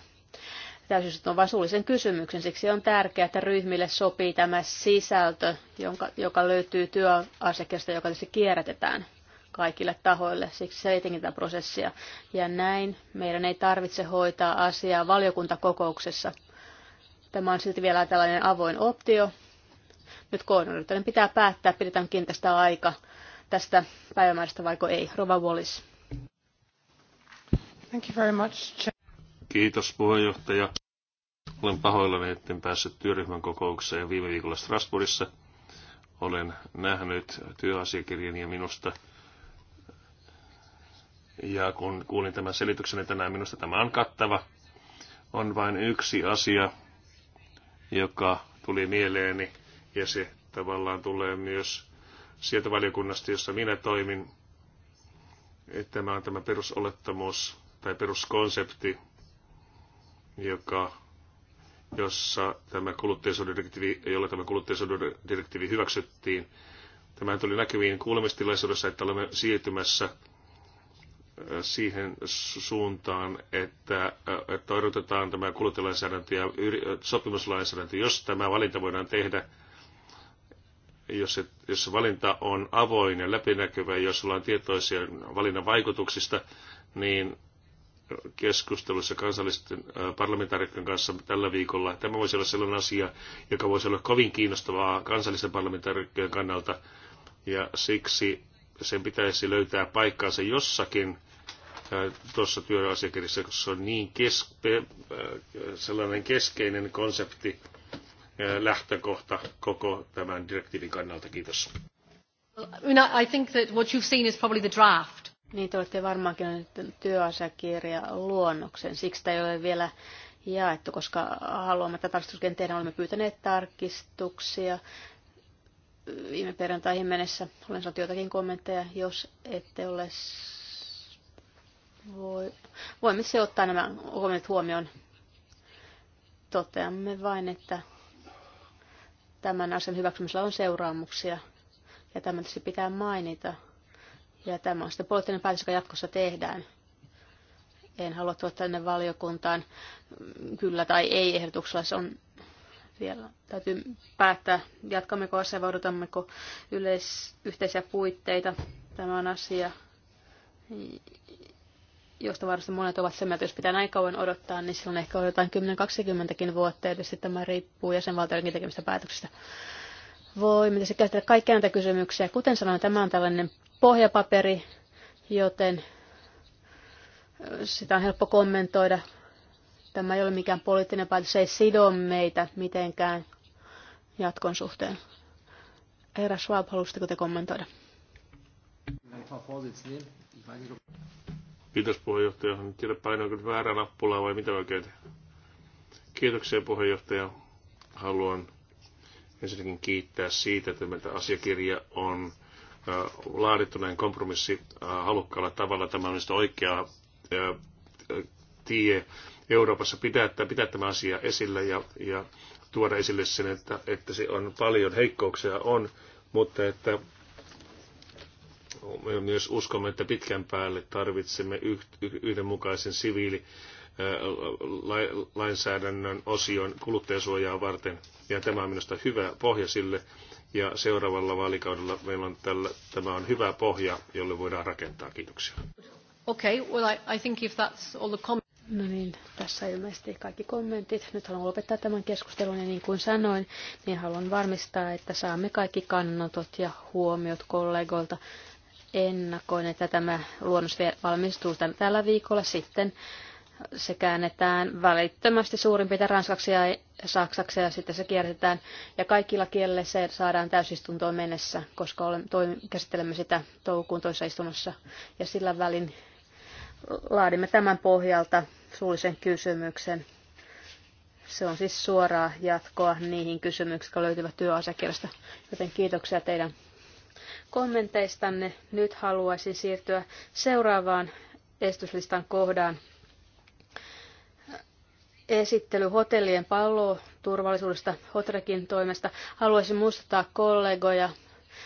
täysistuntoon, vaan suullisen kysymyksen. Siksi on tärkeää, että ryhmille sopii tämä sisältö, jonka, joka löytyy työasiakirjasta, joka tietysti kierrätetään kaikille tahoille, siksi etenkin tätä prosessia. Ja näin meidän ei tarvitse hoitaa asiaa valiokuntakokouksessa. Tämä on silti vielä tällainen avoin optio. Nyt koordinaattorin pitää päättää, pidetään kiinteistä aika tästä päivämäärästä vaiko ei. Rova Wallis. Thank you very much. Kiitos puheenjohtaja. Olen pahoillani, etten päässyt työryhmän kokoukseen viime viikolla Strasbourgissa. Olen nähnyt työasiakirjan ja minusta ja kun kuulin tämän selityksen tänään, minusta tämä on kattava. On vain yksi asia, joka tuli mieleeni, ja se tavallaan tulee myös sieltä valiokunnasta, jossa minä toimin. Että tämä on tämä perusolettamus tai peruskonsepti, joka, jossa tämä kuluttajasuudirektiivi, jolla tämä kuluttajasuudirektiivi hyväksyttiin. Tämä tuli näkyviin kuulemistilaisuudessa, että olemme siirtymässä siihen suuntaan, että, että odotetaan tämä kuluttajalainsäädäntö ja sopimuslainsäädäntö, jos tämä valinta voidaan tehdä, jos se, jos se valinta on avoin ja läpinäkyvä, jos ollaan tietoisia valinnan vaikutuksista, niin keskustelussa kansallisten parlamentaarikkojen kanssa tällä viikolla. Tämä voisi olla sellainen asia, joka voisi olla kovin kiinnostavaa kansallisten parlamentaarikkojen kannalta, ja siksi sen pitäisi löytää paikkaansa jossakin tuossa työasiakirjassa, koska se on niin keske, sellainen keskeinen konsepti, lähtökohta koko tämän direktiivin kannalta. Kiitos. I think that what you've seen is probably the draft. Niin, te olette varmaankin nyt työasiakirja luonnoksen. Siksi tämä ei ole vielä jaettu, koska haluamme, tätä tarkistuskenteenä olemme pyytäneet tarkistuksia viime perjantaihin mennessä. Olen saanut jotakin kommentteja, jos ette ole... Voi... Voimme se ottaa nämä kommentit huomioon. Toteamme vain, että tämän asian hyväksymisellä on seuraamuksia. Ja tämä tietysti pitää mainita. Ja tämä on sitten poliittinen päätös, joka jatkossa tehdään. En halua tuoda tänne valiokuntaan kyllä tai ei ehdotuksella. Se on vielä täytyy päättää, jatkammeko asiaa vai yleis- yhteisiä puitteita. Tämä on asia, josta varmasti monet ovat sen että jos pitää näin kauan odottaa, niin silloin ehkä on jotain 10-20kin vuotta edes, tämä riippuu jäsenvaltioiden tekemistä päätöksistä. Voi, mitä se käsitellä kaikkia näitä kysymyksiä. Kuten sanoin, tämä on tällainen pohjapaperi, joten sitä on helppo kommentoida Tämä ei ole mikään poliittinen päätös, se ei sido meitä mitenkään jatkon suhteen. Herra Schwab, haluaisitteko te kommentoida? Kiitos puheenjohtaja. En tiedä painoinko väärää nappulaa vai mitä oikein. Kiitoksia puheenjohtaja. Haluan ensinnäkin kiittää siitä, että meiltä asiakirja on laadittu näin kompromissi halukkaalla tavalla. Tämä on oikea tie Euroopassa pitää, pitää tämä asia esillä ja, ja tuoda esille sen, että, että se on paljon heikkouksia on, mutta että me myös uskomme, että pitkän päälle tarvitsemme yhdenmukaisen siviili lainsäädännön osion kuluttajasuojaa varten. Ja tämä on minusta hyvä pohja sille. Ja seuraavalla vaalikaudella meillä on tällä, tämä on hyvä pohja, jolle voidaan rakentaa. Kiitoksia. Okay, well I, I think if that's all the No niin, tässä ilmeisesti kaikki kommentit. Nyt haluan lopettaa tämän keskustelun ja niin kuin sanoin, niin haluan varmistaa, että saamme kaikki kannanotot ja huomiot kollegoilta ennakoin, että tämä luonnos valmistuu tällä viikolla sitten. Se käännetään välittömästi suurin piirtein ranskaksi ja saksaksi ja sitten se kierretään. Ja kaikilla kielillä se saadaan täysistuntoon mennessä, koska olemme, toimi, käsittelemme sitä toukokuun toisessa istunnossa. Ja sillä välin laadimme tämän pohjalta suullisen kysymyksen. Se on siis suoraa jatkoa niihin kysymyksiin, jotka löytyvät työasiakirjasta. Joten kiitoksia teidän kommenteistanne. Nyt haluaisin siirtyä seuraavaan estyslistan kohdaan. Esittely hotellien palloturvallisuudesta Hotrekin toimesta. Haluaisin muistuttaa kollegoja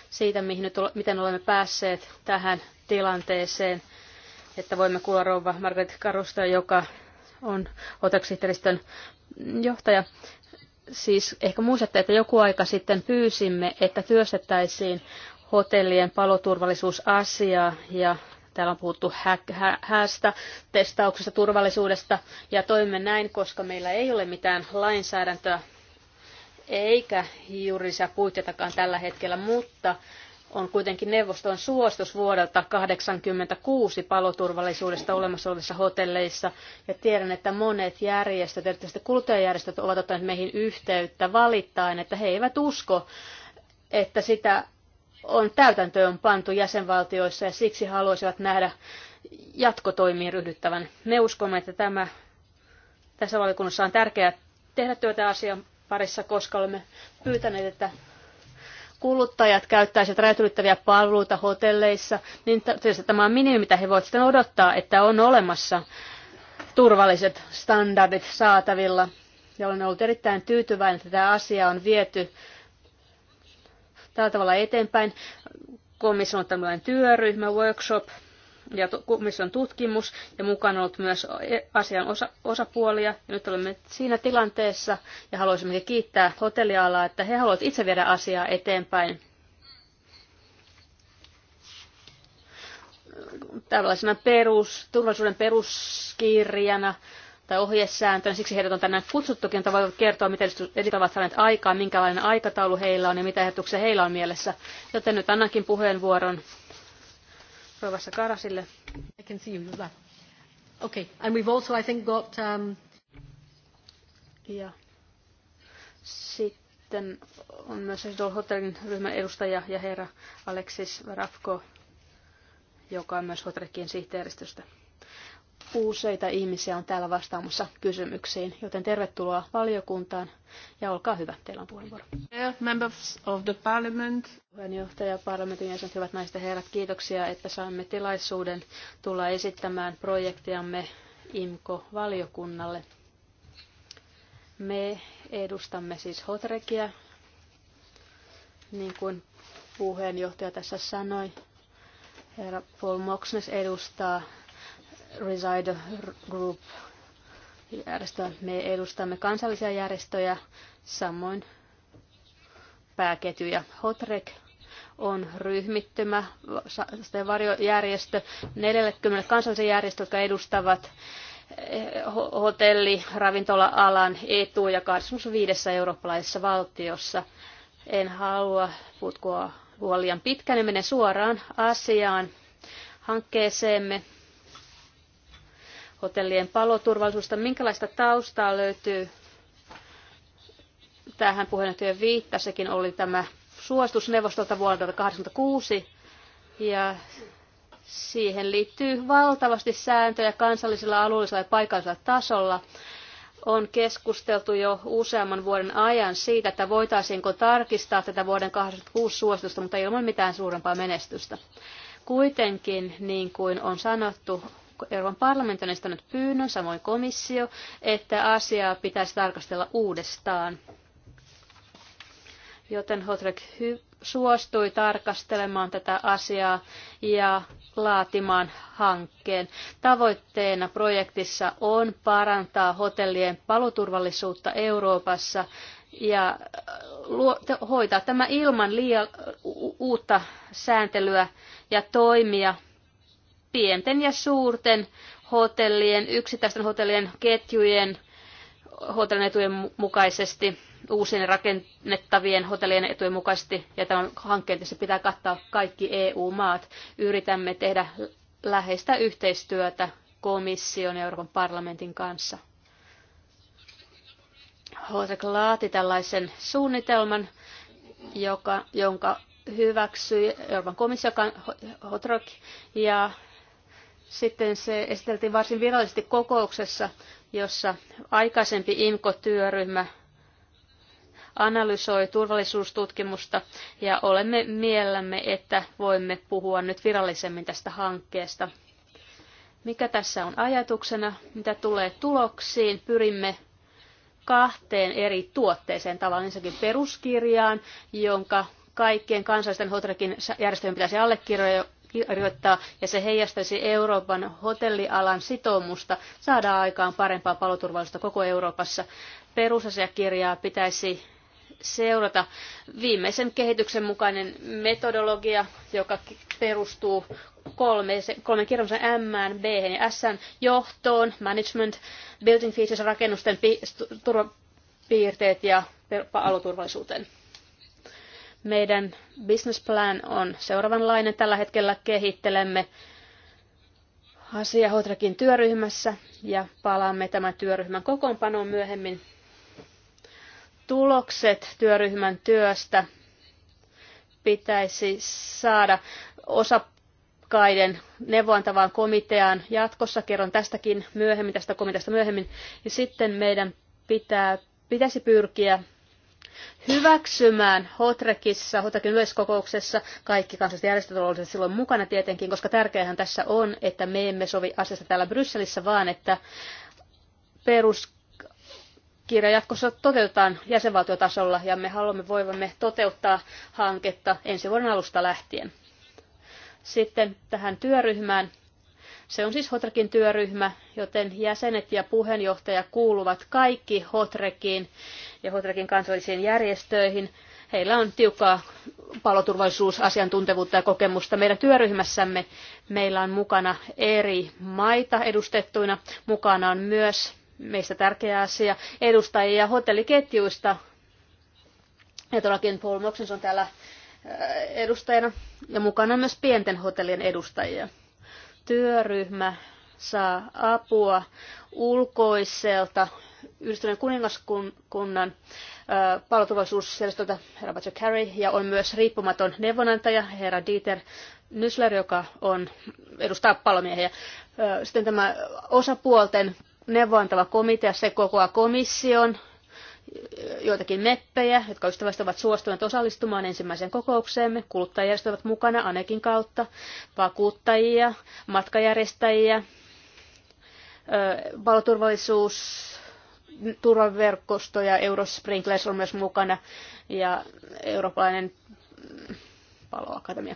siitä, mihin nyt, miten olemme päässeet tähän tilanteeseen – että voimme kuulla rouva Margaret Karusta, joka on otaksihteeristön johtaja. Siis ehkä muistatte, että joku aika sitten pyysimme, että työstettäisiin hotellien paloturvallisuusasiaa ja täällä on puhuttu hä- hä- häästä, testauksesta, turvallisuudesta ja toimme näin, koska meillä ei ole mitään lainsäädäntöä eikä juridisia puitteitakaan tällä hetkellä, mutta on kuitenkin neuvoston suostus vuodelta 1986 paloturvallisuudesta olemassa olevissa hotelleissa. Ja tiedän, että monet järjestöt, erityisesti kuluttajajärjestöt, ovat ottaneet meihin yhteyttä valittaen, että he eivät usko, että sitä on täytäntöön pantu jäsenvaltioissa ja siksi haluaisivat nähdä jatkotoimiin ryhdyttävän. Me uskomme, että tämä, tässä valiokunnassa on tärkeää tehdä työtä asian parissa, koska olemme pyytäneet, että kuluttajat käyttäisivät räätylyttäviä palveluita hotelleissa, niin tietysti tämä on minimi, mitä he voivat sitten odottaa, että on olemassa turvalliset standardit saatavilla. Ja olen ollut erittäin tyytyväinen, että tämä asia on viety tällä tavalla eteenpäin. Komissio on tämmöinen työryhmä, workshop, ja komission tutkimus ja mukana ollut myös e-, asian osa, osapuolia. Ja nyt olemme siinä tilanteessa ja haluaisimme kiittää hotellialaa, että he haluavat itse viedä asiaa eteenpäin. Tällaisena perus, turvallisuuden peruskirjana tai ohjesääntönä. Siksi heidät on tänään kutsuttukin, että voivat kertoa, miten edit ovat saaneet aikaa, minkälainen aikataulu heillä on ja mitä ehdotuksia heillä on mielessä. Joten nyt annankin puheenvuoron Rovassa Karasille. I can see you, you laugh. Okay, and we've also, I think, got... Um... Ja sitten on myös Dol Hotelin ryhmän edustaja ja herra Alexis Rafko, joka on myös Hotelkin sihteeristöstä useita ihmisiä on täällä vastaamassa kysymyksiin, joten tervetuloa valiokuntaan ja olkaa hyvä, teillä on puheenvuoro. Members of the parliament. Puheenjohtaja, parlamentin jäsenet, hyvät naiset ja herrat, kiitoksia, että saamme tilaisuuden tulla esittämään projektiamme IMKO-valiokunnalle. Me edustamme siis Hotrekia, niin kuin puheenjohtaja tässä sanoi. Herra Paul Moxnes edustaa Reside Group järjestö. Me edustamme kansallisia järjestöjä, samoin pääketjuja. Hotrek on ryhmittymä, varjojärjestö, 40 kansallisen järjestö, jotka edustavat eh, hotelli, ravintola-alan etuja 25 eurooppalaisessa valtiossa. En halua putkua liian pitkään, menen suoraan asiaan hankkeeseemme hotellien paloturvallisuudesta. Minkälaista taustaa löytyy? Tähän puheenjohtajan viittasikin oli tämä suositus neuvostolta vuodelta 1986 ja siihen liittyy valtavasti sääntöjä kansallisella, alueellisella ja paikallisella tasolla on keskusteltu jo useamman vuoden ajan siitä, että voitaisiinko tarkistaa tätä vuoden 2006 suositusta, mutta ilman mitään suurempaa menestystä. Kuitenkin, niin kuin on sanottu, Euroopan parlamentti on esittänyt pyynnön, samoin komissio, että asiaa pitäisi tarkastella uudestaan. Joten Hotrek suostui tarkastelemaan tätä asiaa ja laatimaan hankkeen. Tavoitteena projektissa on parantaa hotellien paloturvallisuutta Euroopassa ja äh, hoitaa tämä ilman liian uutta sääntelyä ja toimia pienten ja suurten hotellien, yksittäisten hotellien ketjujen, hotellin etujen mukaisesti, uusien rakennettavien hotellien etujen mukaisesti, ja tämän hankkeen tässä pitää kattaa kaikki EU-maat. Yritämme tehdä läheistä yhteistyötä komission ja Euroopan parlamentin kanssa. Hosek laati tällaisen suunnitelman, joka, jonka hyväksyi Euroopan komissio Hotrok ja sitten se esiteltiin varsin virallisesti kokouksessa, jossa aikaisempi IMKO-työryhmä analysoi turvallisuustutkimusta ja olemme mielellämme, että voimme puhua nyt virallisemmin tästä hankkeesta. Mikä tässä on ajatuksena, mitä tulee tuloksiin, pyrimme kahteen eri tuotteeseen, tavallaan ensinnäkin peruskirjaan, jonka kaikkien kansallisten Hotrekin järjestöjen pitäisi kirjoittaa, ja se heijastaisi Euroopan hotellialan sitoumusta saada aikaan parempaa paloturvallisuutta koko Euroopassa. Perusasiakirjaa pitäisi seurata viimeisen kehityksen mukainen metodologia, joka perustuu kolme, kolmen kirjoisen M, B ja S johtoon, management, building features, rakennusten piirteet turvapiirteet ja paloturvallisuuteen. Meidän business plan on seuraavanlainen. Tällä hetkellä kehittelemme asia Hotrakin työryhmässä ja palaamme tämän työryhmän kokoonpanoon myöhemmin. Tulokset työryhmän työstä pitäisi saada osakkaiden neuvontavaan komiteaan jatkossa. Kerron tästäkin myöhemmin, tästä komiteasta myöhemmin. Ja sitten meidän pitää, pitäisi pyrkiä hyväksymään Hotrekissa, Hotrekin yleiskokouksessa. Kaikki kansalliset järjestöt olivat silloin mukana tietenkin, koska tärkeähän tässä on, että me emme sovi asiasta täällä Brysselissä, vaan että peruskirja jatkossa toteutetaan jäsenvaltiotasolla ja me haluamme voivamme toteuttaa hanketta ensi vuoden alusta lähtien. Sitten tähän työryhmään. Se on siis Hotrekin työryhmä, joten jäsenet ja puheenjohtaja kuuluvat kaikki Hotrekiin ja Hotrakin kansallisiin järjestöihin. Heillä on tiukkaa paloturvallisuusasiantuntevuutta ja kokemusta. Meidän työryhmässämme meillä on mukana eri maita edustettuina. Mukana on myös meistä tärkeä asia edustajia hotelliketjuista. Ja todellakin Paul Moxens on täällä äh, edustajana ja mukana on myös pienten hotellien edustajia. Työryhmä saa apua ulkoiselta Yhdistyneen kuningaskunnan paloturvallisuusjärjestöltä herra Roger Carey ja on myös riippumaton neuvonantaja herra Dieter Nysler, joka on, edustaa palomiehiä. Sitten tämä osapuolten neuvontava komitea, se kokoaa komission, joitakin meppejä, jotka ystävästi ovat suostuneet osallistumaan ensimmäiseen kokoukseemme. Kuluttajajärjestöt ovat mukana Anekin kautta, vakuuttajia, matkajärjestäjiä, paloturvallisuus, turvaverkosto ja Eurosprinklers on myös mukana ja eurooppalainen paloakatemia.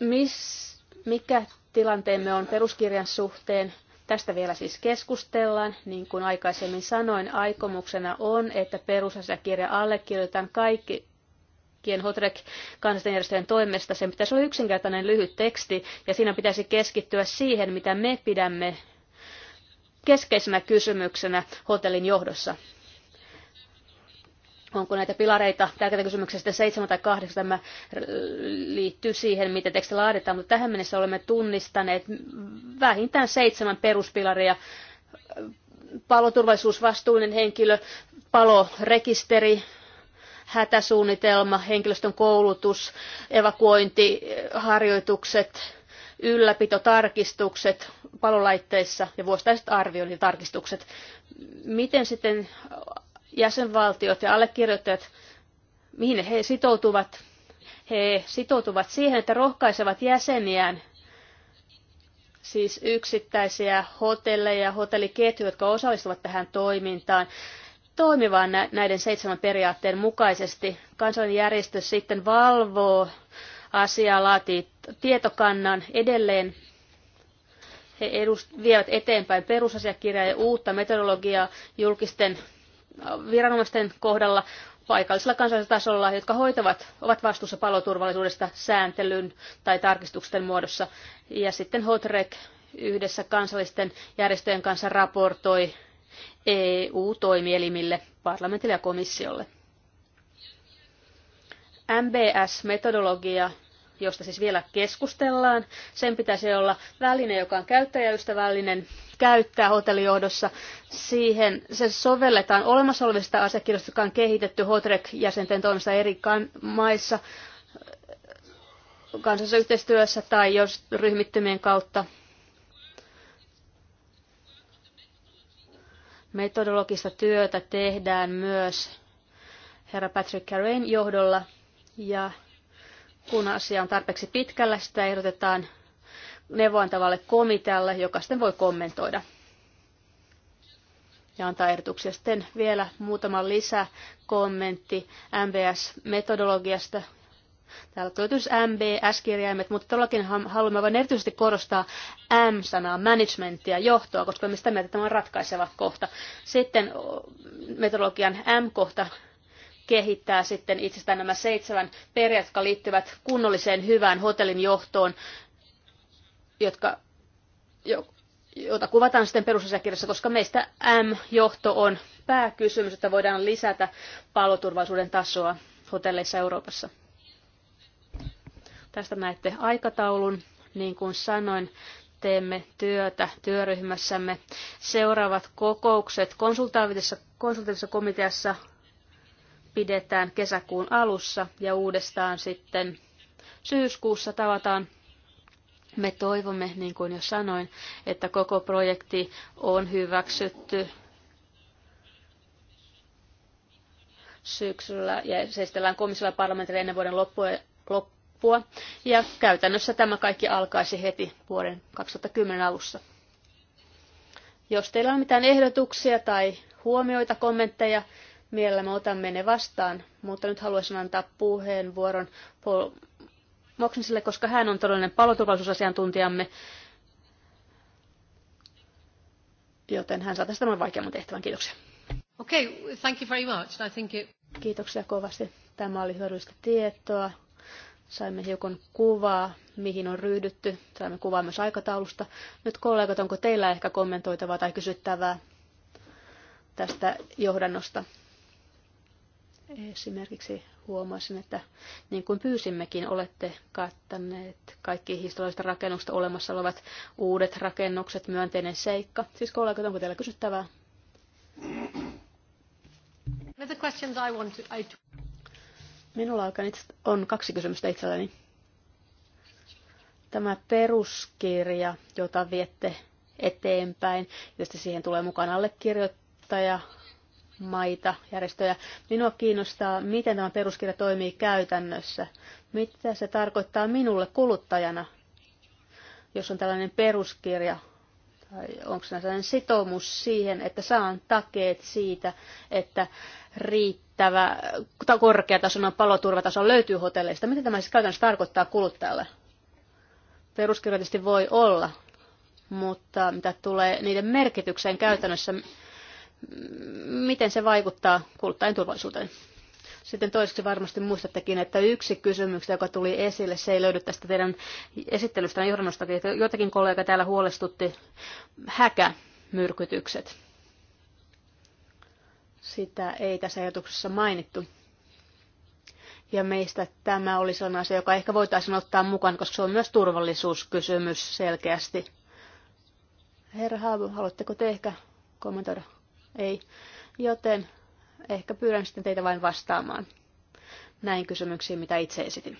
Mis, mikä tilanteemme on peruskirjan suhteen? Tästä vielä siis keskustellaan. Niin kuin aikaisemmin sanoin, aikomuksena on, että perusasiakirja allekirjoitetaan kaikki kaikkien Hotrek kansanjärjestöjen toimesta. Sen pitäisi olla yksinkertainen lyhyt teksti ja siinä pitäisi keskittyä siihen, mitä me pidämme keskeisenä kysymyksenä hotellin johdossa. Onko näitä pilareita, tärkeitä kysymyksiä sitten seitsemän tai kahdeksan, tämä liittyy siihen, miten teksti laaditaan, mutta tähän mennessä olemme tunnistaneet vähintään seitsemän peruspilaria, paloturvallisuusvastuullinen henkilö, palorekisteri, hätäsuunnitelma, henkilöstön koulutus, evakuointiharjoitukset, ylläpitotarkistukset palolaitteissa ja vuosittaiset arviointitarkistukset. Miten sitten jäsenvaltiot ja allekirjoittajat, mihin he sitoutuvat? He sitoutuvat siihen, että rohkaisevat jäseniään siis yksittäisiä hotelleja ja hotelliketjuja, jotka osallistuvat tähän toimintaan, toimivaan näiden seitsemän periaatteen mukaisesti. Kansallinen järjestö sitten valvoo asiaa laatii tietokannan edelleen. He edust- vievät eteenpäin perusasiakirjaa ja uutta metodologiaa julkisten viranomaisten kohdalla paikallisella kansallisella tasolla, jotka hoitavat, ovat vastuussa paloturvallisuudesta sääntelyn tai tarkistusten muodossa. Ja sitten HOTREC yhdessä kansallisten järjestöjen kanssa raportoi EU-toimielimille, parlamentille ja komissiolle. MBS-metodologia josta siis vielä keskustellaan. Sen pitäisi olla väline, joka on käyttäjäystävällinen käyttää hotellijohdossa. Siihen se sovelletaan olemassa olevista asiakirjoista, jotka on kehitetty HOTREC-jäsenten toimesta eri maissa kansallisessa yhteistyössä tai jos ryhmittymien kautta. Metodologista työtä tehdään myös herra Patrick Carrain johdolla ja kun asia on tarpeeksi pitkällä, sitä ehdotetaan neuvoantavalle komitealle, joka sitten voi kommentoida ja antaa ehdotuksia. Sitten vielä muutama lisäkommentti MBS-metodologiasta. Täällä tuli MBS-kirjaimet, mutta todellakin haluamme vain erityisesti korostaa M-sanaa, managementia, johtoa, koska me sitä mieltä tämä on ratkaiseva kohta. Sitten metodologian M-kohta kehittää sitten itsestään nämä seitsemän periaat, jotka liittyvät kunnolliseen hyvään hotellin johtoon, jotka, jo, jota kuvataan sitten perusasiakirjassa, koska meistä M-johto on pääkysymys, että voidaan lisätä paloturvallisuuden tasoa hotelleissa Euroopassa. Tästä näette aikataulun. Niin kuin sanoin, teemme työtä työryhmässämme. Seuraavat kokoukset konsultatiivisessa, komiteassa pidetään kesäkuun alussa ja uudestaan sitten syyskuussa tavataan. Me toivomme, niin kuin jo sanoin, että koko projekti on hyväksytty syksyllä ja se esitellään komissiolla parlamentille ennen vuoden loppua, loppua. Ja käytännössä tämä kaikki alkaisi heti vuoden 2010 alussa. Jos teillä on mitään ehdotuksia tai huomioita, kommentteja, Mielellämme otamme ne vastaan, mutta nyt haluaisin antaa puheenvuoron Paul Moksensille, koska hän on todellinen paloturvallisuusasiantuntijamme, joten hän saa tästä tämän vaikeamman tehtävän. Kiitoksia. Okay, thank you very much. I think it... Kiitoksia kovasti. Tämä oli hyödyllistä tietoa. Saimme hiukan kuvaa, mihin on ryhdytty. Saimme kuvaa myös aikataulusta. Nyt kollegat, onko teillä ehkä kommentoitavaa tai kysyttävää tästä johdannosta? Esimerkiksi huomasin, että niin kuin pyysimmekin, olette kattaneet kaikki historiallisista rakennuksista olemassa olevat uudet rakennukset, myönteinen seikka. Siis kollegat, onko teillä kysyttävää? Minulla alkaa on kaksi kysymystä itselleni. Tämä peruskirja, jota viette eteenpäin, josta siihen tulee mukaan allekirjoittaja, maita, järjestöjä. Minua kiinnostaa, miten tämä peruskirja toimii käytännössä. Mitä se tarkoittaa minulle kuluttajana, jos on tällainen peruskirja? Tai onko se sellainen sitoumus siihen, että saan takeet siitä, että riittävä korkeatasoinen paloturvataso löytyy hotelleista? Mitä tämä siis käytännössä tarkoittaa kuluttajalle? Peruskirja tietysti voi olla, mutta mitä tulee niiden merkitykseen käytännössä, miten se vaikuttaa kuluttajien turvallisuuteen. Sitten toiseksi varmasti muistattekin, että yksi kysymys, joka tuli esille, se ei löydy tästä teidän esittelystä johdannosta, että jotakin kollega täällä huolestutti häkämyrkytykset. Sitä ei tässä ajatuksessa mainittu. Ja meistä tämä oli sellainen asia, joka ehkä voitaisiin ottaa mukaan, koska se on myös turvallisuuskysymys selkeästi. Herra Haavu, haluatteko te ehkä kommentoida? Ei. Joten ehkä pyydän sitten teitä vain vastaamaan näin kysymyksiin, mitä itse esitin.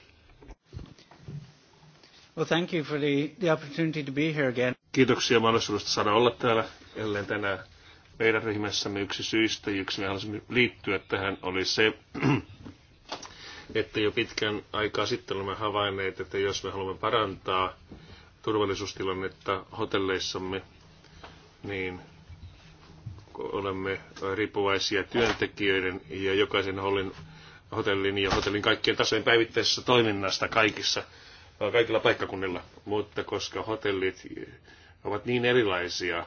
Well, thank you for the, the opportunity to be here again. Kiitoksia mahdollisuudesta saada olla täällä jälleen tänään meidän ryhmässämme yksi syistä, yksi me haluaisimme liittyä tähän, oli se, (clears throat) että jo pitkän aikaa sitten olemme havainneet, että jos me haluamme parantaa turvallisuustilannetta hotelleissamme, niin olemme riippuvaisia työntekijöiden ja jokaisen hollin, hotellin ja hotellin kaikkien tasojen päivittäisessä toiminnasta kaikissa, äh, kaikilla paikkakunnilla. Mutta koska hotellit ovat niin erilaisia äh,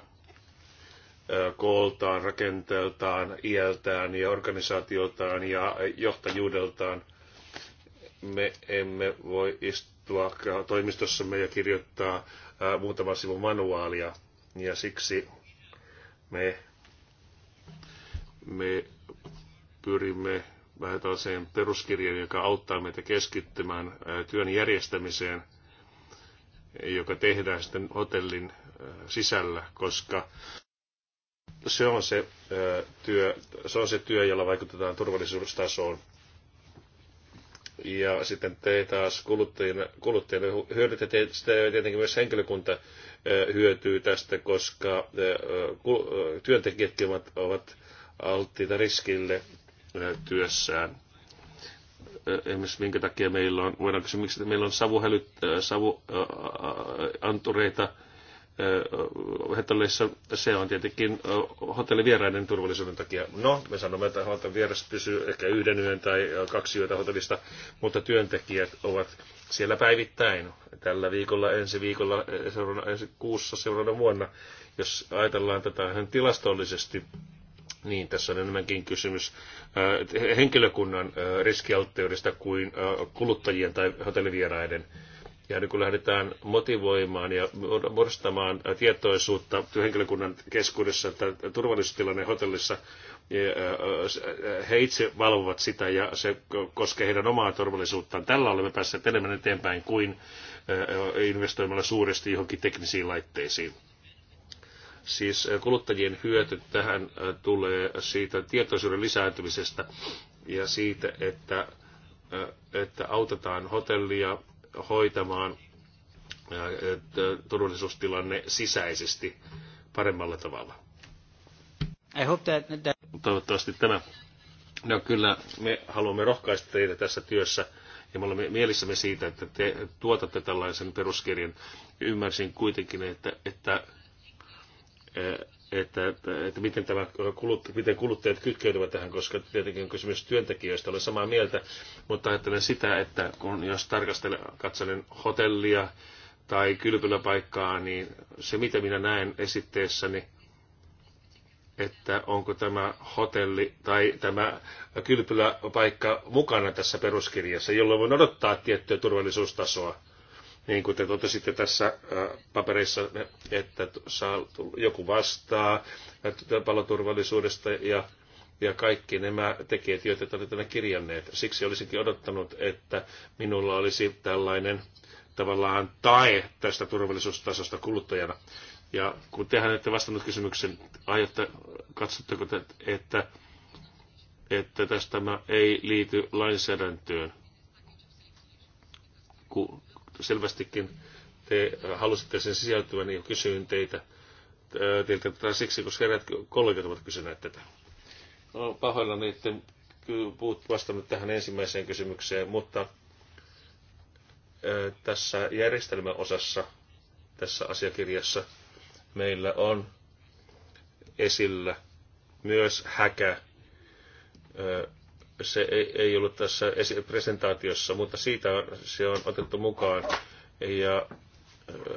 kooltaan, rakenteeltaan, iältään ja organisaatioltaan ja johtajuudeltaan, me emme voi istua toimistossamme ja kirjoittaa äh, muutaman sivun manuaalia. Ja siksi me me pyrimme vähän tällaiseen peruskirjaan, joka auttaa meitä keskittymään työn järjestämiseen, joka tehdään sitten hotellin sisällä, koska se on se, työ, se on se työ, jolla vaikutetaan turvallisuustasoon. Ja sitten te taas kuluttajina, kuluttajina hyödyt, ja tietenkin myös henkilökunta hyötyy tästä, koska työntekijätkin ovat, ovat alttiita riskille eh, työssään. Eh, esimerkiksi minkä takia meillä on, voidaan kysyä, miksi meillä on savuhälyt, eh, savuantureita hotelleissa. Se on tietenkin hotellivieraiden turvallisuuden takia. No, me sanomme, että hotellin vieras pysyy ehkä yhden yön tai kaksi yötä hotellista, mutta työntekijät ovat siellä päivittäin. Tällä viikolla, ensi viikolla, seuraavana, ensi kuussa, seuraavana vuonna. Jos ajatellaan tätä tilastollisesti, niin, tässä on enemmänkin kysymys äh, henkilökunnan äh, riskialttiudesta kuin äh, kuluttajien tai hotellivieraiden. Ja nyt kun lähdetään motivoimaan ja muodostamaan tietoisuutta henkilökunnan keskuudessa, että turvallisuustilanne hotellissa, niin, he itse valvovat sitä ja se koskee heidän omaa turvallisuuttaan. Tällä olemme päässeet enemmän eteenpäin kuin investoimalla suuresti johonkin teknisiin laitteisiin. Siis eh, kuluttajien hyöty tähän eh, tulee siitä tietoisuuden lisääntymisestä ja siitä, että, eh, että autetaan hotellia hoitamaan turvallisuustilanne sisäisesti paremmalla tavalla. I hope that, that... Toivottavasti tämä. No kyllä, me haluamme rohkaista teitä tässä työssä ja me olemme mielissämme siitä, että te tuotatte tällaisen peruskirjan. Ymmärsin kuitenkin, että, että että, että miten, tämä kulut, miten kuluttajat kytkeytyvät tähän, koska tietenkin on kysymys työntekijöistä, olen samaa mieltä, mutta ajattelen sitä, että kun jos tarkastelen, katselen hotellia tai kylpyläpaikkaa, niin se mitä minä näen esitteessäni, niin että onko tämä hotelli tai tämä kylpyläpaikka mukana tässä peruskirjassa, jolloin voin odottaa tiettyä turvallisuustasoa niin kuin te totesitte tässä äh, paperissa, että saa, joku vastaa paloturvallisuudesta ja, ja kaikki nämä tekijät, joita te olette kirjanneet. Siksi olisinkin odottanut, että minulla olisi tällainen tavallaan tae tästä turvallisuustasosta kuluttajana. Ja kun tehän ette vastannut kysymyksen, aiotte, katsotteko te, että, että tästä tämä ei liity lainsäädäntöön? Kun selvästikin te halusitte sen sisältyvän, niin kysyin teitä, teiltä tätä siksi, koska eräät kollegat ovat kysyneet tätä. No, pahoillani, että vastannut tähän ensimmäiseen kysymykseen, mutta tässä järjestelmäosassa, tässä asiakirjassa, meillä on esillä myös häkä se ei, ei ollut tässä presentaatiossa, mutta siitä se on otettu mukaan. Ja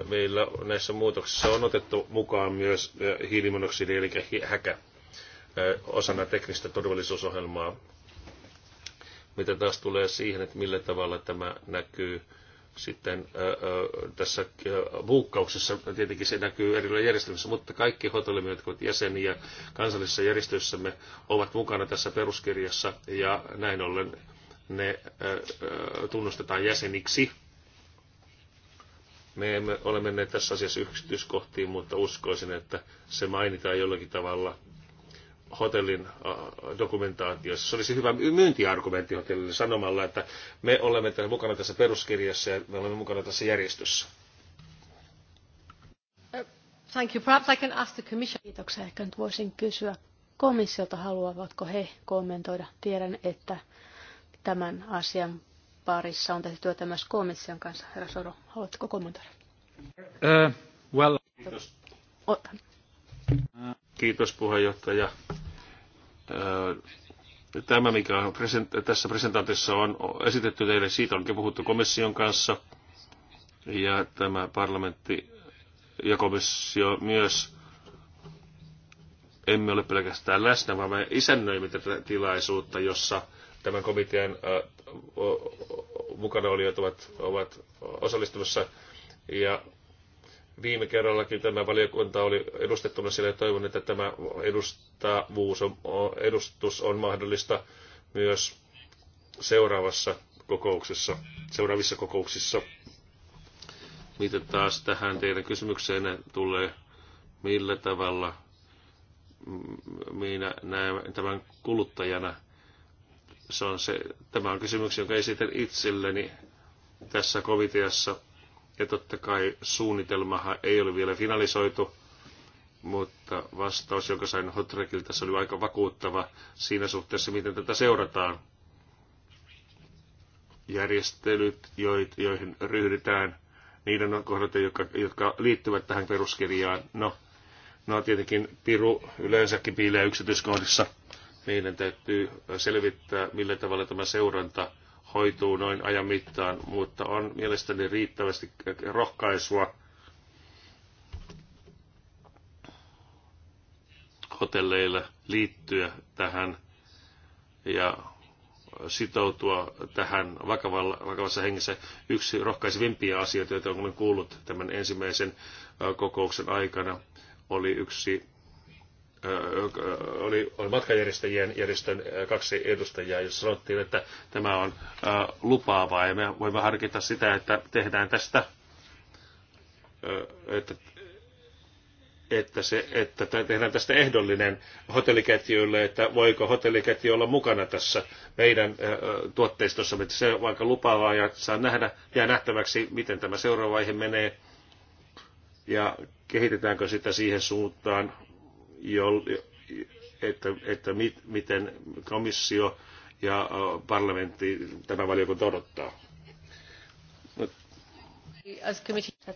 meillä näissä muutoksissa on otettu mukaan myös hiilimonoksidi eli häkä osana teknistä turvallisuusohjelmaa. Mitä taas tulee siihen, että millä tavalla tämä näkyy sitten tässä buukkauksessa tietenkin se näkyy erilaisissa järjestelmissä, mutta kaikki hotellimme, jotka ovat jäseniä kansallisissa järjestöissämme, ovat mukana tässä peruskirjassa ja näin ollen ne tunnustetaan jäseniksi. Me emme ole menneet tässä asiassa yksityiskohtiin, mutta uskoisin, että se mainitaan jollakin tavalla hotellin äh, dokumentaatiossa. Se olisi hyvä myyntiargumentti hotellille sanomalla, että me olemme tässä mukana tässä peruskirjassa ja me olemme mukana tässä järjestössä. Thank you. Perhaps I can ask the commission. Kiitoksia. Ehkä nyt voisin kysyä komissiota, haluavatko he kommentoida. Tiedän, että tämän asian parissa on tehty työtä myös komission kanssa. Herra Soro, haluatteko kommentoida? Uh, well. Kiitos. Kiitos puheenjohtaja tämä, mikä on present- tässä presentaatiossa on esitetty teille, siitä onkin puhuttu komission kanssa. Ja tämä parlamentti ja komissio myös emme ole pelkästään läsnä, vaan me isännöimme tätä tilaisuutta, jossa tämän komitean mukana olijat ovat, ovat osallistumassa. Ja Viime kerrallakin tämä valiokunta oli edustettuna siellä ja toivon, että tämä edustavuus on, edustus on mahdollista myös seuraavassa kokouksessa, seuraavissa kokouksissa. Mitä taas tähän teidän kysymykseen tulee, millä tavalla minä näen tämän kuluttajana. Se on se, tämä on kysymys, jonka esitän itselleni tässä komiteassa ja totta kai suunnitelmahan ei ole vielä finalisoitu, mutta vastaus, jonka sain Hotrekilta, se oli aika vakuuttava siinä suhteessa, miten tätä seurataan. Järjestelyt, joihin ryhdytään, niiden kohdat, jotka, jotka liittyvät tähän peruskirjaan. No, no tietenkin piru yleensäkin piilee yksityiskohdissa. Meidän täytyy selvittää, millä tavalla tämä seuranta – hoituu noin ajan mittaan, mutta on mielestäni riittävästi rohkaisua hotelleille liittyä tähän ja sitoutua tähän vakavalla, vakavassa hengessä. Yksi rohkaisevimpia asioita, joita olen kuullut tämän ensimmäisen kokouksen aikana, oli yksi oli, oli matkajärjestäjien järjestön kaksi edustajaa, jossa sanottiin, että tämä on lupaavaa ja me voimme harkita sitä, että tehdään tästä, että, että, se, että tehdään tästä ehdollinen hotelliketjuille, että voiko hotelliketju olla mukana tässä meidän tuotteistossamme. Se on aika lupaavaa ja saa nähdä, jää nähtäväksi, miten tämä seuraava vaihe menee ja kehitetäänkö sitä siihen suuntaan, jo, että, että mit, miten komissio ja parlamentti tämä valiokunta odottaa.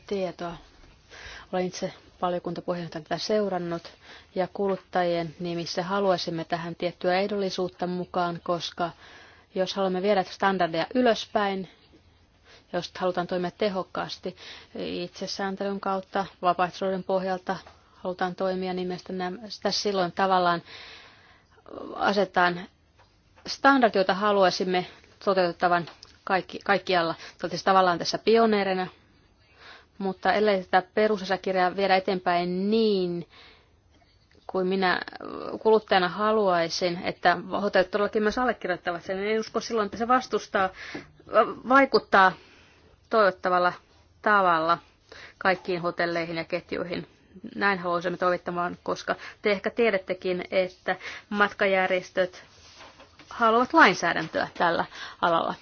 Tietoa. Olen itse valiokuntapuheenjohtajan tätä seurannut ja kuluttajien nimissä haluaisimme tähän tiettyä ehdollisuutta mukaan, koska jos haluamme viedä standardeja ylöspäin, jos halutaan toimia tehokkaasti itsesääntelyn kautta, vapaaehtoisuuden pohjalta, halutaan toimia, niin mielestäni tässä silloin tavallaan asetetaan standard, joita haluaisimme toteutettavan kaikki, kaikkialla. Oltiin siis tavallaan tässä pioneerina, mutta ellei tätä perusasakirjaa viedä eteenpäin niin, kuin minä kuluttajana haluaisin, että hotellit todellakin myös allekirjoittavat sen. Niin en usko silloin, että se vastustaa, vaikuttaa toivottavalla tavalla kaikkiin hotelleihin ja ketjuihin näin haluaisimme toivottamaan, koska te ehkä tiedättekin, että matkajärjestöt haluavat lainsäädäntöä tällä alalla.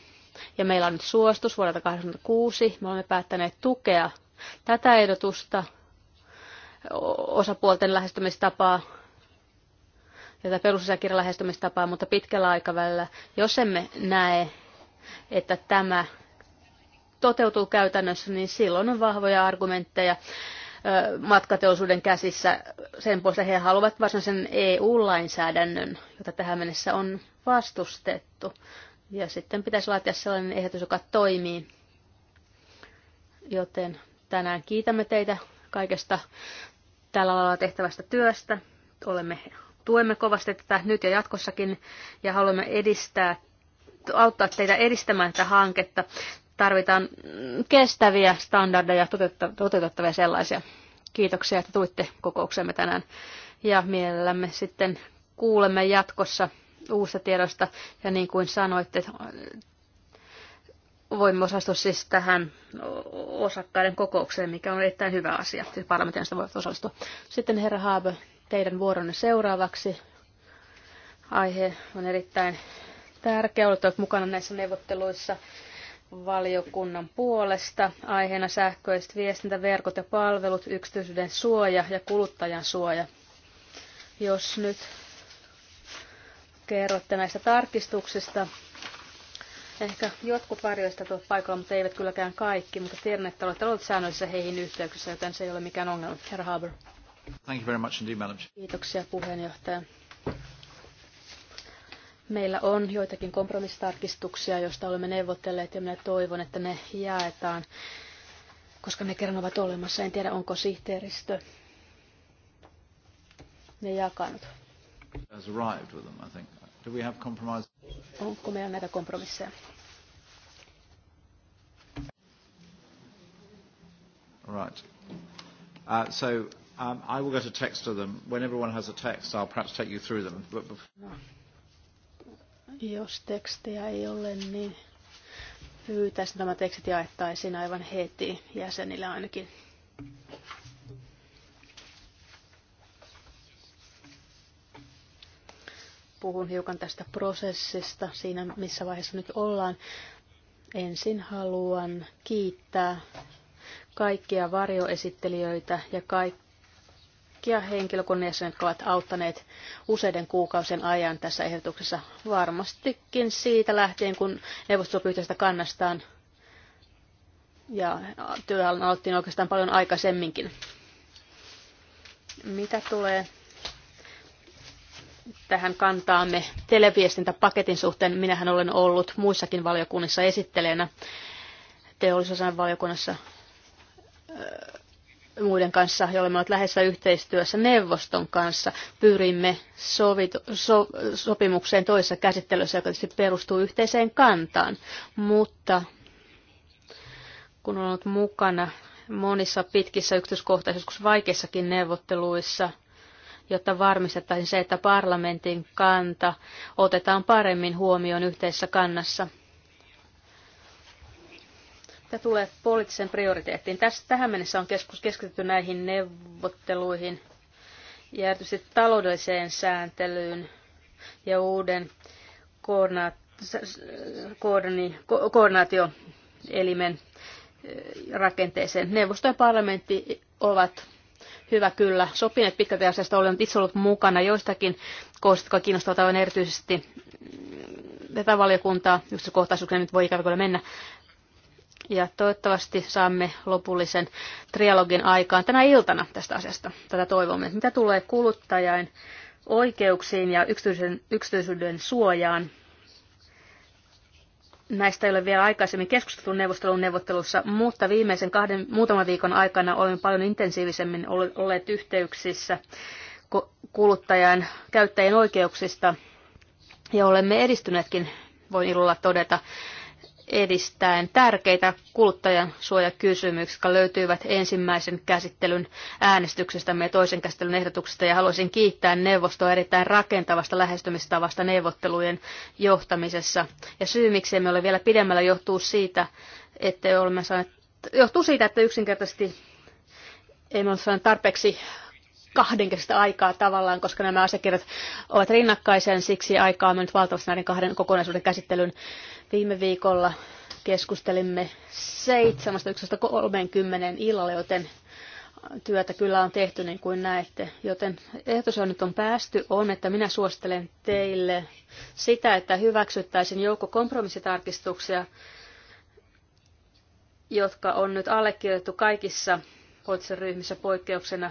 Ja meillä on nyt suostus vuodelta 2006. Me olemme päättäneet tukea tätä ehdotusta, osapuolten lähestymistapaa ja tätä perusasiakirjan lähestymistapaa, mutta pitkällä aikavälillä, jos emme näe, että tämä toteutuu käytännössä, niin silloin on vahvoja argumentteja matkateollisuuden käsissä sen pois, he haluavat varsinaisen EU-lainsäädännön, jota tähän mennessä on vastustettu. Ja sitten pitäisi laatia sellainen ehdotus, joka toimii. Joten tänään kiitämme teitä kaikesta tällä alalla tehtävästä työstä. Olemme, tuemme kovasti tätä nyt ja jatkossakin ja haluamme edistää auttaa teitä edistämään tätä hanketta tarvitaan kestäviä standardeja, toteutettavia sellaisia. Kiitoksia, että tuitte kokouksemme tänään ja mielellämme sitten kuulemme jatkossa uusista tiedosta. Ja niin kuin sanoitte, voimme osallistua siis tähän osakkaiden kokoukseen, mikä on erittäin hyvä asia. Siis parlamentinista voivat osallistua. Sitten herra Haabö, teidän vuoronne seuraavaksi. Aihe on erittäin tärkeä. Olette mukana näissä neuvotteluissa valiokunnan puolesta. Aiheena sähköiset viestintäverkot ja palvelut, yksityisyyden suoja ja kuluttajan suoja. Jos nyt kerrotte näistä tarkistuksista, ehkä jotkut varjoista tuot paikalla, mutta eivät kylläkään kaikki, mutta tiedän, että olette olleet säännöllisissä heihin yhteyksissä, joten se ei ole mikään ongelma. Herra Haber. Thank you very much indeed, Madam. Kiitoksia puheenjohtaja. Meillä on joitakin kompromissitarkistuksia, joista olemme neuvotelleet ja minä toivon, että ne jaetaan, koska ne kerran ovat olemassa. En tiedä, onko sihteeristö ne jakanut. Onko meillä näitä kompromisseja? Right. Uh, so um, I will get a text to them. When everyone has a text, I'll perhaps take you through them. But before... no. Jos tekstejä ei ole, niin pyytäisin tämä tekstit jaettaisiin aivan heti jäsenille ainakin. Puhun hiukan tästä prosessista, siinä missä vaiheessa nyt ollaan. Ensin haluan kiittää kaikkia varjoesittelijöitä ja kaikkia kaikkia henkilökunnan jäseniä, jotka ovat auttaneet useiden kuukausien ajan tässä ehdotuksessa. Varmastikin siitä lähtien, kun neuvosto kannastaan, ja työ aloittiin oikeastaan paljon aikaisemminkin. Mitä tulee tähän kantaamme televiestintäpaketin suhteen, minähän olen ollut muissakin valiokunnissa esittelijänä teollisuusalan valiokunnassa muiden kanssa, ja olemme olleet läheisessä yhteistyössä neuvoston kanssa. Pyrimme sovitu, so, sopimukseen toisessa käsittelyssä, joka tietysti perustuu yhteiseen kantaan, mutta kun olen ollut mukana monissa pitkissä yksityiskohtaisissa, joskus vaikeissakin neuvotteluissa, jotta varmistettaisiin se, että parlamentin kanta otetaan paremmin huomioon yhteisessä kannassa – Tämä tulee poliittisen prioriteettiin. Tässä, tähän mennessä on keskus keskitytty näihin neuvotteluihin ja erityisesti taloudelliseen sääntelyyn ja uuden koordinaat, koordinaatioelimen rakenteeseen. Neuvosto ja parlamentti ovat hyvä kyllä sopineet pitkälti asiasta. Olen itse ollut mukana joistakin kohdista, jotka kiinnostavat aivan erityisesti mm, tätä valiokuntaa. Yksityiskohtaisuuksia nyt voi ikävä kyllä mennä, ja toivottavasti saamme lopullisen trialogin aikaan tänä iltana tästä asiasta. Tätä toivomme. Mitä tulee kuluttajain oikeuksiin ja yksityisen, yksityisyyden suojaan, Näistä ei ole vielä aikaisemmin keskusteltu neuvostelun neuvottelussa, mutta viimeisen kahden, muutaman viikon aikana olemme paljon intensiivisemmin olleet yhteyksissä kuluttajan käyttäjien oikeuksista ja olemme edistyneetkin, voin ilolla todeta edistäen tärkeitä kuluttajan suojakysymyksiä, jotka löytyivät ensimmäisen käsittelyn äänestyksestä ja toisen käsittelyn ehdotuksesta. Ja haluaisin kiittää neuvostoa erittäin rakentavasta lähestymistavasta neuvottelujen johtamisessa. Ja syy, miksi emme ole vielä pidemmällä, johtuu siitä, että olemme saaneet, johtuu siitä, että yksinkertaisesti emme ole saaneet tarpeeksi kahdenkeskistä aikaa tavallaan, koska nämä asiakirjat ovat rinnakkaisen niin siksi aikaa on mennyt valtavasti näiden kahden kokonaisuuden käsittelyyn. Viime viikolla keskustelimme 7.11.30 illalla, joten työtä kyllä on tehty niin kuin näette. Joten ehdotus on nyt on päästy on, että minä suosittelen teille sitä, että hyväksyttäisiin joukko kompromissitarkistuksia, jotka on nyt allekirjoitettu kaikissa poliittisissa ryhmissä poikkeuksena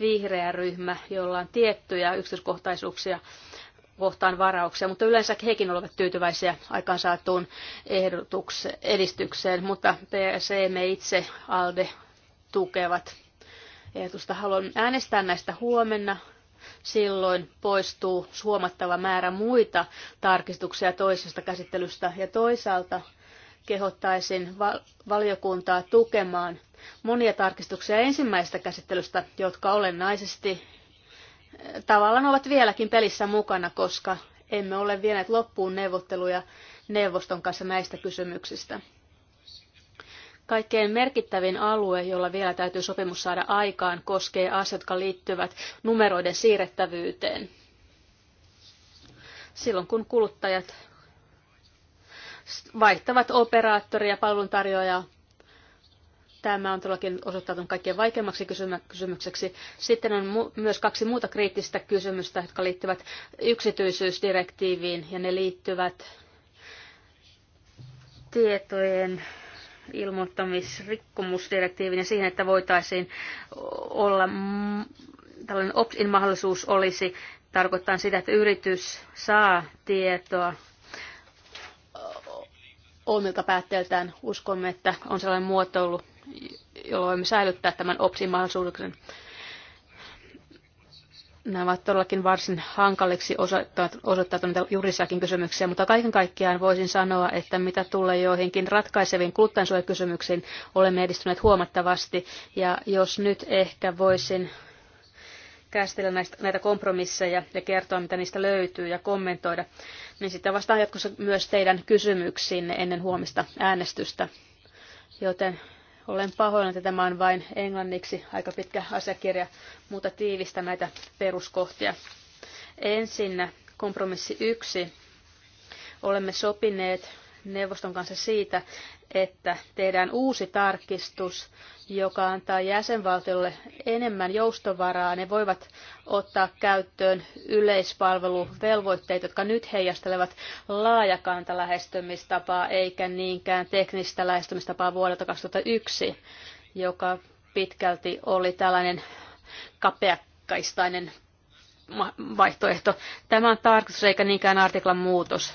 vihreä ryhmä, jolla on tiettyjä yksityiskohtaisuuksia kohtaan varauksia, mutta yleensä hekin olivat tyytyväisiä aikaansaatuun edistykseen, mutta PSE me itse ALDE tukevat ehdotusta. Haluan äänestää näistä huomenna. Silloin poistuu huomattava määrä muita tarkistuksia toisesta käsittelystä ja toisaalta kehottaisin valiokuntaa tukemaan monia tarkistuksia ensimmäisestä käsittelystä, jotka olennaisesti eh, tavallaan ovat vieläkin pelissä mukana, koska emme ole vieneet loppuun neuvotteluja neuvoston kanssa näistä kysymyksistä. Kaikkein merkittävin alue, jolla vielä täytyy sopimus saada aikaan, koskee asioita, jotka liittyvät numeroiden siirrettävyyteen. Silloin kun kuluttajat vaihtavat operaattoria ja palveluntarjoajaa. Tämä on todellakin osoittautunut kaikkein vaikeimmaksi kysymykseksi. Sitten on myös kaksi muuta kriittistä kysymystä, jotka liittyvät yksityisyysdirektiiviin ja ne liittyvät tietojen ilmoittamisrikkomusdirektiiviin ja siihen, että voitaisiin olla tällainen opt-in-mahdollisuus olisi tarkoittaa sitä, että yritys saa tietoa omilta päätteiltään uskomme, että on sellainen muotoilu, jolla voimme säilyttää tämän opsin mahdollisuuden. Nämä ovat todellakin varsin hankaliksi osoittautuneita juridisiakin kysymyksiä, mutta kaiken kaikkiaan voisin sanoa, että mitä tulee joihinkin ratkaiseviin kuluttajansuojakysymyksiin, olemme edistyneet huomattavasti. Ja jos nyt ehkä voisin käsitellä näistä, näitä kompromisseja ja kertoa, mitä niistä löytyy ja kommentoida, niin sitten vastaan jatkossa myös teidän kysymyksiinne ennen huomista äänestystä. Joten olen pahoillani, että tämä on vain englanniksi aika pitkä asiakirja, mutta tiivistä näitä peruskohtia. Ensinnä kompromissi yksi. Olemme sopineet neuvoston kanssa siitä, että tehdään uusi tarkistus, joka antaa jäsenvaltiolle enemmän joustovaraa. Ne voivat ottaa käyttöön yleispalveluvelvoitteet, jotka nyt heijastelevat laajakanta lähestymistapaa eikä niinkään teknistä lähestymistapaa vuodelta 2001, joka pitkälti oli tällainen kapeakkaistainen vaihtoehto. Tämä on tarkistus eikä niinkään artiklan muutos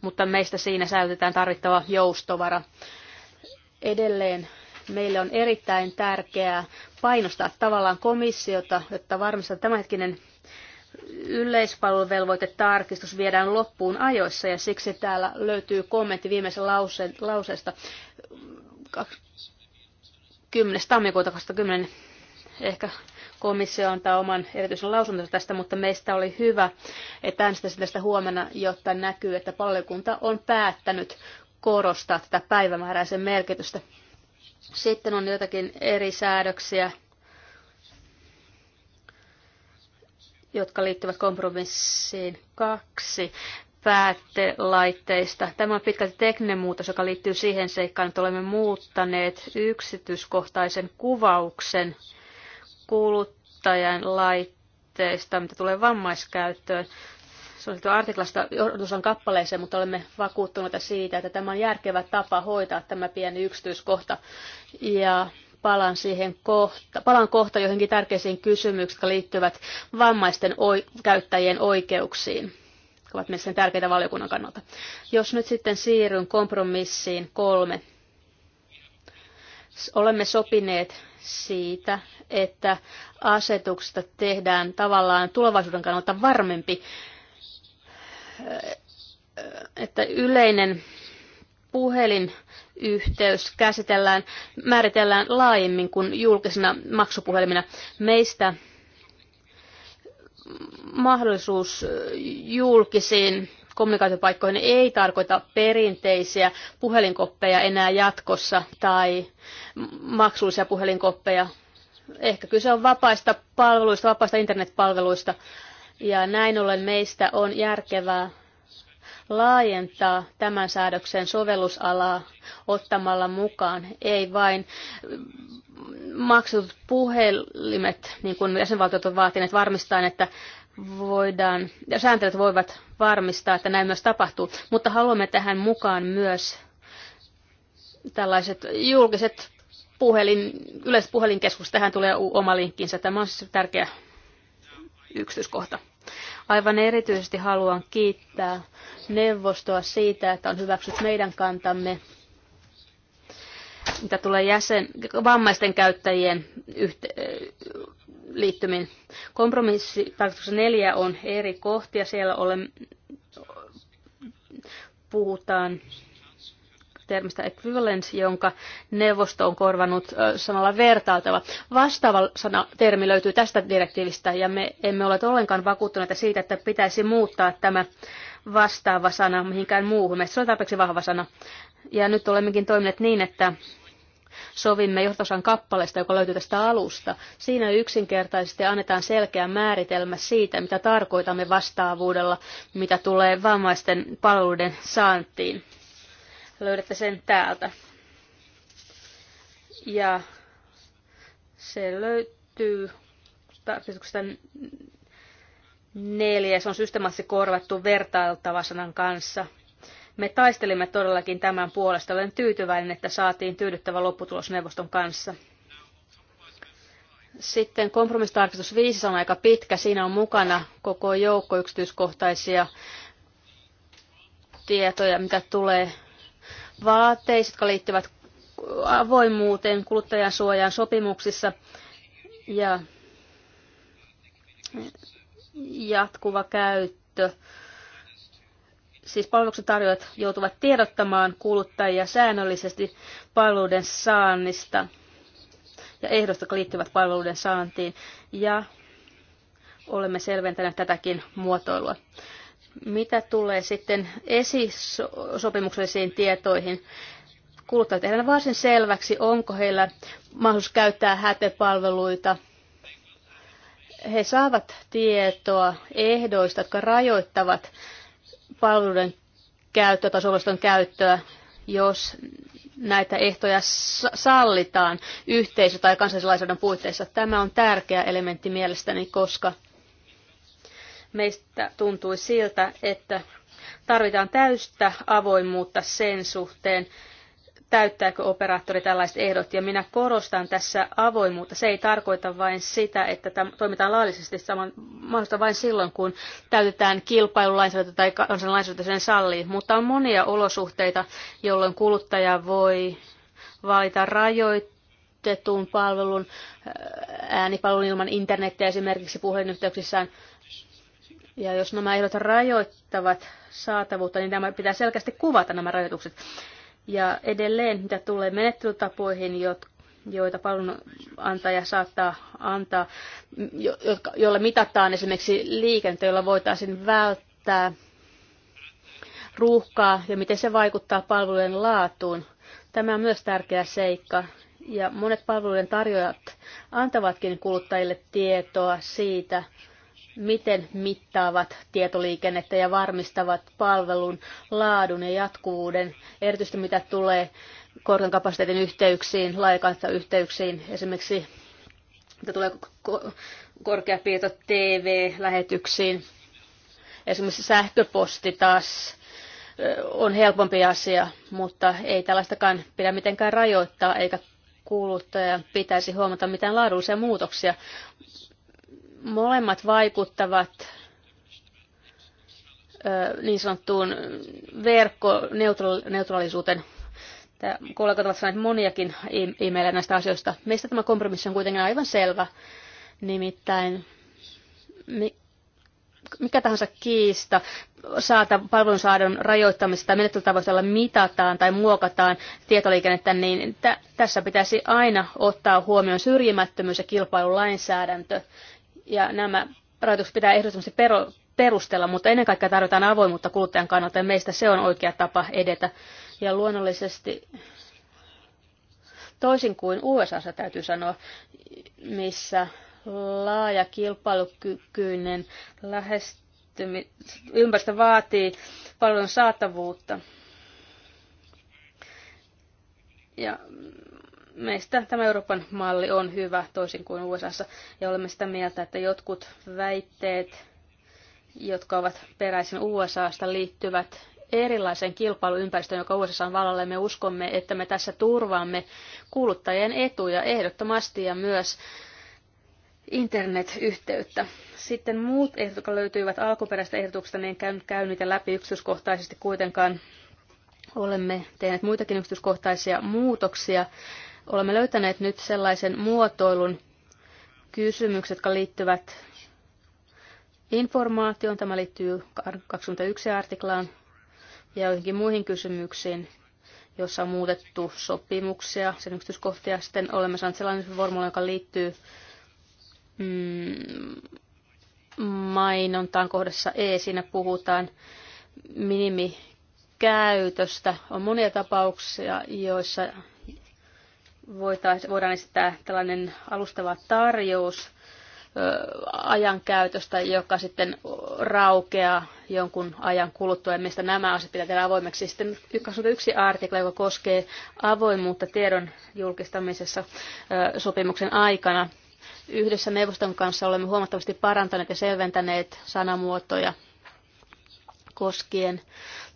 mutta meistä siinä säilytetään tarvittava joustovara. Edelleen meille on erittäin tärkeää painostaa tavallaan komissiota, jotta varmistetaan tämänhetkinen yleispalveluvelvoitetarkistus viedään loppuun ajoissa ja siksi täällä löytyy kommentti viimeisen lause, lauseesta 10. tammikuuta 2010 ehkä Komissio antaa oman erityisen lausuntonsa tästä, mutta meistä oli hyvä, että äänestäisin tästä huomenna, jotta näkyy, että palvelukunta on päättänyt korostaa tätä päivämääräisen merkitystä. Sitten on jotakin eri säädöksiä, jotka liittyvät kompromissiin kaksi päättelaitteista. Tämä on pitkälti tekninen muutos, joka liittyy siihen seikkaan, että olemme muuttaneet yksityiskohtaisen kuvauksen kuluttajan laitteista, mitä tulee vammaiskäyttöön. Se on artiklasta johdotusan kappaleeseen, mutta olemme vakuuttuneita siitä, että tämä on järkevä tapa hoitaa tämä pieni yksityiskohta. Ja palaan, siihen kohta, palaan kohta johonkin tärkeisiin kysymyksiin, jotka liittyvät vammaisten oi, käyttäjien oikeuksiin jotka ovat mielestäni tärkeitä valiokunnan kannalta. Jos nyt sitten siirryn kompromissiin kolme. Olemme sopineet siitä, että asetuksesta tehdään tavallaan tulevaisuuden kannalta varmempi, että yleinen puhelinyhteys käsitellään, määritellään laajemmin kuin julkisena maksupuhelimina. Meistä mahdollisuus julkisiin kommunikaatiopaikkoihin ei tarkoita perinteisiä puhelinkoppeja enää jatkossa tai maksullisia puhelinkoppeja. Ehkä kyse on vapaista palveluista, vapaista internetpalveluista. Ja näin ollen meistä on järkevää laajentaa tämän säädöksen sovellusalaa ottamalla mukaan, ei vain mm, maksut puhelimet, niin kuin jäsenvaltiot ovat vaatineet, varmistaa, että voidaan, ja sääntelyt voivat varmistaa, että näin myös tapahtuu, mutta haluamme tähän mukaan myös tällaiset julkiset puhelin, yleiset puhelinkeskus, tähän tulee oma linkkinsä. Tämä on siis tärkeä yksityiskohta. Aivan erityisesti haluan kiittää neuvostoa siitä, että on hyväksytty meidän kantamme mitä tulee jäsen, vammaisten käyttäjien yhte, liittymin. Kompromissitarkoituksessa neljä on eri kohtia. Siellä olen, puhutaan termistä equivalence, jonka neuvosto on korvanut sanalla vertailtava. Vastaava sana, termi löytyy tästä direktiivistä ja me emme ole ollenkaan vakuuttuneita siitä, että pitäisi muuttaa tämä vastaava sana mihinkään muuhun. Meistä se on tarpeeksi vahva sana. Ja nyt olemmekin toimineet niin, että sovimme johtosan kappaleesta, joka löytyy tästä alusta. Siinä yksinkertaisesti annetaan selkeä määritelmä siitä, mitä tarkoitamme vastaavuudella, mitä tulee vammaisten palveluiden saantiin löydätte sen täältä. Ja se löytyy tarkistuksesta neljä. Se on systemaattisesti korvattu sanan kanssa. Me taistelimme todellakin tämän puolesta. Olen tyytyväinen, että saatiin tyydyttävä lopputulos neuvoston kanssa. Sitten kompromissitarkistus 5 on aika pitkä. Siinä on mukana koko joukko yksityiskohtaisia tietoja, mitä tulee vaatteissa, jotka liittyvät avoimuuteen, kuluttajansuojaan sopimuksissa ja jatkuva käyttö. Siis palveluksen tarjoajat joutuvat tiedottamaan kuluttajia säännöllisesti palveluiden saannista ja ehdosta, jotka liittyvät palveluiden saantiin. Ja olemme selventäneet tätäkin muotoilua. Mitä tulee sitten esisopimuksellisiin tietoihin? Kuluttajat tehdään varsin selväksi, onko heillä mahdollisuus käyttää hätepalveluita. He saavat tietoa ehdoista, jotka rajoittavat palveluiden käyttöä tai sovelluston käyttöä, jos näitä ehtoja sallitaan yhteisö- tai kansallislainsäädännön puitteissa. Tämä on tärkeä elementti mielestäni, koska Meistä tuntui siltä, että tarvitaan täystä avoimuutta sen suhteen, täyttääkö operaattori tällaiset ehdot. Ja minä korostan tässä avoimuutta. Se ei tarkoita vain sitä, että toimitaan laillisesti saman mahdollista vain silloin, kun täytetään kilpailulainsäädäntö tai kansallinen lainsäädäntö sen sallii. Mutta on monia olosuhteita, jolloin kuluttaja voi valita rajoitetun palvelun äänipalvelun ilman internettiä esimerkiksi puhelinyhteyksissään ja jos nämä ehdot rajoittavat saatavuutta, niin nämä pitää selkeästi kuvata nämä rajoitukset. Ja edelleen, mitä tulee menettelytapoihin, joita palvelunantaja saattaa antaa, joilla mitataan esimerkiksi liikenteen, jolla voitaisiin välttää ruuhkaa ja miten se vaikuttaa palvelujen laatuun. Tämä on myös tärkeä seikka. Ja monet palvelujen tarjoajat antavatkin kuluttajille tietoa siitä, miten mittaavat tietoliikennettä ja varmistavat palvelun laadun ja jatkuvuuden, erityisesti mitä tulee korkean kapasiteetin yhteyksiin, yhteyksiin, esimerkiksi mitä tulee korkeapiirto TV-lähetyksiin. Esimerkiksi sähköposti taas on helpompi asia, mutta ei tällaistakaan pidä mitenkään rajoittaa, eikä kuluttajan pitäisi huomata mitään laadullisia muutoksia Molemmat vaikuttavat niin sanottuun verkkoneutraalisuuteen. Kollegat ovat sanoneet moniakin e-maileja näistä asioista. Meistä tämä kompromissi on kuitenkin aivan selvä. Nimittäin mikä tahansa kiista saata, palvelun saadon rajoittamista tai menettelytavoista, mitataan tai muokataan tietoliikennettä, niin t- tässä pitäisi aina ottaa huomioon syrjimättömyys ja kilpailulainsäädäntö ja nämä rajoitukset pitää ehdottomasti perustella, mutta ennen kaikkea tarvitaan avoimuutta kuluttajan kannalta ja meistä se on oikea tapa edetä. Ja luonnollisesti toisin kuin USA täytyy sanoa, missä laaja kilpailukykyinen lähestymi- ympäristö vaatii paljon saatavuutta. Ja meistä tämä Euroopan malli on hyvä toisin kuin USA, ja olemme sitä mieltä, että jotkut väitteet, jotka ovat peräisin USAsta, liittyvät erilaisen kilpailuympäristöön, joka USA on vallalle. Me uskomme, että me tässä turvaamme kuluttajien etuja ehdottomasti ja myös internetyhteyttä. Sitten muut ehdot, jotka löytyivät alkuperäisestä ehdotuksesta, niin en käy niitä läpi yksityiskohtaisesti kuitenkaan. Olemme tehneet muitakin yksityiskohtaisia muutoksia Olemme löytäneet nyt sellaisen muotoilun kysymykset, jotka liittyvät informaatioon. Tämä liittyy 21 artiklaan ja joihinkin muihin kysymyksiin, jossa on muutettu sopimuksia, sen yksityiskohtia. Sitten olemme saaneet sellainen formula, joka liittyy mm, mainontaan kohdassa E. Siinä puhutaan minimi käytöstä. On monia tapauksia, joissa voidaan esittää tällainen alustava tarjous ajankäytöstä, joka sitten raukeaa jonkun ajan kuluttua, ja mistä nämä asiat pitää tehdä avoimeksi. Sitten 21 artikla, joka koskee avoimuutta tiedon julkistamisessa sopimuksen aikana. Yhdessä neuvoston kanssa olemme huomattavasti parantaneet ja selventäneet sanamuotoja koskien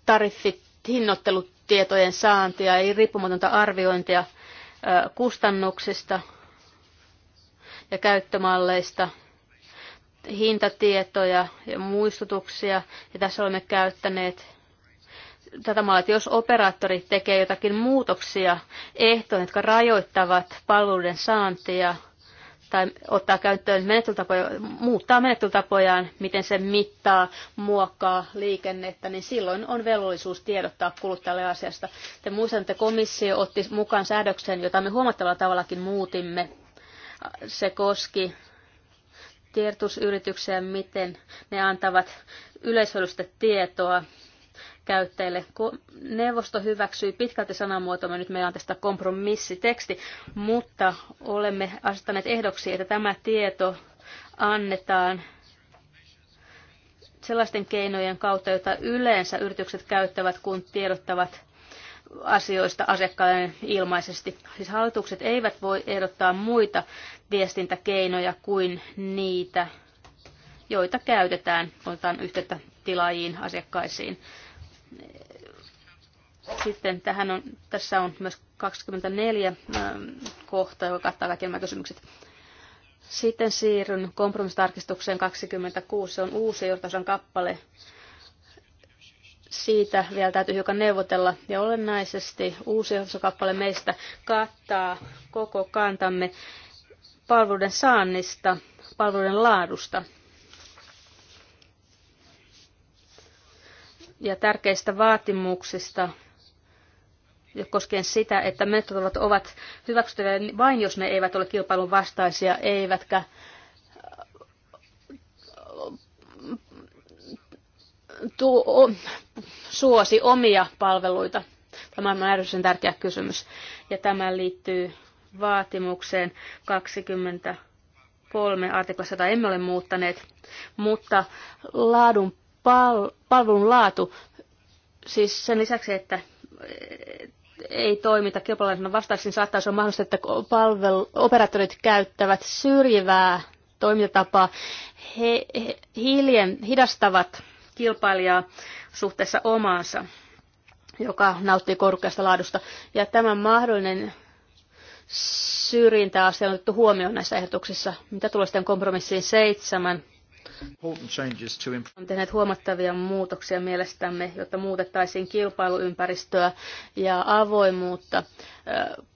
tariffit, hinnoittelutietojen saantia ja riippumatonta arviointia – kustannuksista ja käyttömalleista, hintatietoja ja muistutuksia. Ja tässä olemme käyttäneet tätä mallia, että jos operaattori tekee jotakin muutoksia ehtoihin, jotka rajoittavat palveluiden saantia, tai ottaa käyttöön menettelytapoja, muuttaa menettelytapojaan, miten se mittaa, muokkaa liikennettä, niin silloin on velvollisuus tiedottaa kuluttajalle asiasta. Te muistan, että komissio otti mukaan säädöksen, jota me huomattavalla tavallakin muutimme. Se koski tiedotusyrityksiä, miten ne antavat yleisöllistä tietoa käyttäjille. Neuvosto hyväksyi pitkälti sanamuotomme, nyt meillä on tästä kompromissiteksti, mutta olemme asettaneet ehdoksi, että tämä tieto annetaan sellaisten keinojen kautta, joita yleensä yritykset käyttävät, kun tiedottavat asioista asiakkaille ilmaisesti. Siis hallitukset eivät voi ehdottaa muita viestintäkeinoja kuin niitä, joita käytetään, otetaan yhteyttä tilaajiin, asiakkaisiin. Sitten tähän on, tässä on myös 24 ähm, kohtaa, joka kattaa kaikki nämä kysymykset. Sitten siirryn kompromissitarkistukseen 26. Se on uusi johtosan kappale. Siitä vielä täytyy hiukan neuvotella. Ja olennaisesti uusi johtosan meistä kattaa koko kantamme palveluiden saannista, palveluiden laadusta, ja tärkeistä vaatimuksista koskien sitä, että metodit ovat hyväksyttäviä vain, jos ne eivät ole kilpailun vastaisia, eivätkä äh, suosi omia palveluita. Tämä on äärimmäisen tärkeä kysymys. Ja tämä liittyy vaatimukseen 20 artiklassa, jota emme ole muuttaneet, mutta laadun pal- palvelun laatu, siis sen lisäksi, että eh, ei toimita kilpailulaisena niin saattaisi olla mahdollista, että palvelu, operaattorit käyttävät syrjivää toimintatapaa, he, he hiljen, hidastavat kilpailijaa suhteessa omaansa, joka nauttii korkeasta laadusta. Ja tämä mahdollinen syrjintäasia on otettu huomioon näissä ehdotuksissa. Mitä tulee sitten kompromissiin seitsemän, on tehnyt huomattavia muutoksia mielestämme, jotta muutettaisiin kilpailuympäristöä ja avoimuutta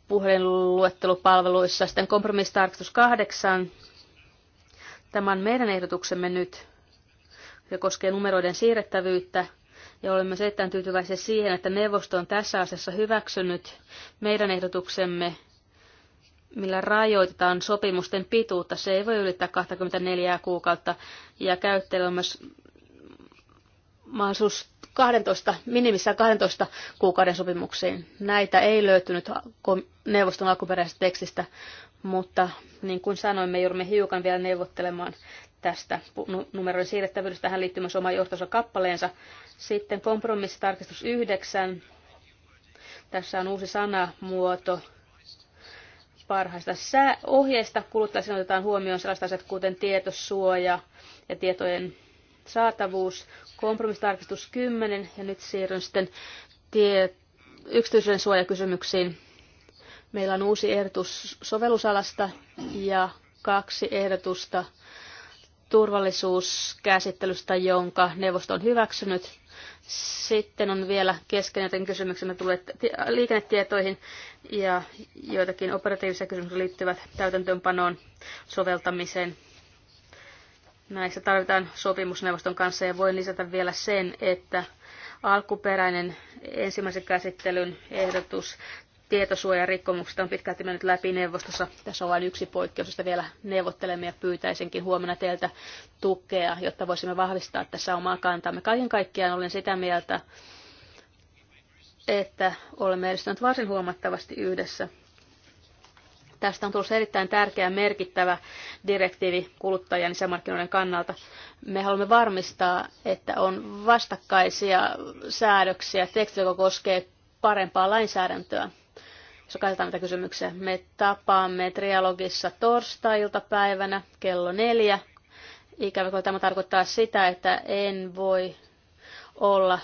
puhelinluettelupalveluissa. Sitten kompromissitarkastus kahdeksan. Tämä on meidän ehdotuksemme nyt, joka koskee numeroiden siirrettävyyttä ja olemme myös erittäin tyytyväisiä siihen, että neuvosto on tässä asiassa hyväksynyt meidän ehdotuksemme millä rajoitetaan sopimusten pituutta. Se ei voi ylittää 24 kuukautta ja käyttäjällä on myös mahdollisuus 12, minimissään 12 kuukauden sopimuksiin. Näitä ei löytynyt neuvoston alkuperäisestä tekstistä, mutta niin kuin sanoin, me joudumme hiukan vielä neuvottelemaan tästä numeroiden siirrettävyydestä. Tähän liittyy myös oma johtonsa kappaleensa. Sitten kompromissitarkistus 9. Tässä on uusi sanamuoto parhaista sää ohjeista otetaan huomioon sellaiset asiat kuten tietosuoja ja tietojen saatavuus, kompromissitarkistus 10 ja nyt siirryn sitten tie- yksityisen suojakysymyksiin. Meillä on uusi ehdotus sovellusalasta ja kaksi ehdotusta turvallisuuskäsittelystä, jonka neuvosto on hyväksynyt. Sitten on vielä kesken, joten kysymyksemme tulee liikennetietoihin ja joitakin operatiivisia kysymyksiä liittyvät täytäntöönpanoon soveltamiseen. Näissä tarvitaan sopimusneuvoston kanssa ja voin lisätä vielä sen, että alkuperäinen ensimmäisen käsittelyn ehdotus tietosuojarikkomuksista on pitkälti mennyt läpi neuvostossa. Tässä on vain yksi poikkeus, josta vielä neuvottelemme ja pyytäisinkin huomenna teiltä tukea, jotta voisimme vahvistaa tässä omaa kantaamme. Kaiken kaikkiaan olen sitä mieltä, että olemme edistyneet varsin huomattavasti yhdessä. Tästä on tullut erittäin tärkeä merkittävä direktiivi kuluttajan ja sisämarkkinoiden kannalta. Me haluamme varmistaa, että on vastakkaisia säädöksiä teksti, joka koskee parempaa lainsäädäntöä jos katsotaan näitä kysymyksiä. Me tapaamme trialogissa torstai-iltapäivänä kello neljä. Ikävä kuin tämä tarkoittaa sitä, että en voi olla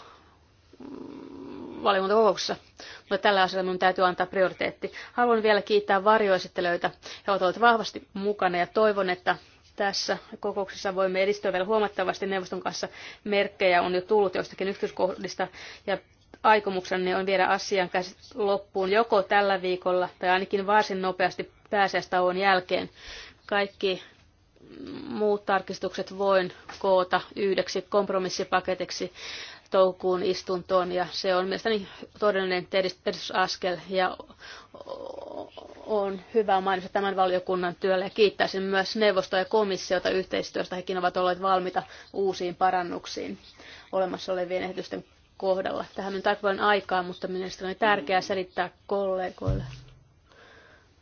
valiokuntakokouksessa, mutta tällä asialla minun täytyy antaa prioriteetti. Haluan vielä kiittää varjoesittelijöitä. He ovat olleet vahvasti mukana ja toivon, että tässä kokouksessa voimme edistyä vielä huomattavasti neuvoston kanssa. Merkkejä on jo tullut joistakin yksityiskohdista ja aikomuksenne niin on viedä asian loppuun joko tällä viikolla tai ainakin varsin nopeasti pääsiäistauon jälkeen. Kaikki muut tarkistukset voin koota yhdeksi kompromissipaketiksi toukokuun istuntoon ja se on mielestäni todellinen edistysaskel ja on hyvä mainita tämän valiokunnan työlle ja kiittäisin myös neuvostoa ja komissiota yhteistyöstä. Hekin ovat olleet valmiita uusiin parannuksiin olemassa olevien ehdotusten kohdalla. Tähän on aika paljon aikaa, mutta mielestäni on tärkeää selittää kollegoille,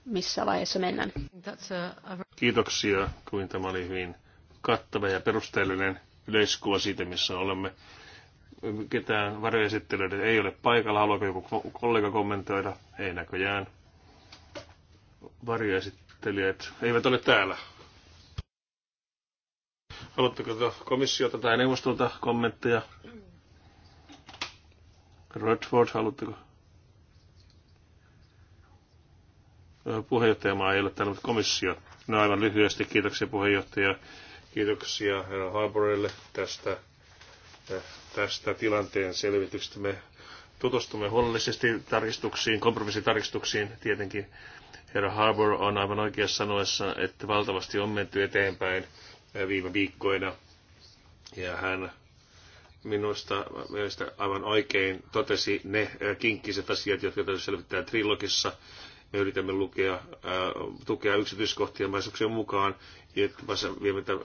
missä vaiheessa mennään. Kiitoksia, kuin tämä oli hyvin kattava ja perusteellinen yleiskuva siitä, missä olemme. Ketään varjoesittelijöitä ei ole paikalla. Haluaako joku kollega kommentoida? Ei näköjään. Varjoesittelijät eivät ole täällä. Haluatteko komissiota tai neuvostolta kommentteja? Rodford, haluatteko? Puheenjohtajamaa ei ole täällä, mutta komissio. No aivan lyhyesti, kiitoksia puheenjohtaja. Kiitoksia herra Harborille tästä, tästä tilanteen selvityksestä. Me tutustumme huolellisesti tarkistuksiin, kompromissitarkistuksiin tietenkin. Herra Harbour on aivan oikeassa sanoessa, että valtavasti on menty eteenpäin viime viikkoina. Ja hän minusta mielestä aivan oikein totesi ne kinkkiset asiat, jotka täytyy selvittää trilogissa. Me yritämme lukea, tukea yksityiskohtia mahdollisuuksien mukaan,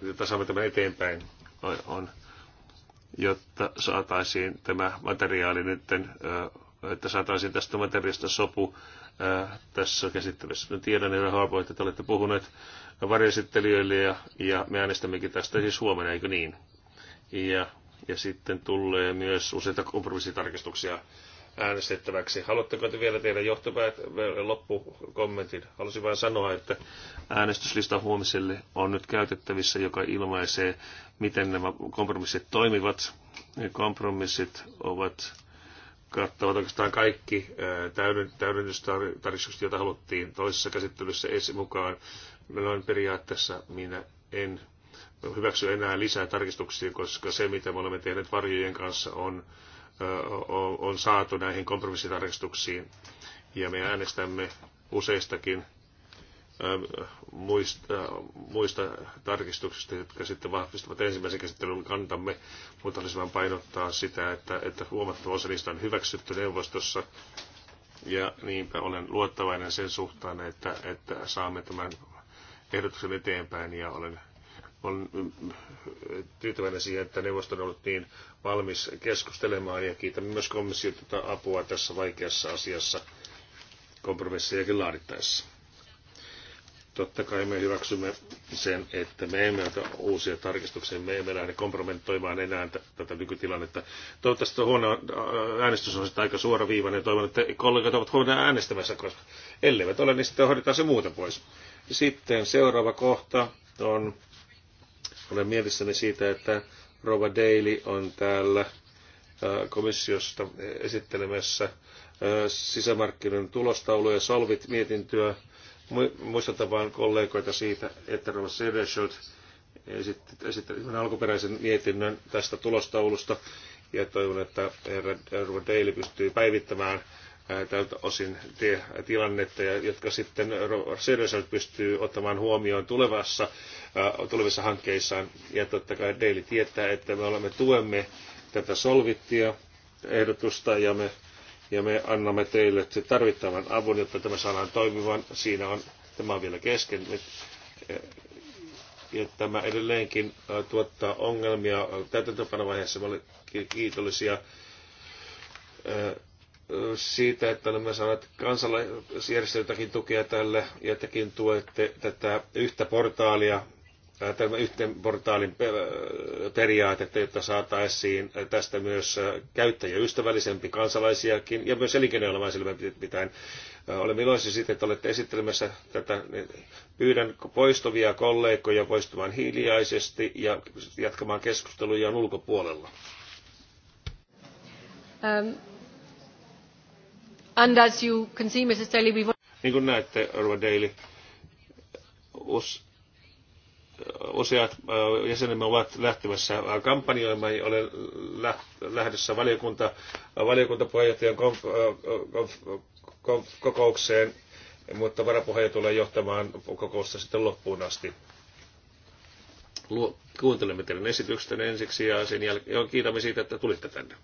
jotta saamme tämän eteenpäin, on, jotta saataisiin tämä materiaali nyt, että saataisiin tästä materiaalista sopu tässä käsittelyssä. nyt tiedän, että Harpo, että te olette puhuneet varjesittelijöille ja, ja me äänestämmekin tästä siis huomenna, eikö niin? Ja ja sitten tulee myös useita kompromissitarkistuksia äänestettäväksi. Haluatteko te vielä tehdä johtopäät loppukommentin? Haluaisin vain sanoa, että äänestyslista huomiselle on nyt käytettävissä, joka ilmaisee, miten nämä kompromissit toimivat. Kompromissit ovat kattavat oikeastaan kaikki täydennystarkistukset, joita haluttiin toisessa käsittelyssä esi mukaan. Noin periaatteessa minä en hyväksy enää lisää tarkistuksia, koska se, mitä me olemme tehneet varjojen kanssa, on, on, on saatu näihin kompromissitarkistuksiin. Ja me äänestämme useistakin muista, muista tarkistuksista, jotka sitten vahvistavat ensimmäisen käsittelyn kantamme, mutta olisi vain painottaa sitä, että, että huomattava osa niistä on hyväksytty neuvostossa. Ja niinpä olen luottavainen sen suhtaan, että, että saamme tämän ehdotuksen eteenpäin ja olen on mm, tyytyväinen siihen, että neuvosto on ollut niin valmis keskustelemaan ja kiitän myös komissiota apua tässä vaikeassa asiassa kompromissejakin laadittaessa. Totta kai me hyväksymme sen, että me emme ota uusia tarkistuksia, me emme lähde kompromentoimaan enää tätä nykytilannetta. Toivottavasti huono äänestys on aika suoraviivainen. Toivon, että kollegat ovat huomenna äänestämässä, koska elleivät ole, niin sitten hoidetaan se muuta pois. Sitten seuraava kohta on olen mielissäni siitä, että Rova Daly on täällä äh, komissiosta esittelemässä äh, sisämarkkinoiden ja Solvit-mietintöä. Muistutan vain kollegoita siitä, että Rova Sedeshot esitti, esitti alkuperäisen mietinnön tästä tulostaulusta ja toivon, että herra Daly pystyy päivittämään tältä osin tilannetta, ja jotka sitten Söderson pystyy ottamaan huomioon tulevassa, tulevissa hankkeissaan. Ja totta kai Daily tietää, että me olemme tuemme tätä solvittia ehdotusta ja me, ja me annamme teille tarvittavan avun, jotta tämä saadaan toimivan. Siinä on, tämä on vielä kesken. Ja tämä edelleenkin tuottaa ongelmia täytäntöpanovaiheessa. Me olemme kiitollisia siitä, että olemme saaneet kansalaisjärjestöiltäkin tukea tälle ja tekin tuette tätä yhtä portaalia, tämän yhteen portaalin periaatetta, jotta saataisiin tästä myös käyttäjäystävällisempi kansalaisiakin ja myös elinkeinoelämää silmä pitäen. Olen iloisia siitä, että olette esittelemässä tätä. Pyydän poistuvia kollegoja poistumaan hiljaisesti ja jatkamaan keskusteluja ulkopuolella. Um. Niin kuin näette, Arvoisa Daly, useat äh, jäsenemme ovat lähtemässä kampanjoimaan ja olen lähdössä valiokunta, valiokuntapuheenjohtajan äh, kokoukseen, mutta varapuheenjohtaja tulee johtamaan kokousta sitten loppuun asti. Kuuntelemme teidän esityksen ensiksi ja sen jälkeen kiitämme siitä, että tulitte tänne.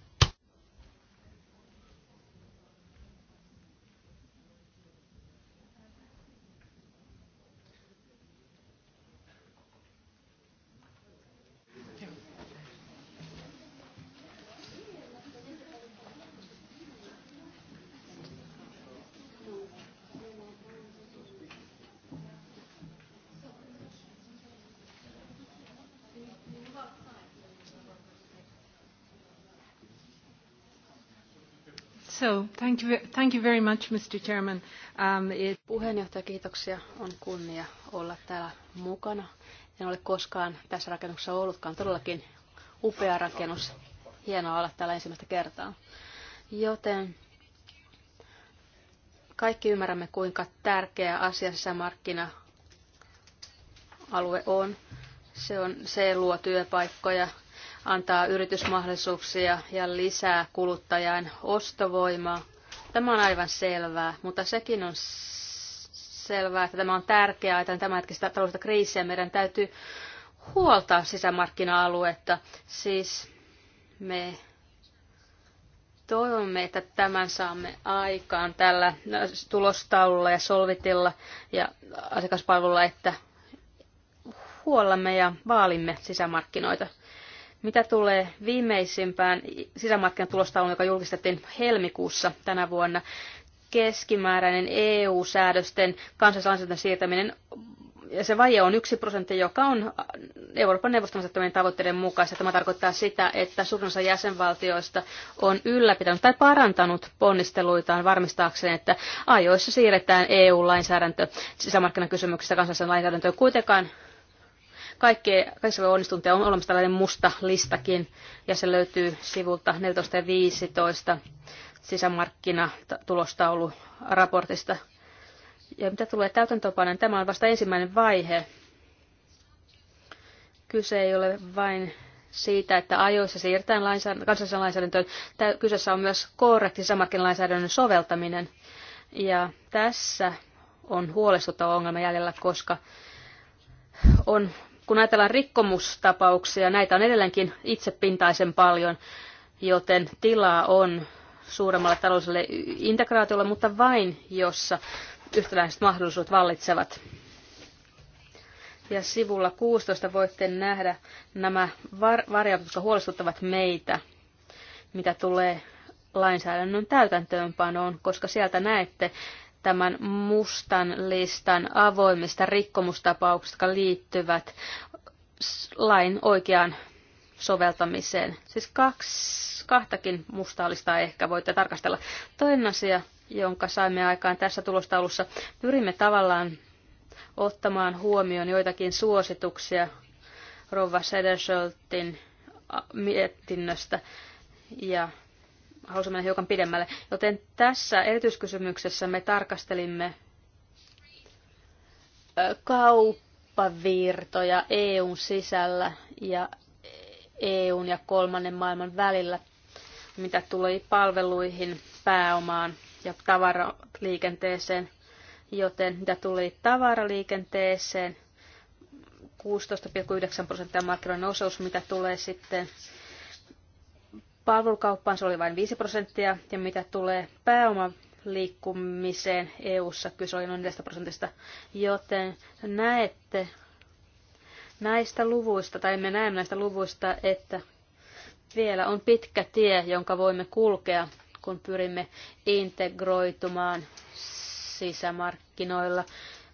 Thank you, very much, Mr. Chairman. Um, it... Puheenjohtaja, kiitoksia. On kunnia olla täällä mukana. En ole koskaan tässä rakennuksessa ollutkaan. Todellakin upea rakennus. Hienoa olla täällä ensimmäistä kertaa. Joten kaikki ymmärrämme, kuinka tärkeä asia sisämarkkina-alue on. Se, on, se luo työpaikkoja, antaa yritysmahdollisuuksia ja lisää kuluttajan ostovoimaa. Tämä on aivan selvää, mutta sekin on selvää, että tämä on tärkeää tämä hetkistä taloudellista kriisiä. Meidän täytyy huoltaa sisämarkkina-aluetta. Siis me toivomme, että tämän saamme aikaan tällä tulostaululla ja solvitilla ja asiakaspalvelulla, että huollamme ja vaalimme sisämarkkinoita. Mitä tulee viimeisimpään sisämarkkinatulostaulun, joka julkistettiin helmikuussa tänä vuonna, keskimääräinen EU-säädösten kansallislainsäädännön siirtäminen ja se vaje on yksi prosentti, joka on Euroopan neuvoston asettamien tavoitteiden mukaista. Tämä tarkoittaa sitä, että suurin osa jäsenvaltioista on ylläpitänyt tai parantanut ponnisteluitaan varmistaakseen, että ajoissa siirretään EU-lainsäädäntö sisämarkkinakysymyksistä kansallisen lainsäädäntöön. Kuitenkaan kaikki, kaikissa voi onnistunut ja on olemassa tällainen musta listakin ja se löytyy sivulta 14 ja 15 sisämarkkinatulostauluraportista. raportista. Ja mitä tulee täytäntöpanen, tämä on vasta ensimmäinen vaihe. Kyse ei ole vain siitä, että ajoissa siirretään kansallisen kansalliseen lainsäädäntöön. Tämä kyseessä on myös korrekti sisämarkkinalainsäädännön soveltaminen. Ja tässä on huolestuttava ongelma jäljellä, koska on kun ajatellaan rikkomustapauksia, näitä on edelleenkin itsepintaisen paljon, joten tilaa on suuremmalle taloudelliselle integraatiolle, mutta vain jossa yhtäläiset mahdollisuudet vallitsevat. Ja sivulla 16 voitte nähdä nämä var- varjot, jotka huolestuttavat meitä, mitä tulee lainsäädännön täytäntöönpanoon, koska sieltä näette tämän mustan listan avoimista rikkomustapauksista, jotka liittyvät lain oikeaan soveltamiseen. Siis kaksi, kahtakin mustaa listaa ehkä voitte tarkastella. Toinen asia, jonka saimme aikaan tässä tulostaulussa, pyrimme tavallaan ottamaan huomioon joitakin suosituksia Rova Sederschöltin mietinnöstä ja halusin mennä hiukan pidemmälle. Joten tässä erityiskysymyksessä me tarkastelimme kauppavirtoja EUn sisällä ja EUn ja kolmannen maailman välillä, mitä tuli palveluihin, pääomaan ja tavaraliikenteeseen. Joten mitä tuli tavaraliikenteeseen, 16,9 prosenttia markkinoiden osuus, mitä tulee sitten Palvelukauppaansa oli vain 5 prosenttia ja mitä tulee pääomaliikkumiseen EU-ssa kyse oli noin 4 prosentista, joten näette näistä luvuista, tai me näemme näistä luvuista, että vielä on pitkä tie, jonka voimme kulkea, kun pyrimme integroitumaan sisämarkkinoilla,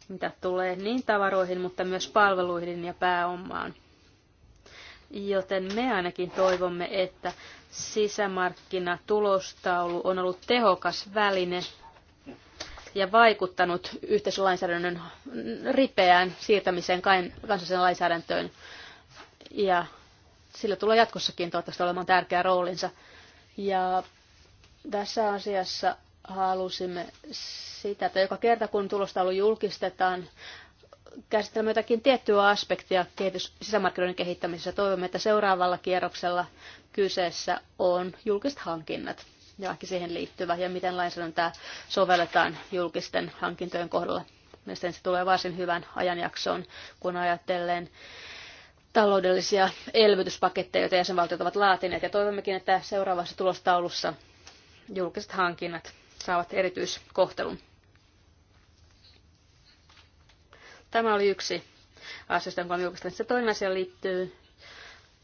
mitä tulee niin tavaroihin, mutta myös palveluihin ja pääomaan. Joten me ainakin toivomme, että sisämarkkinatulostaulu on ollut tehokas väline ja vaikuttanut yhteisölainsäädännön ripeään siirtämiseen kansalliseen lainsäädäntöön. Ja sillä tulee jatkossakin toivottavasti olemaan tärkeä roolinsa. Ja tässä asiassa halusimme sitä, että joka kerta kun tulostaulu julkistetaan, käsittelemme jotakin tiettyä aspektia kehitys, sisämarkkinoiden kehittämisessä. Toivomme, että seuraavalla kierroksella kyseessä on julkiset hankinnat ja ehkä siihen liittyvä ja miten lainsäädäntöä sovelletaan julkisten hankintojen kohdalla. Mielestäni se tulee varsin hyvän ajanjaksoon, kun ajatellen taloudellisia elvytyspaketteja, joita jäsenvaltiot ovat laatineet. Ja toivommekin, että seuraavassa tulostaulussa julkiset hankinnat saavat erityiskohtelun. Tämä oli yksi asioista, jonka julkistan. Se toinen asia liittyy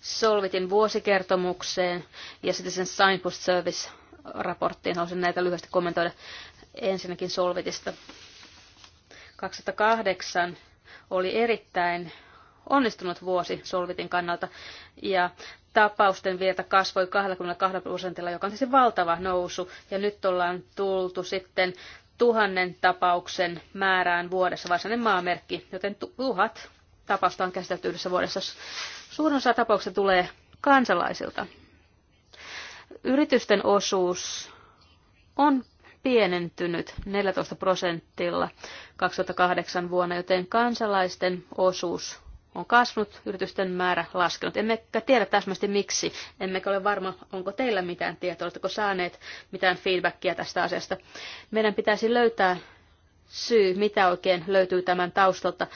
Solvitin vuosikertomukseen ja sitten sen Signpost Service-raporttiin. Haluaisin näitä lyhyesti kommentoida ensinnäkin Solvitista. 2008 oli erittäin onnistunut vuosi Solvitin kannalta ja tapausten virta kasvoi 22 prosentilla, joka on siis valtava nousu. Ja nyt ollaan tultu sitten tuhannen tapauksen määrään vuodessa, varsinainen maamerkki, joten tuhat tapausta on käsitelty yhdessä vuodessa. Suurin osa tapauksista tulee kansalaisilta. Yritysten osuus on pienentynyt 14 prosentilla 2008 vuonna, joten kansalaisten osuus on kasvanut, yritysten määrä laskenut. Emmekä tiedä täsmästi miksi. Emmekä ole varma, onko teillä mitään tietoa, oletteko saaneet mitään feedbackia tästä asiasta. Meidän pitäisi löytää syy, mitä oikein löytyy tämän taustalta,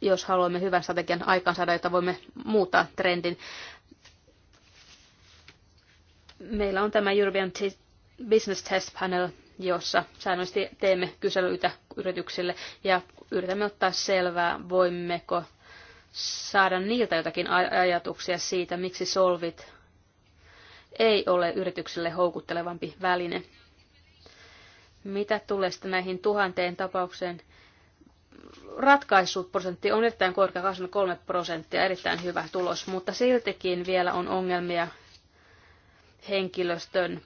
jos haluamme hyvän strategian aikaansaada, jota voimme muuttaa trendin. Meillä on tämä European Business Test Panel, jossa säännöllisesti teemme kyselyitä yrityksille ja yritämme ottaa selvää, voimmeko saada niiltä jotakin ajatuksia siitä, miksi solvit ei ole yritykselle houkuttelevampi väline. Mitä tulee sitten näihin tuhanteen tapaukseen, ratkaisuprosentti on erittäin korkea, 23 prosenttia, erittäin hyvä tulos, mutta siltikin vielä on ongelmia henkilöstön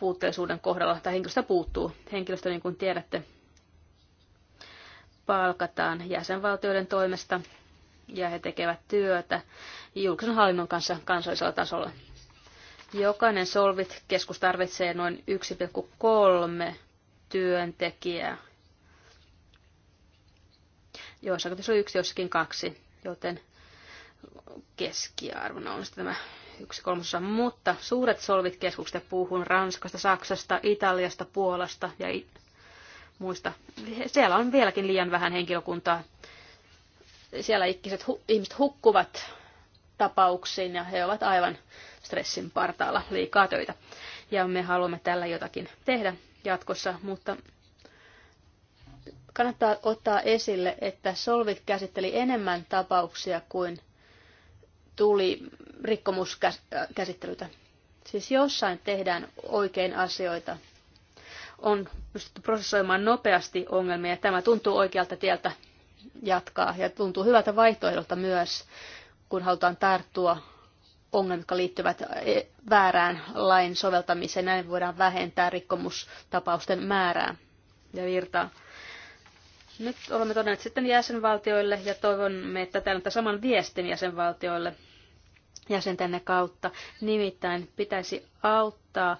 puutteellisuuden kohdalla, tai henkilöstä puuttuu. Henkilöstö, niin kuin tiedätte, palkataan jäsenvaltioiden toimesta ja he tekevät työtä julkisen hallinnon kanssa kansallisella tasolla. Jokainen Solvit-keskus tarvitsee noin 1,3 työntekijää. Joissakin on yksi, jossakin kaksi, joten keskiarvona on tämä yksi kolmosa, mutta suuret solvit keskukset, puhun Ranskasta, Saksasta, Italiasta, Puolasta ja muista. Siellä on vieläkin liian vähän henkilökuntaa. Siellä ikkiset hu- ihmiset hukkuvat tapauksiin ja he ovat aivan stressin partaalla liikaa töitä. Ja me haluamme tällä jotakin tehdä jatkossa, mutta kannattaa ottaa esille, että Solvit käsitteli enemmän tapauksia kuin tuli rikkomuskäsittelytä. Siis jossain tehdään oikein asioita. On pystytty prosessoimaan nopeasti ongelmia. Tämä tuntuu oikealta tieltä jatkaa ja tuntuu hyvältä vaihtoehdolta myös, kun halutaan tarttua ongelmia, jotka liittyvät e, väärään lain soveltamiseen. Näin voidaan vähentää rikkomustapausten määrää ja virtaa. Nyt olemme todenneet sitten jäsenvaltioille ja toivomme, että tämä saman viestin jäsenvaltioille – jäsentenne kautta. Nimittäin pitäisi auttaa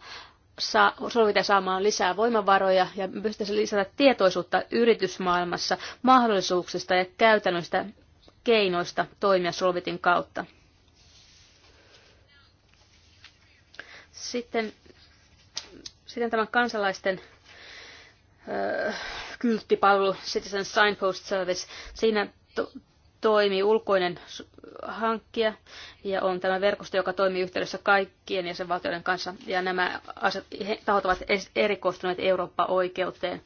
saa, Suomi saamaan lisää voimavaroja ja pystyisi lisätä tietoisuutta yritysmaailmassa mahdollisuuksista ja käytännöistä keinoista toimia Solvitin kautta. Sitten, sitten tämän kansalaisten öö, kylttipalvelu Citizen Signpost Service. Siinä toimii ulkoinen hankkija ja on tämä verkosto, joka toimii yhteydessä kaikkien jäsenvaltioiden kanssa. Ja nämä aset, tahot ovat erikoistuneet Eurooppa-oikeuteen.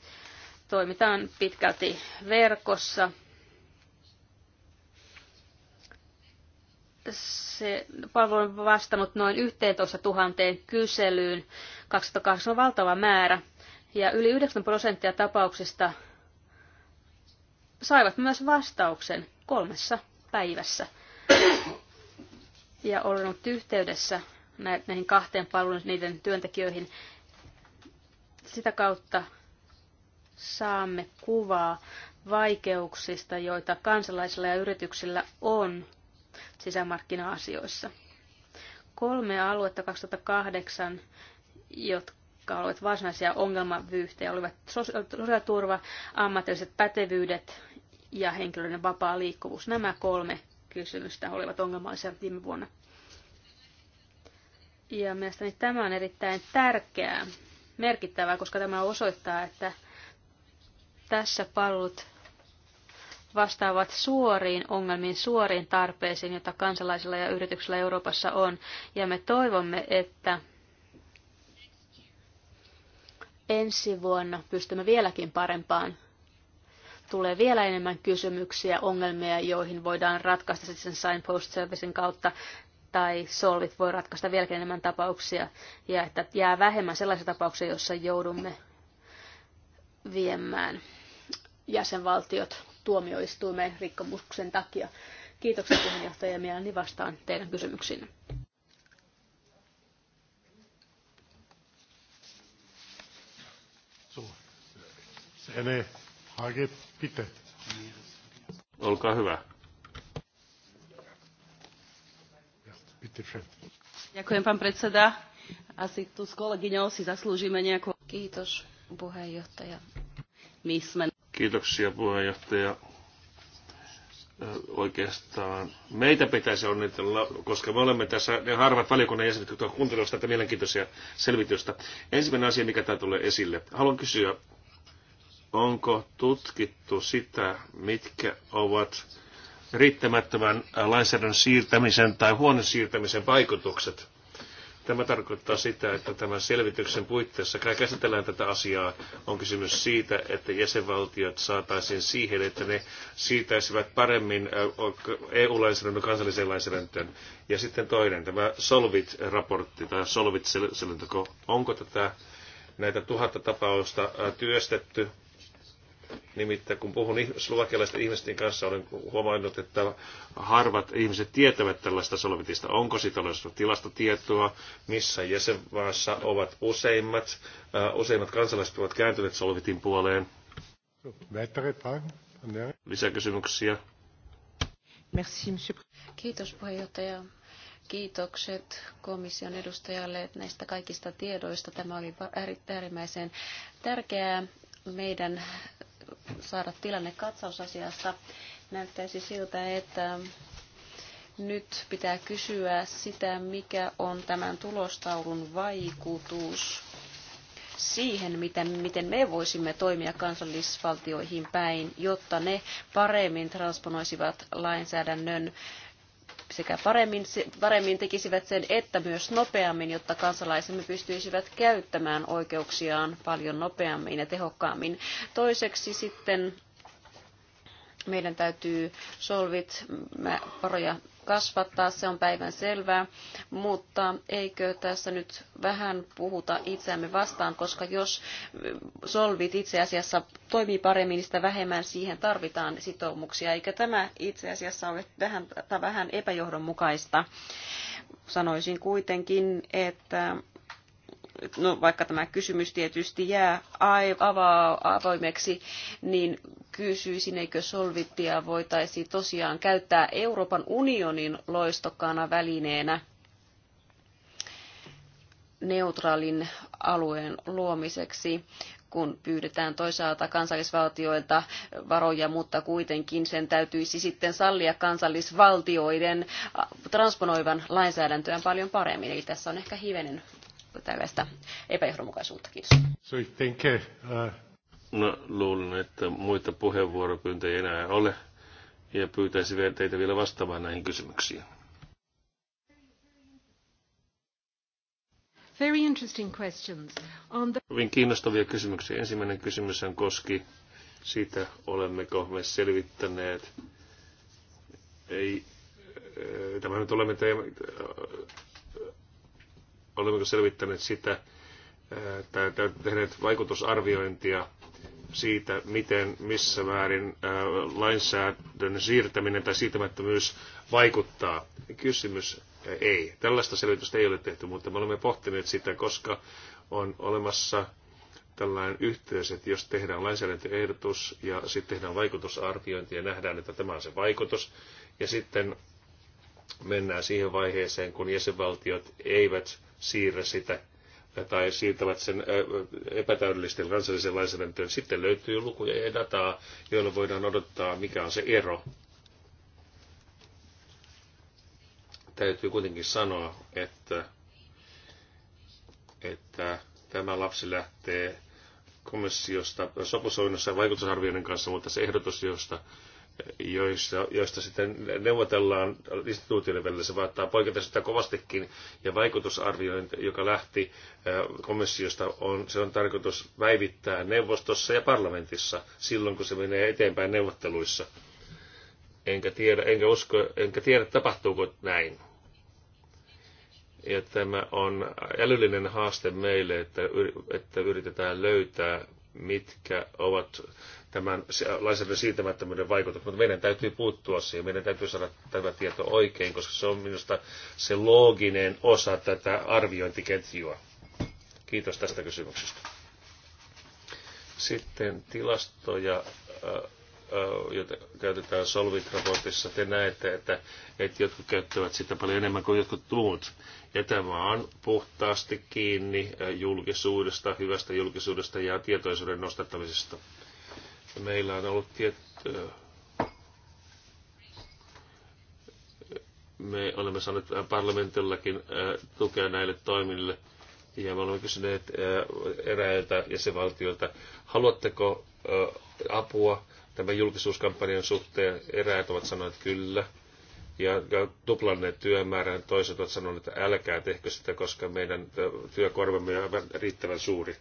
Toimitaan pitkälti verkossa. Se palvelu on vastannut noin 11 000 kyselyyn. 2008 on valtava määrä. Ja yli 9 prosenttia tapauksista saivat myös vastauksen kolmessa päivässä. Ja olen ollut yhteydessä näihin kahteen palveluun niiden työntekijöihin. Sitä kautta saamme kuvaa vaikeuksista, joita kansalaisilla ja yrityksillä on sisämarkkina-asioissa. Kolme aluetta 2008, jotka olivat varsinaisia ongelmavyyhtejä, olivat sosiaaliturva, ammatilliset pätevyydet ja henkilöiden vapaa liikkuvuus. Nämä kolme kysymystä olivat ongelmallisia viime vuonna. Ja mielestäni tämä on erittäin tärkeää, merkittävää, koska tämä osoittaa, että tässä palut vastaavat suoriin ongelmiin, suoriin tarpeisiin, joita kansalaisilla ja yrityksillä Euroopassa on. Ja me toivomme, että ensi vuonna pystymme vieläkin parempaan tulee vielä enemmän kysymyksiä, ongelmia, joihin voidaan ratkaista sitten signpost servicen kautta tai solvit voi ratkaista vielä enemmän tapauksia ja että jää vähemmän sellaisia tapauksia, joissa joudumme viemään jäsenvaltiot tuomioistuimeen rikkomuksen takia. Kiitoksia puheenjohtaja ja mielelläni vastaan teidän kysymyksiinne. So, eine Pipe. Olkaa hyvä. Ďakujem, pán predseda. Asi tu s kolegyňou si zaslúžime nejakú... Kiitos, puheenjohtaja. My sme... Kiitoksia, puheenjohtaja. Oikeastaan meitä pitäisi onnitella, koska me olemme tässä ne harvat valiokunnan jäsenet, jotka ovat kuuntelemassa tätä mielenkiintoisia selvitystä. Ensimmäinen asia, mikä tämä tulee esille. Haluan kysyä onko tutkittu sitä, mitkä ovat riittämättömän lainsäädännön siirtämisen tai huonon siirtämisen vaikutukset. Tämä tarkoittaa sitä, että tämän selvityksen puitteissa kai käsitellään tätä asiaa. On kysymys siitä, että jäsenvaltiot saataisiin siihen, että ne siirtäisivät paremmin EU-lainsäädännön kansalliseen lainsäädäntöön. Ja sitten toinen, tämä Solvit-raportti tai Solvit-selonteko. Onko tätä, näitä tuhatta tapausta työstetty Nimittäin kun puhun slovakialaisten ihmisten kanssa, olen huomannut, että harvat ihmiset tietävät tällaista solvitista. Onko siitä olemassa tilastotietoa, missä jäsenmaassa ovat useimmat, uh, useimmat kansalaiset ovat kääntyneet solvitin puoleen? Lisäkysymyksiä? Merci, Kiitos puheenjohtaja kiitokset komission edustajalle näistä kaikista tiedoista. Tämä oli äärimmäisen tärkeää meidän saada tilanne katsausasiassa. Näyttäisi siltä, että nyt pitää kysyä sitä, mikä on tämän tulostaulun vaikutus siihen, miten, miten me voisimme toimia kansallisvaltioihin päin, jotta ne paremmin transponoisivat lainsäädännön sekä paremmin, paremmin tekisivät sen, että myös nopeammin, jotta kansalaisemme pystyisivät käyttämään oikeuksiaan paljon nopeammin ja tehokkaammin. Toiseksi sitten meidän täytyy solvit varoja kasvattaa, se on päivän selvää, mutta eikö tässä nyt vähän puhuta itseämme vastaan, koska jos solvit itse asiassa toimii paremmin, niin sitä vähemmän siihen tarvitaan sitoumuksia, eikä tämä itse asiassa ole vähän, vähän epäjohdonmukaista. Sanoisin kuitenkin, että no vaikka tämä kysymys tietysti jää avoimeksi, niin kysyisin, eikö solvittia voitaisi tosiaan käyttää Euroopan unionin loistokkaana välineenä neutraalin alueen luomiseksi, kun pyydetään toisaalta kansallisvaltioilta varoja, mutta kuitenkin sen täytyisi sitten sallia kansallisvaltioiden transponoivan lainsäädäntöä paljon paremmin. Eli tässä on ehkä hivenen tällaista epäjohdonmukaisuutta. Kiitos. So think, uh, uh... No, luulen, että muita puheenvuoropyyntöjä ei enää ole ja pyytäisin vielä teitä vielä vastaamaan näihin kysymyksiin. Very interesting questions. On the... Hyvin kiinnostavia kysymyksiä. Ensimmäinen kysymys on koski sitä, olemmeko me selvittäneet, ei, tämä nyt olemme teemme, olemmeko selvittäneet sitä, tai tehneet vaikutusarviointia siitä, miten missä määrin lainsäädännön siirtäminen tai siirtämättömyys vaikuttaa. Kysymys ei. Tällaista selvitystä ei ole tehty, mutta me olemme pohtineet sitä, koska on olemassa tällainen yhteys, että jos tehdään lainsäädäntöehdotus ja sitten tehdään vaikutusarviointi ja nähdään, että tämä on se vaikutus, ja sitten mennään siihen vaiheeseen, kun jäsenvaltiot eivät siirrä sitä tai siirtävät sen epätäydellisten kansallisen lainsäädäntöön. Sitten löytyy lukuja ja dataa, joilla voidaan odottaa, mikä on se ero. Täytyy kuitenkin sanoa, että, että tämä lapsi lähtee komissiosta sopusoinnossa ja vaikutusarvioiden kanssa, mutta se ehdotus, josta joista, joista sitten neuvotellaan instituutioiden välillä. Se vaattaa poiketa sitä kovastikin. Ja vaikutusarviointi, joka lähti äh, komissiosta, on, se on tarkoitus väivittää neuvostossa ja parlamentissa silloin, kun se menee eteenpäin neuvotteluissa. Enkä tiedä, enkä usko, enkä tiedä tapahtuuko näin. Ja tämä on älyllinen haaste meille, että yritetään löytää, mitkä ovat tämän lainsäädännön siirtämättömyyden vaikutukset, mutta meidän täytyy puuttua siihen, meidän täytyy saada tämä tieto oikein, koska se on minusta se looginen osa tätä arviointiketjua. Kiitos tästä kysymyksestä. Sitten tilastoja, joita käytetään Solvit-raportissa. Te näette, että, että jotkut käyttävät sitä paljon enemmän kuin jotkut muut. Ja tämä on puhtaasti kiinni julkisuudesta, hyvästä julkisuudesta ja tietoisuuden nostettamisesta. Meillä on ollut tietty... me olemme saaneet parlamentillakin tukea näille toimille. Ja me olemme kysyneet eräiltä jäsenvaltioilta, haluatteko apua tämän julkisuuskampanjan suhteen? Eräät ovat sanoneet kyllä. Ja tuplanneet työmäärän. Toiset ovat sanoneet, että älkää tehkö sitä, koska meidän työkorvamme on riittävän suuri.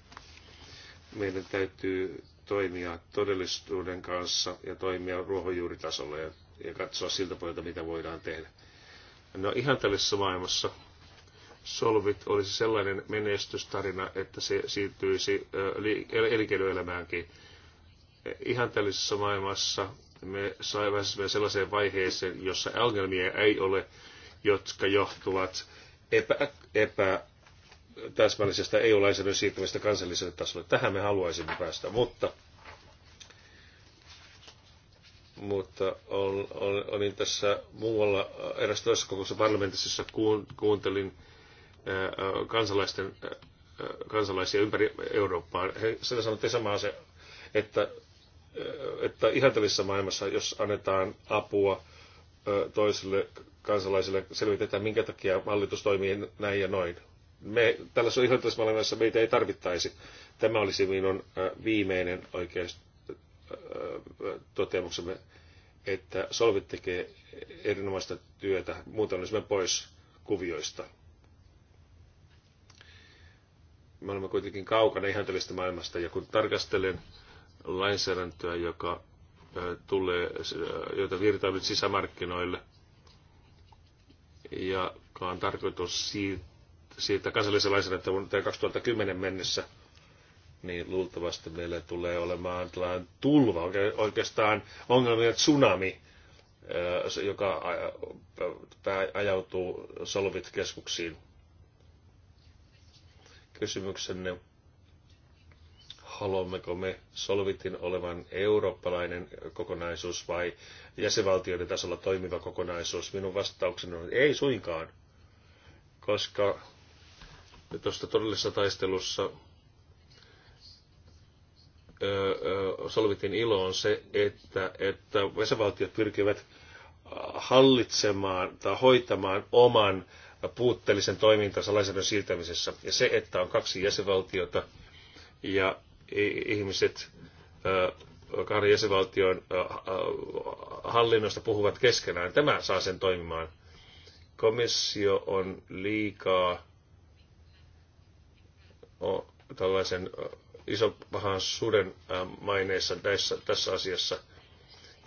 Meidän täytyy toimia todellisuuden kanssa ja toimia ruohonjuuritasolla ja, ja katsoa siltä pohjalta, mitä voidaan tehdä. No ihan tällaisessa maailmassa Solvit olisi sellainen menestystarina, että se siirtyisi elinkeinoelämäänkin. Ihan tällaisessa maailmassa me saimme sellaiseen vaiheeseen, jossa ongelmia ei ole, jotka johtuvat epä, epä täsmällisestä EU-lainsäädännön siirtämistä kansalliselle tasolle. Tähän me haluaisimme päästä, mutta, mutta ol, ol, olin tässä muualla äh, eräs toisessa kokouksessa parlamentissa, jossa kuuntelin äh, kansalaisten, äh, kansalaisia ympäri Eurooppaa. He sanoivat sanottiin samaa se, että, että ihanteellisessa maailmassa, jos annetaan apua toiselle kansalaisille, selvitetään, minkä takia hallitus toimii näin ja noin me tällaisessa ihmeellisessä meitä ei tarvittaisi. Tämä olisi minun äh, viimeinen oikeus äh, äh, toteamuksemme, että Solvit tekee erinomaista työtä, muuten olisimme pois kuvioista. Me olemme kuitenkin kaukana ihan tällaista maailmasta, ja kun tarkastelen lainsäädäntöä, joka tulee, joita virtaa nyt sisämarkkinoille, ja on tarkoitus siirtää, siitä kansallisen lainsäädäntöön vuoteen 2010 mennessä, niin luultavasti meillä tulee olemaan tällainen tulva, oikeastaan ongelmia tsunami, joka ajautuu Solvit-keskuksiin. Kysymyksenne, haluammeko me Solvitin olevan eurooppalainen kokonaisuus vai jäsenvaltioiden tasolla toimiva kokonaisuus? Minun vastaukseni on ei suinkaan, koska tuossa todellisessa taistelussa solvitin ilo on se, että, että vesivaltiot pyrkivät hallitsemaan tai hoitamaan oman puutteellisen toimintansa lainsäädännön siirtämisessä. Ja se, että on kaksi jäsenvaltiota ja ihmiset kahden jäsenvaltion hallinnosta puhuvat keskenään, tämä saa sen toimimaan. Komissio on liikaa tällaisen pahan suden maineessa tässä, tässä asiassa.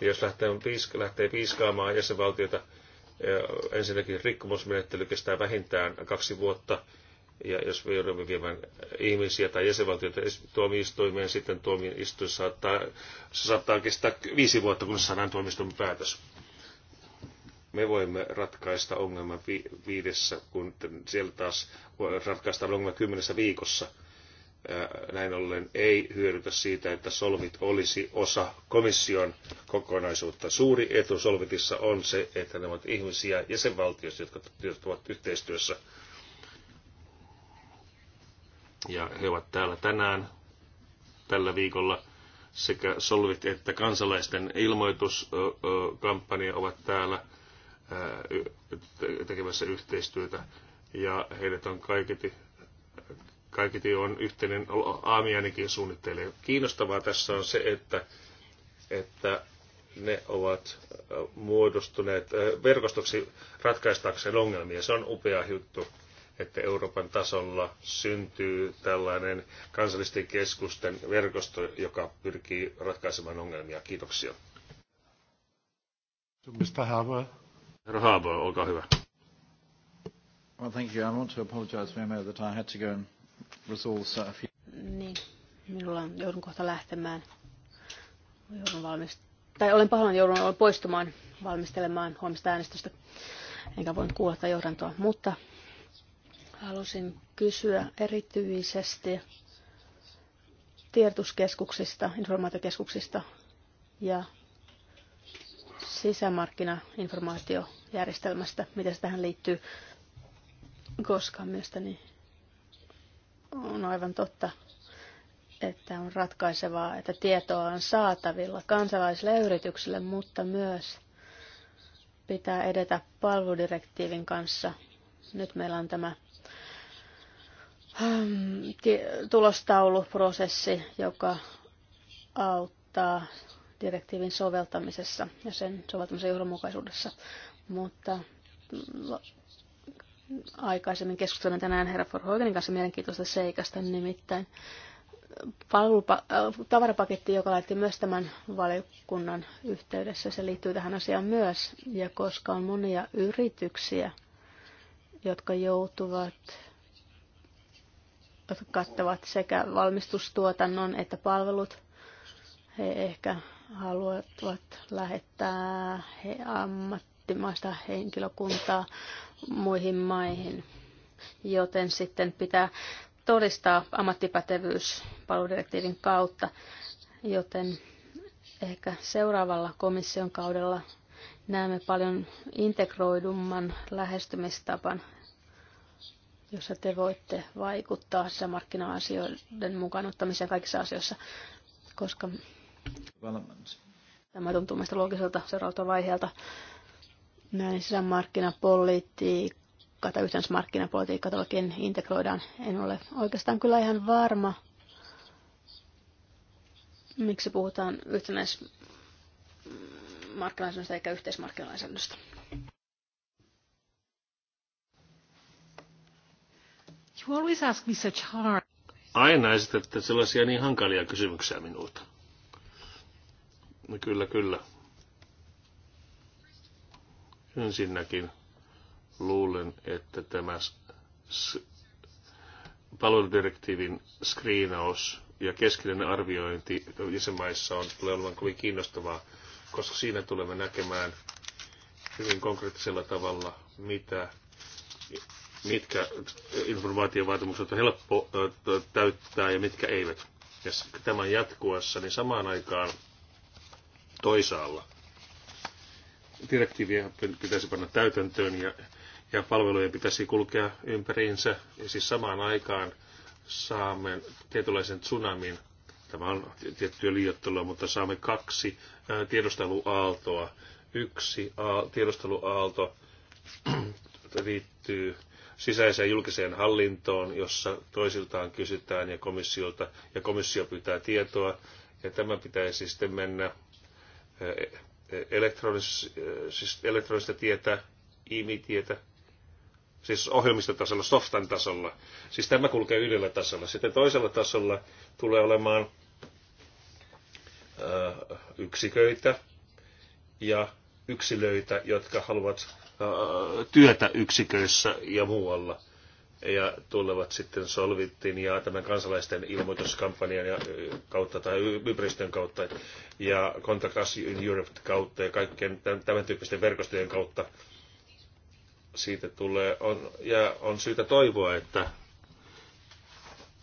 Ja jos lähtee, lähtee piiskaamaan jäsenvaltiota, ensinnäkin rikkomusmenettely kestää vähintään kaksi vuotta, ja jos me joudumme viemään ihmisiä tai jäsenvaltioita tuomioistuimeen, sitten tuomioistuin saattaa, saattaa kestää viisi vuotta, kun saadaan tuomioistuimen päätös me voimme ratkaista ongelman vi- viidessä, kun siellä taas ratkaistaan ongelma kymmenessä viikossa. Näin ollen ei hyödytä siitä, että solvit olisi osa komission kokonaisuutta. Suuri etu solvitissa on se, että ne ovat ihmisiä jäsenvaltioissa, jotka ovat yhteistyössä. Ja he ovat täällä tänään, tällä viikolla sekä Solvit että kansalaisten ilmoituskampanja ovat täällä tekemässä yhteistyötä ja heidät on kaiketi, kaiketi on yhteinen aamiainenkin suunnitteille. Kiinnostavaa tässä on se, että, että ne ovat muodostuneet verkostoksi ratkaistakseen ongelmia. Se on upea juttu, että Euroopan tasolla syntyy tällainen kansallisten keskusten verkosto, joka pyrkii ratkaisemaan ongelmia. Kiitoksia. Mr. Herra Haabo, olkaa hyvä. Well, thank you. I want to apologize for Emma that I had to go and resolve a few... Niin, minulla on, joudun kohta lähtemään. Joudun valmist... Tai olen pahoin joudun poistumaan valmistelemaan huomista äänestystä. Enkä voinut kuulla tätä johdantoa, mutta halusin kysyä erityisesti tiedotuskeskuksista, informaatiokeskuksista ja sisämarkkinainformaatiojärjestelmästä, mitä se tähän liittyy, koska mielestäni on aivan totta, että on ratkaisevaa, että tietoa on saatavilla kansalaisille ja yrityksille, mutta myös pitää edetä palveludirektiivin kanssa. Nyt meillä on tämä ähm, tulostauluprosessi, joka auttaa direktiivin soveltamisessa ja sen soveltamisen johdonmukaisuudessa. Mutta mm, aikaisemmin keskustelin tänään herra Forhoikenin kanssa mielenkiintoista seikasta, nimittäin palvelupa- äh, tavarapaketti, joka laitettiin myös tämän valiokunnan yhteydessä. Se liittyy tähän asiaan myös. Ja koska on monia yrityksiä, jotka joutuvat jotka kattavat sekä valmistustuotannon että palvelut, he ehkä haluavat lähettää he ammattimaista henkilökuntaa muihin maihin, joten sitten pitää todistaa ammattipätevyys paludirektiivin kautta, joten ehkä seuraavalla komission kaudella näemme paljon integroidumman lähestymistapan, jossa te voitte vaikuttaa markkina asioiden mukaan ottamiseen kaikissa asioissa, koska Tämä tuntuu mielestäni loogiselta seuraavalta vaiheelta. Näin sisämarkkinapolitiikka tai yhteismarkkinapolitiikka todellakin integroidaan. En ole oikeastaan kyllä ihan varma, miksi puhutaan yhtenäismarkkinalainsäädännöstä eikä yhteismarkkinalainsäädännöstä. You always ask me such hard. Aina esitätte sellaisia niin hankalia kysymyksiä minulta. No kyllä, kyllä. Ensinnäkin luulen, että tämä palveludirektiivin screenaus ja keskeinen arviointi jäsenmaissa on, tulee olemaan kovin kiinnostavaa, koska siinä tulemme näkemään hyvin konkreettisella tavalla, mitä, mitkä informaatiovaatimukset on helppo täyttää ja mitkä eivät. Ja tämän jatkuessa, niin samaan aikaan toisaalla. Direktiiviä pitäisi panna täytäntöön ja, ja palvelujen pitäisi kulkea ympäriinsä. Ja siis samaan aikaan saamme tietynlaisen tsunamin. Tämä on tiettyä liiottelua, mutta saamme kaksi tiedusteluaaltoa. Yksi tiedusteluaalto (clears throat) liittyy sisäiseen julkiseen hallintoon, jossa toisiltaan kysytään ja komissiolta, ja komissio pyytää tietoa, ja tämä pitäisi sitten mennä E, siis elektronista tietä, IMI-tietä, siis ohjelmistotasolla, softan tasolla. Siis tämä kulkee yhdellä tasolla. Sitten toisella tasolla tulee olemaan yksiköitä ja yksilöitä, jotka haluavat työtä yksiköissä ja muualla ja tulevat sitten Solvitin ja tämän kansalaisten ilmoituskampanjan ja kautta tai ympäristön kautta ja Contact Us in Europe kautta ja kaikkien tämän tyyppisten verkostojen kautta siitä tulee, on, ja on syytä toivoa, että,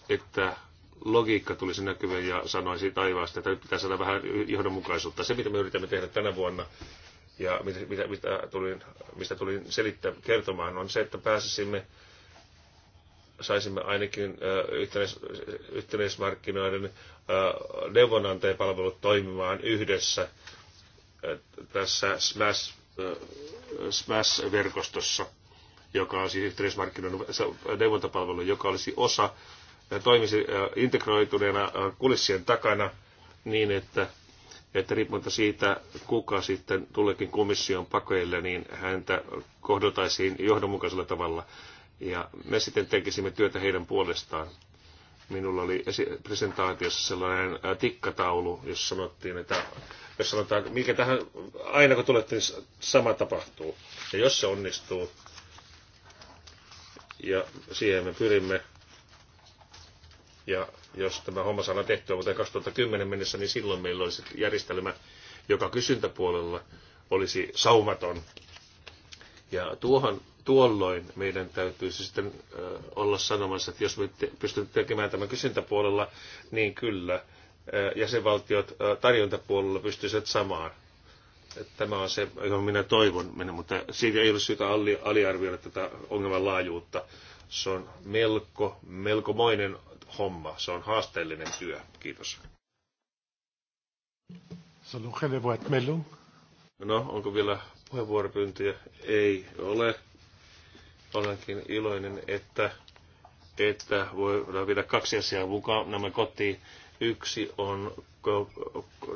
että logiikka tulisi näkyviin ja sanoisi taivaasta, että nyt pitää saada vähän johdonmukaisuutta. Se, mitä me yritämme tehdä tänä vuonna, ja mitä, mitä, mitä tulin, mistä tulin selittää, kertomaan, on se, että pääsisimme saisimme ainakin yhtenäis, yhtenäismarkkinoiden neuvonantajapalvelut toimimaan yhdessä tässä SMAS, SMAS-verkostossa, joka on siis yhtenäismarkkinoiden neuvontapalvelu, joka olisi osa, toimisi integroituneena kulissien takana niin, että että riippumatta siitä, kuka sitten tuleekin komission pakoille, niin häntä kohdotaisiin johdonmukaisella tavalla ja me sitten tekisimme työtä heidän puolestaan. Minulla oli presentaatiossa sellainen äh, tikkataulu, jossa sanottiin, että jos sanotaan, mikä tähän, aina kun tulette, niin sama tapahtuu. Ja jos se onnistuu, ja siihen me pyrimme, ja jos tämä homma saadaan tehtyä vuoteen 2010 mennessä, niin silloin meillä olisi järjestelmä, joka kysyntäpuolella olisi saumaton. Ja tuohon tuolloin meidän täytyisi sitten olla sanomassa, että jos me pystymme tekemään tämän kysyntäpuolella, niin kyllä jäsenvaltiot tarjontapuolella pystyisivät samaan. Tämä on se, johon minä toivon, mutta siitä ei ole syytä aliarvioida tätä ongelman laajuutta. Se on melko, melkomoinen homma. Se on haasteellinen työ. Kiitos. No, onko vielä puheenvuoropyyntöjä? Ei ole. Olenkin iloinen, että, että voidaan viedä kaksi asiaa mukaan nämä kotiin. Yksi on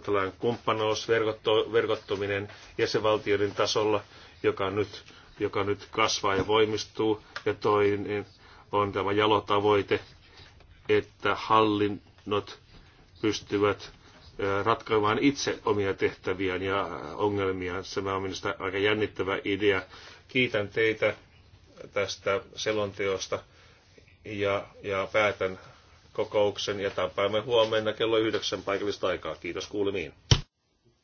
tällainen kumppanuus, verkotto, verkottuminen jäsenvaltioiden tasolla, joka nyt, joka nyt kasvaa ja voimistuu. Ja toinen on tämä jalotavoite, että hallinnot pystyvät ratkoimaan itse omia tehtäviään ja ongelmiaan. Se on minusta aika jännittävä idea. Kiitän teitä tästä selonteosta ja, ja päätän kokouksen ja tapaamme huomenna kello yhdeksän paikallista aikaa. Kiitos kuulemiin.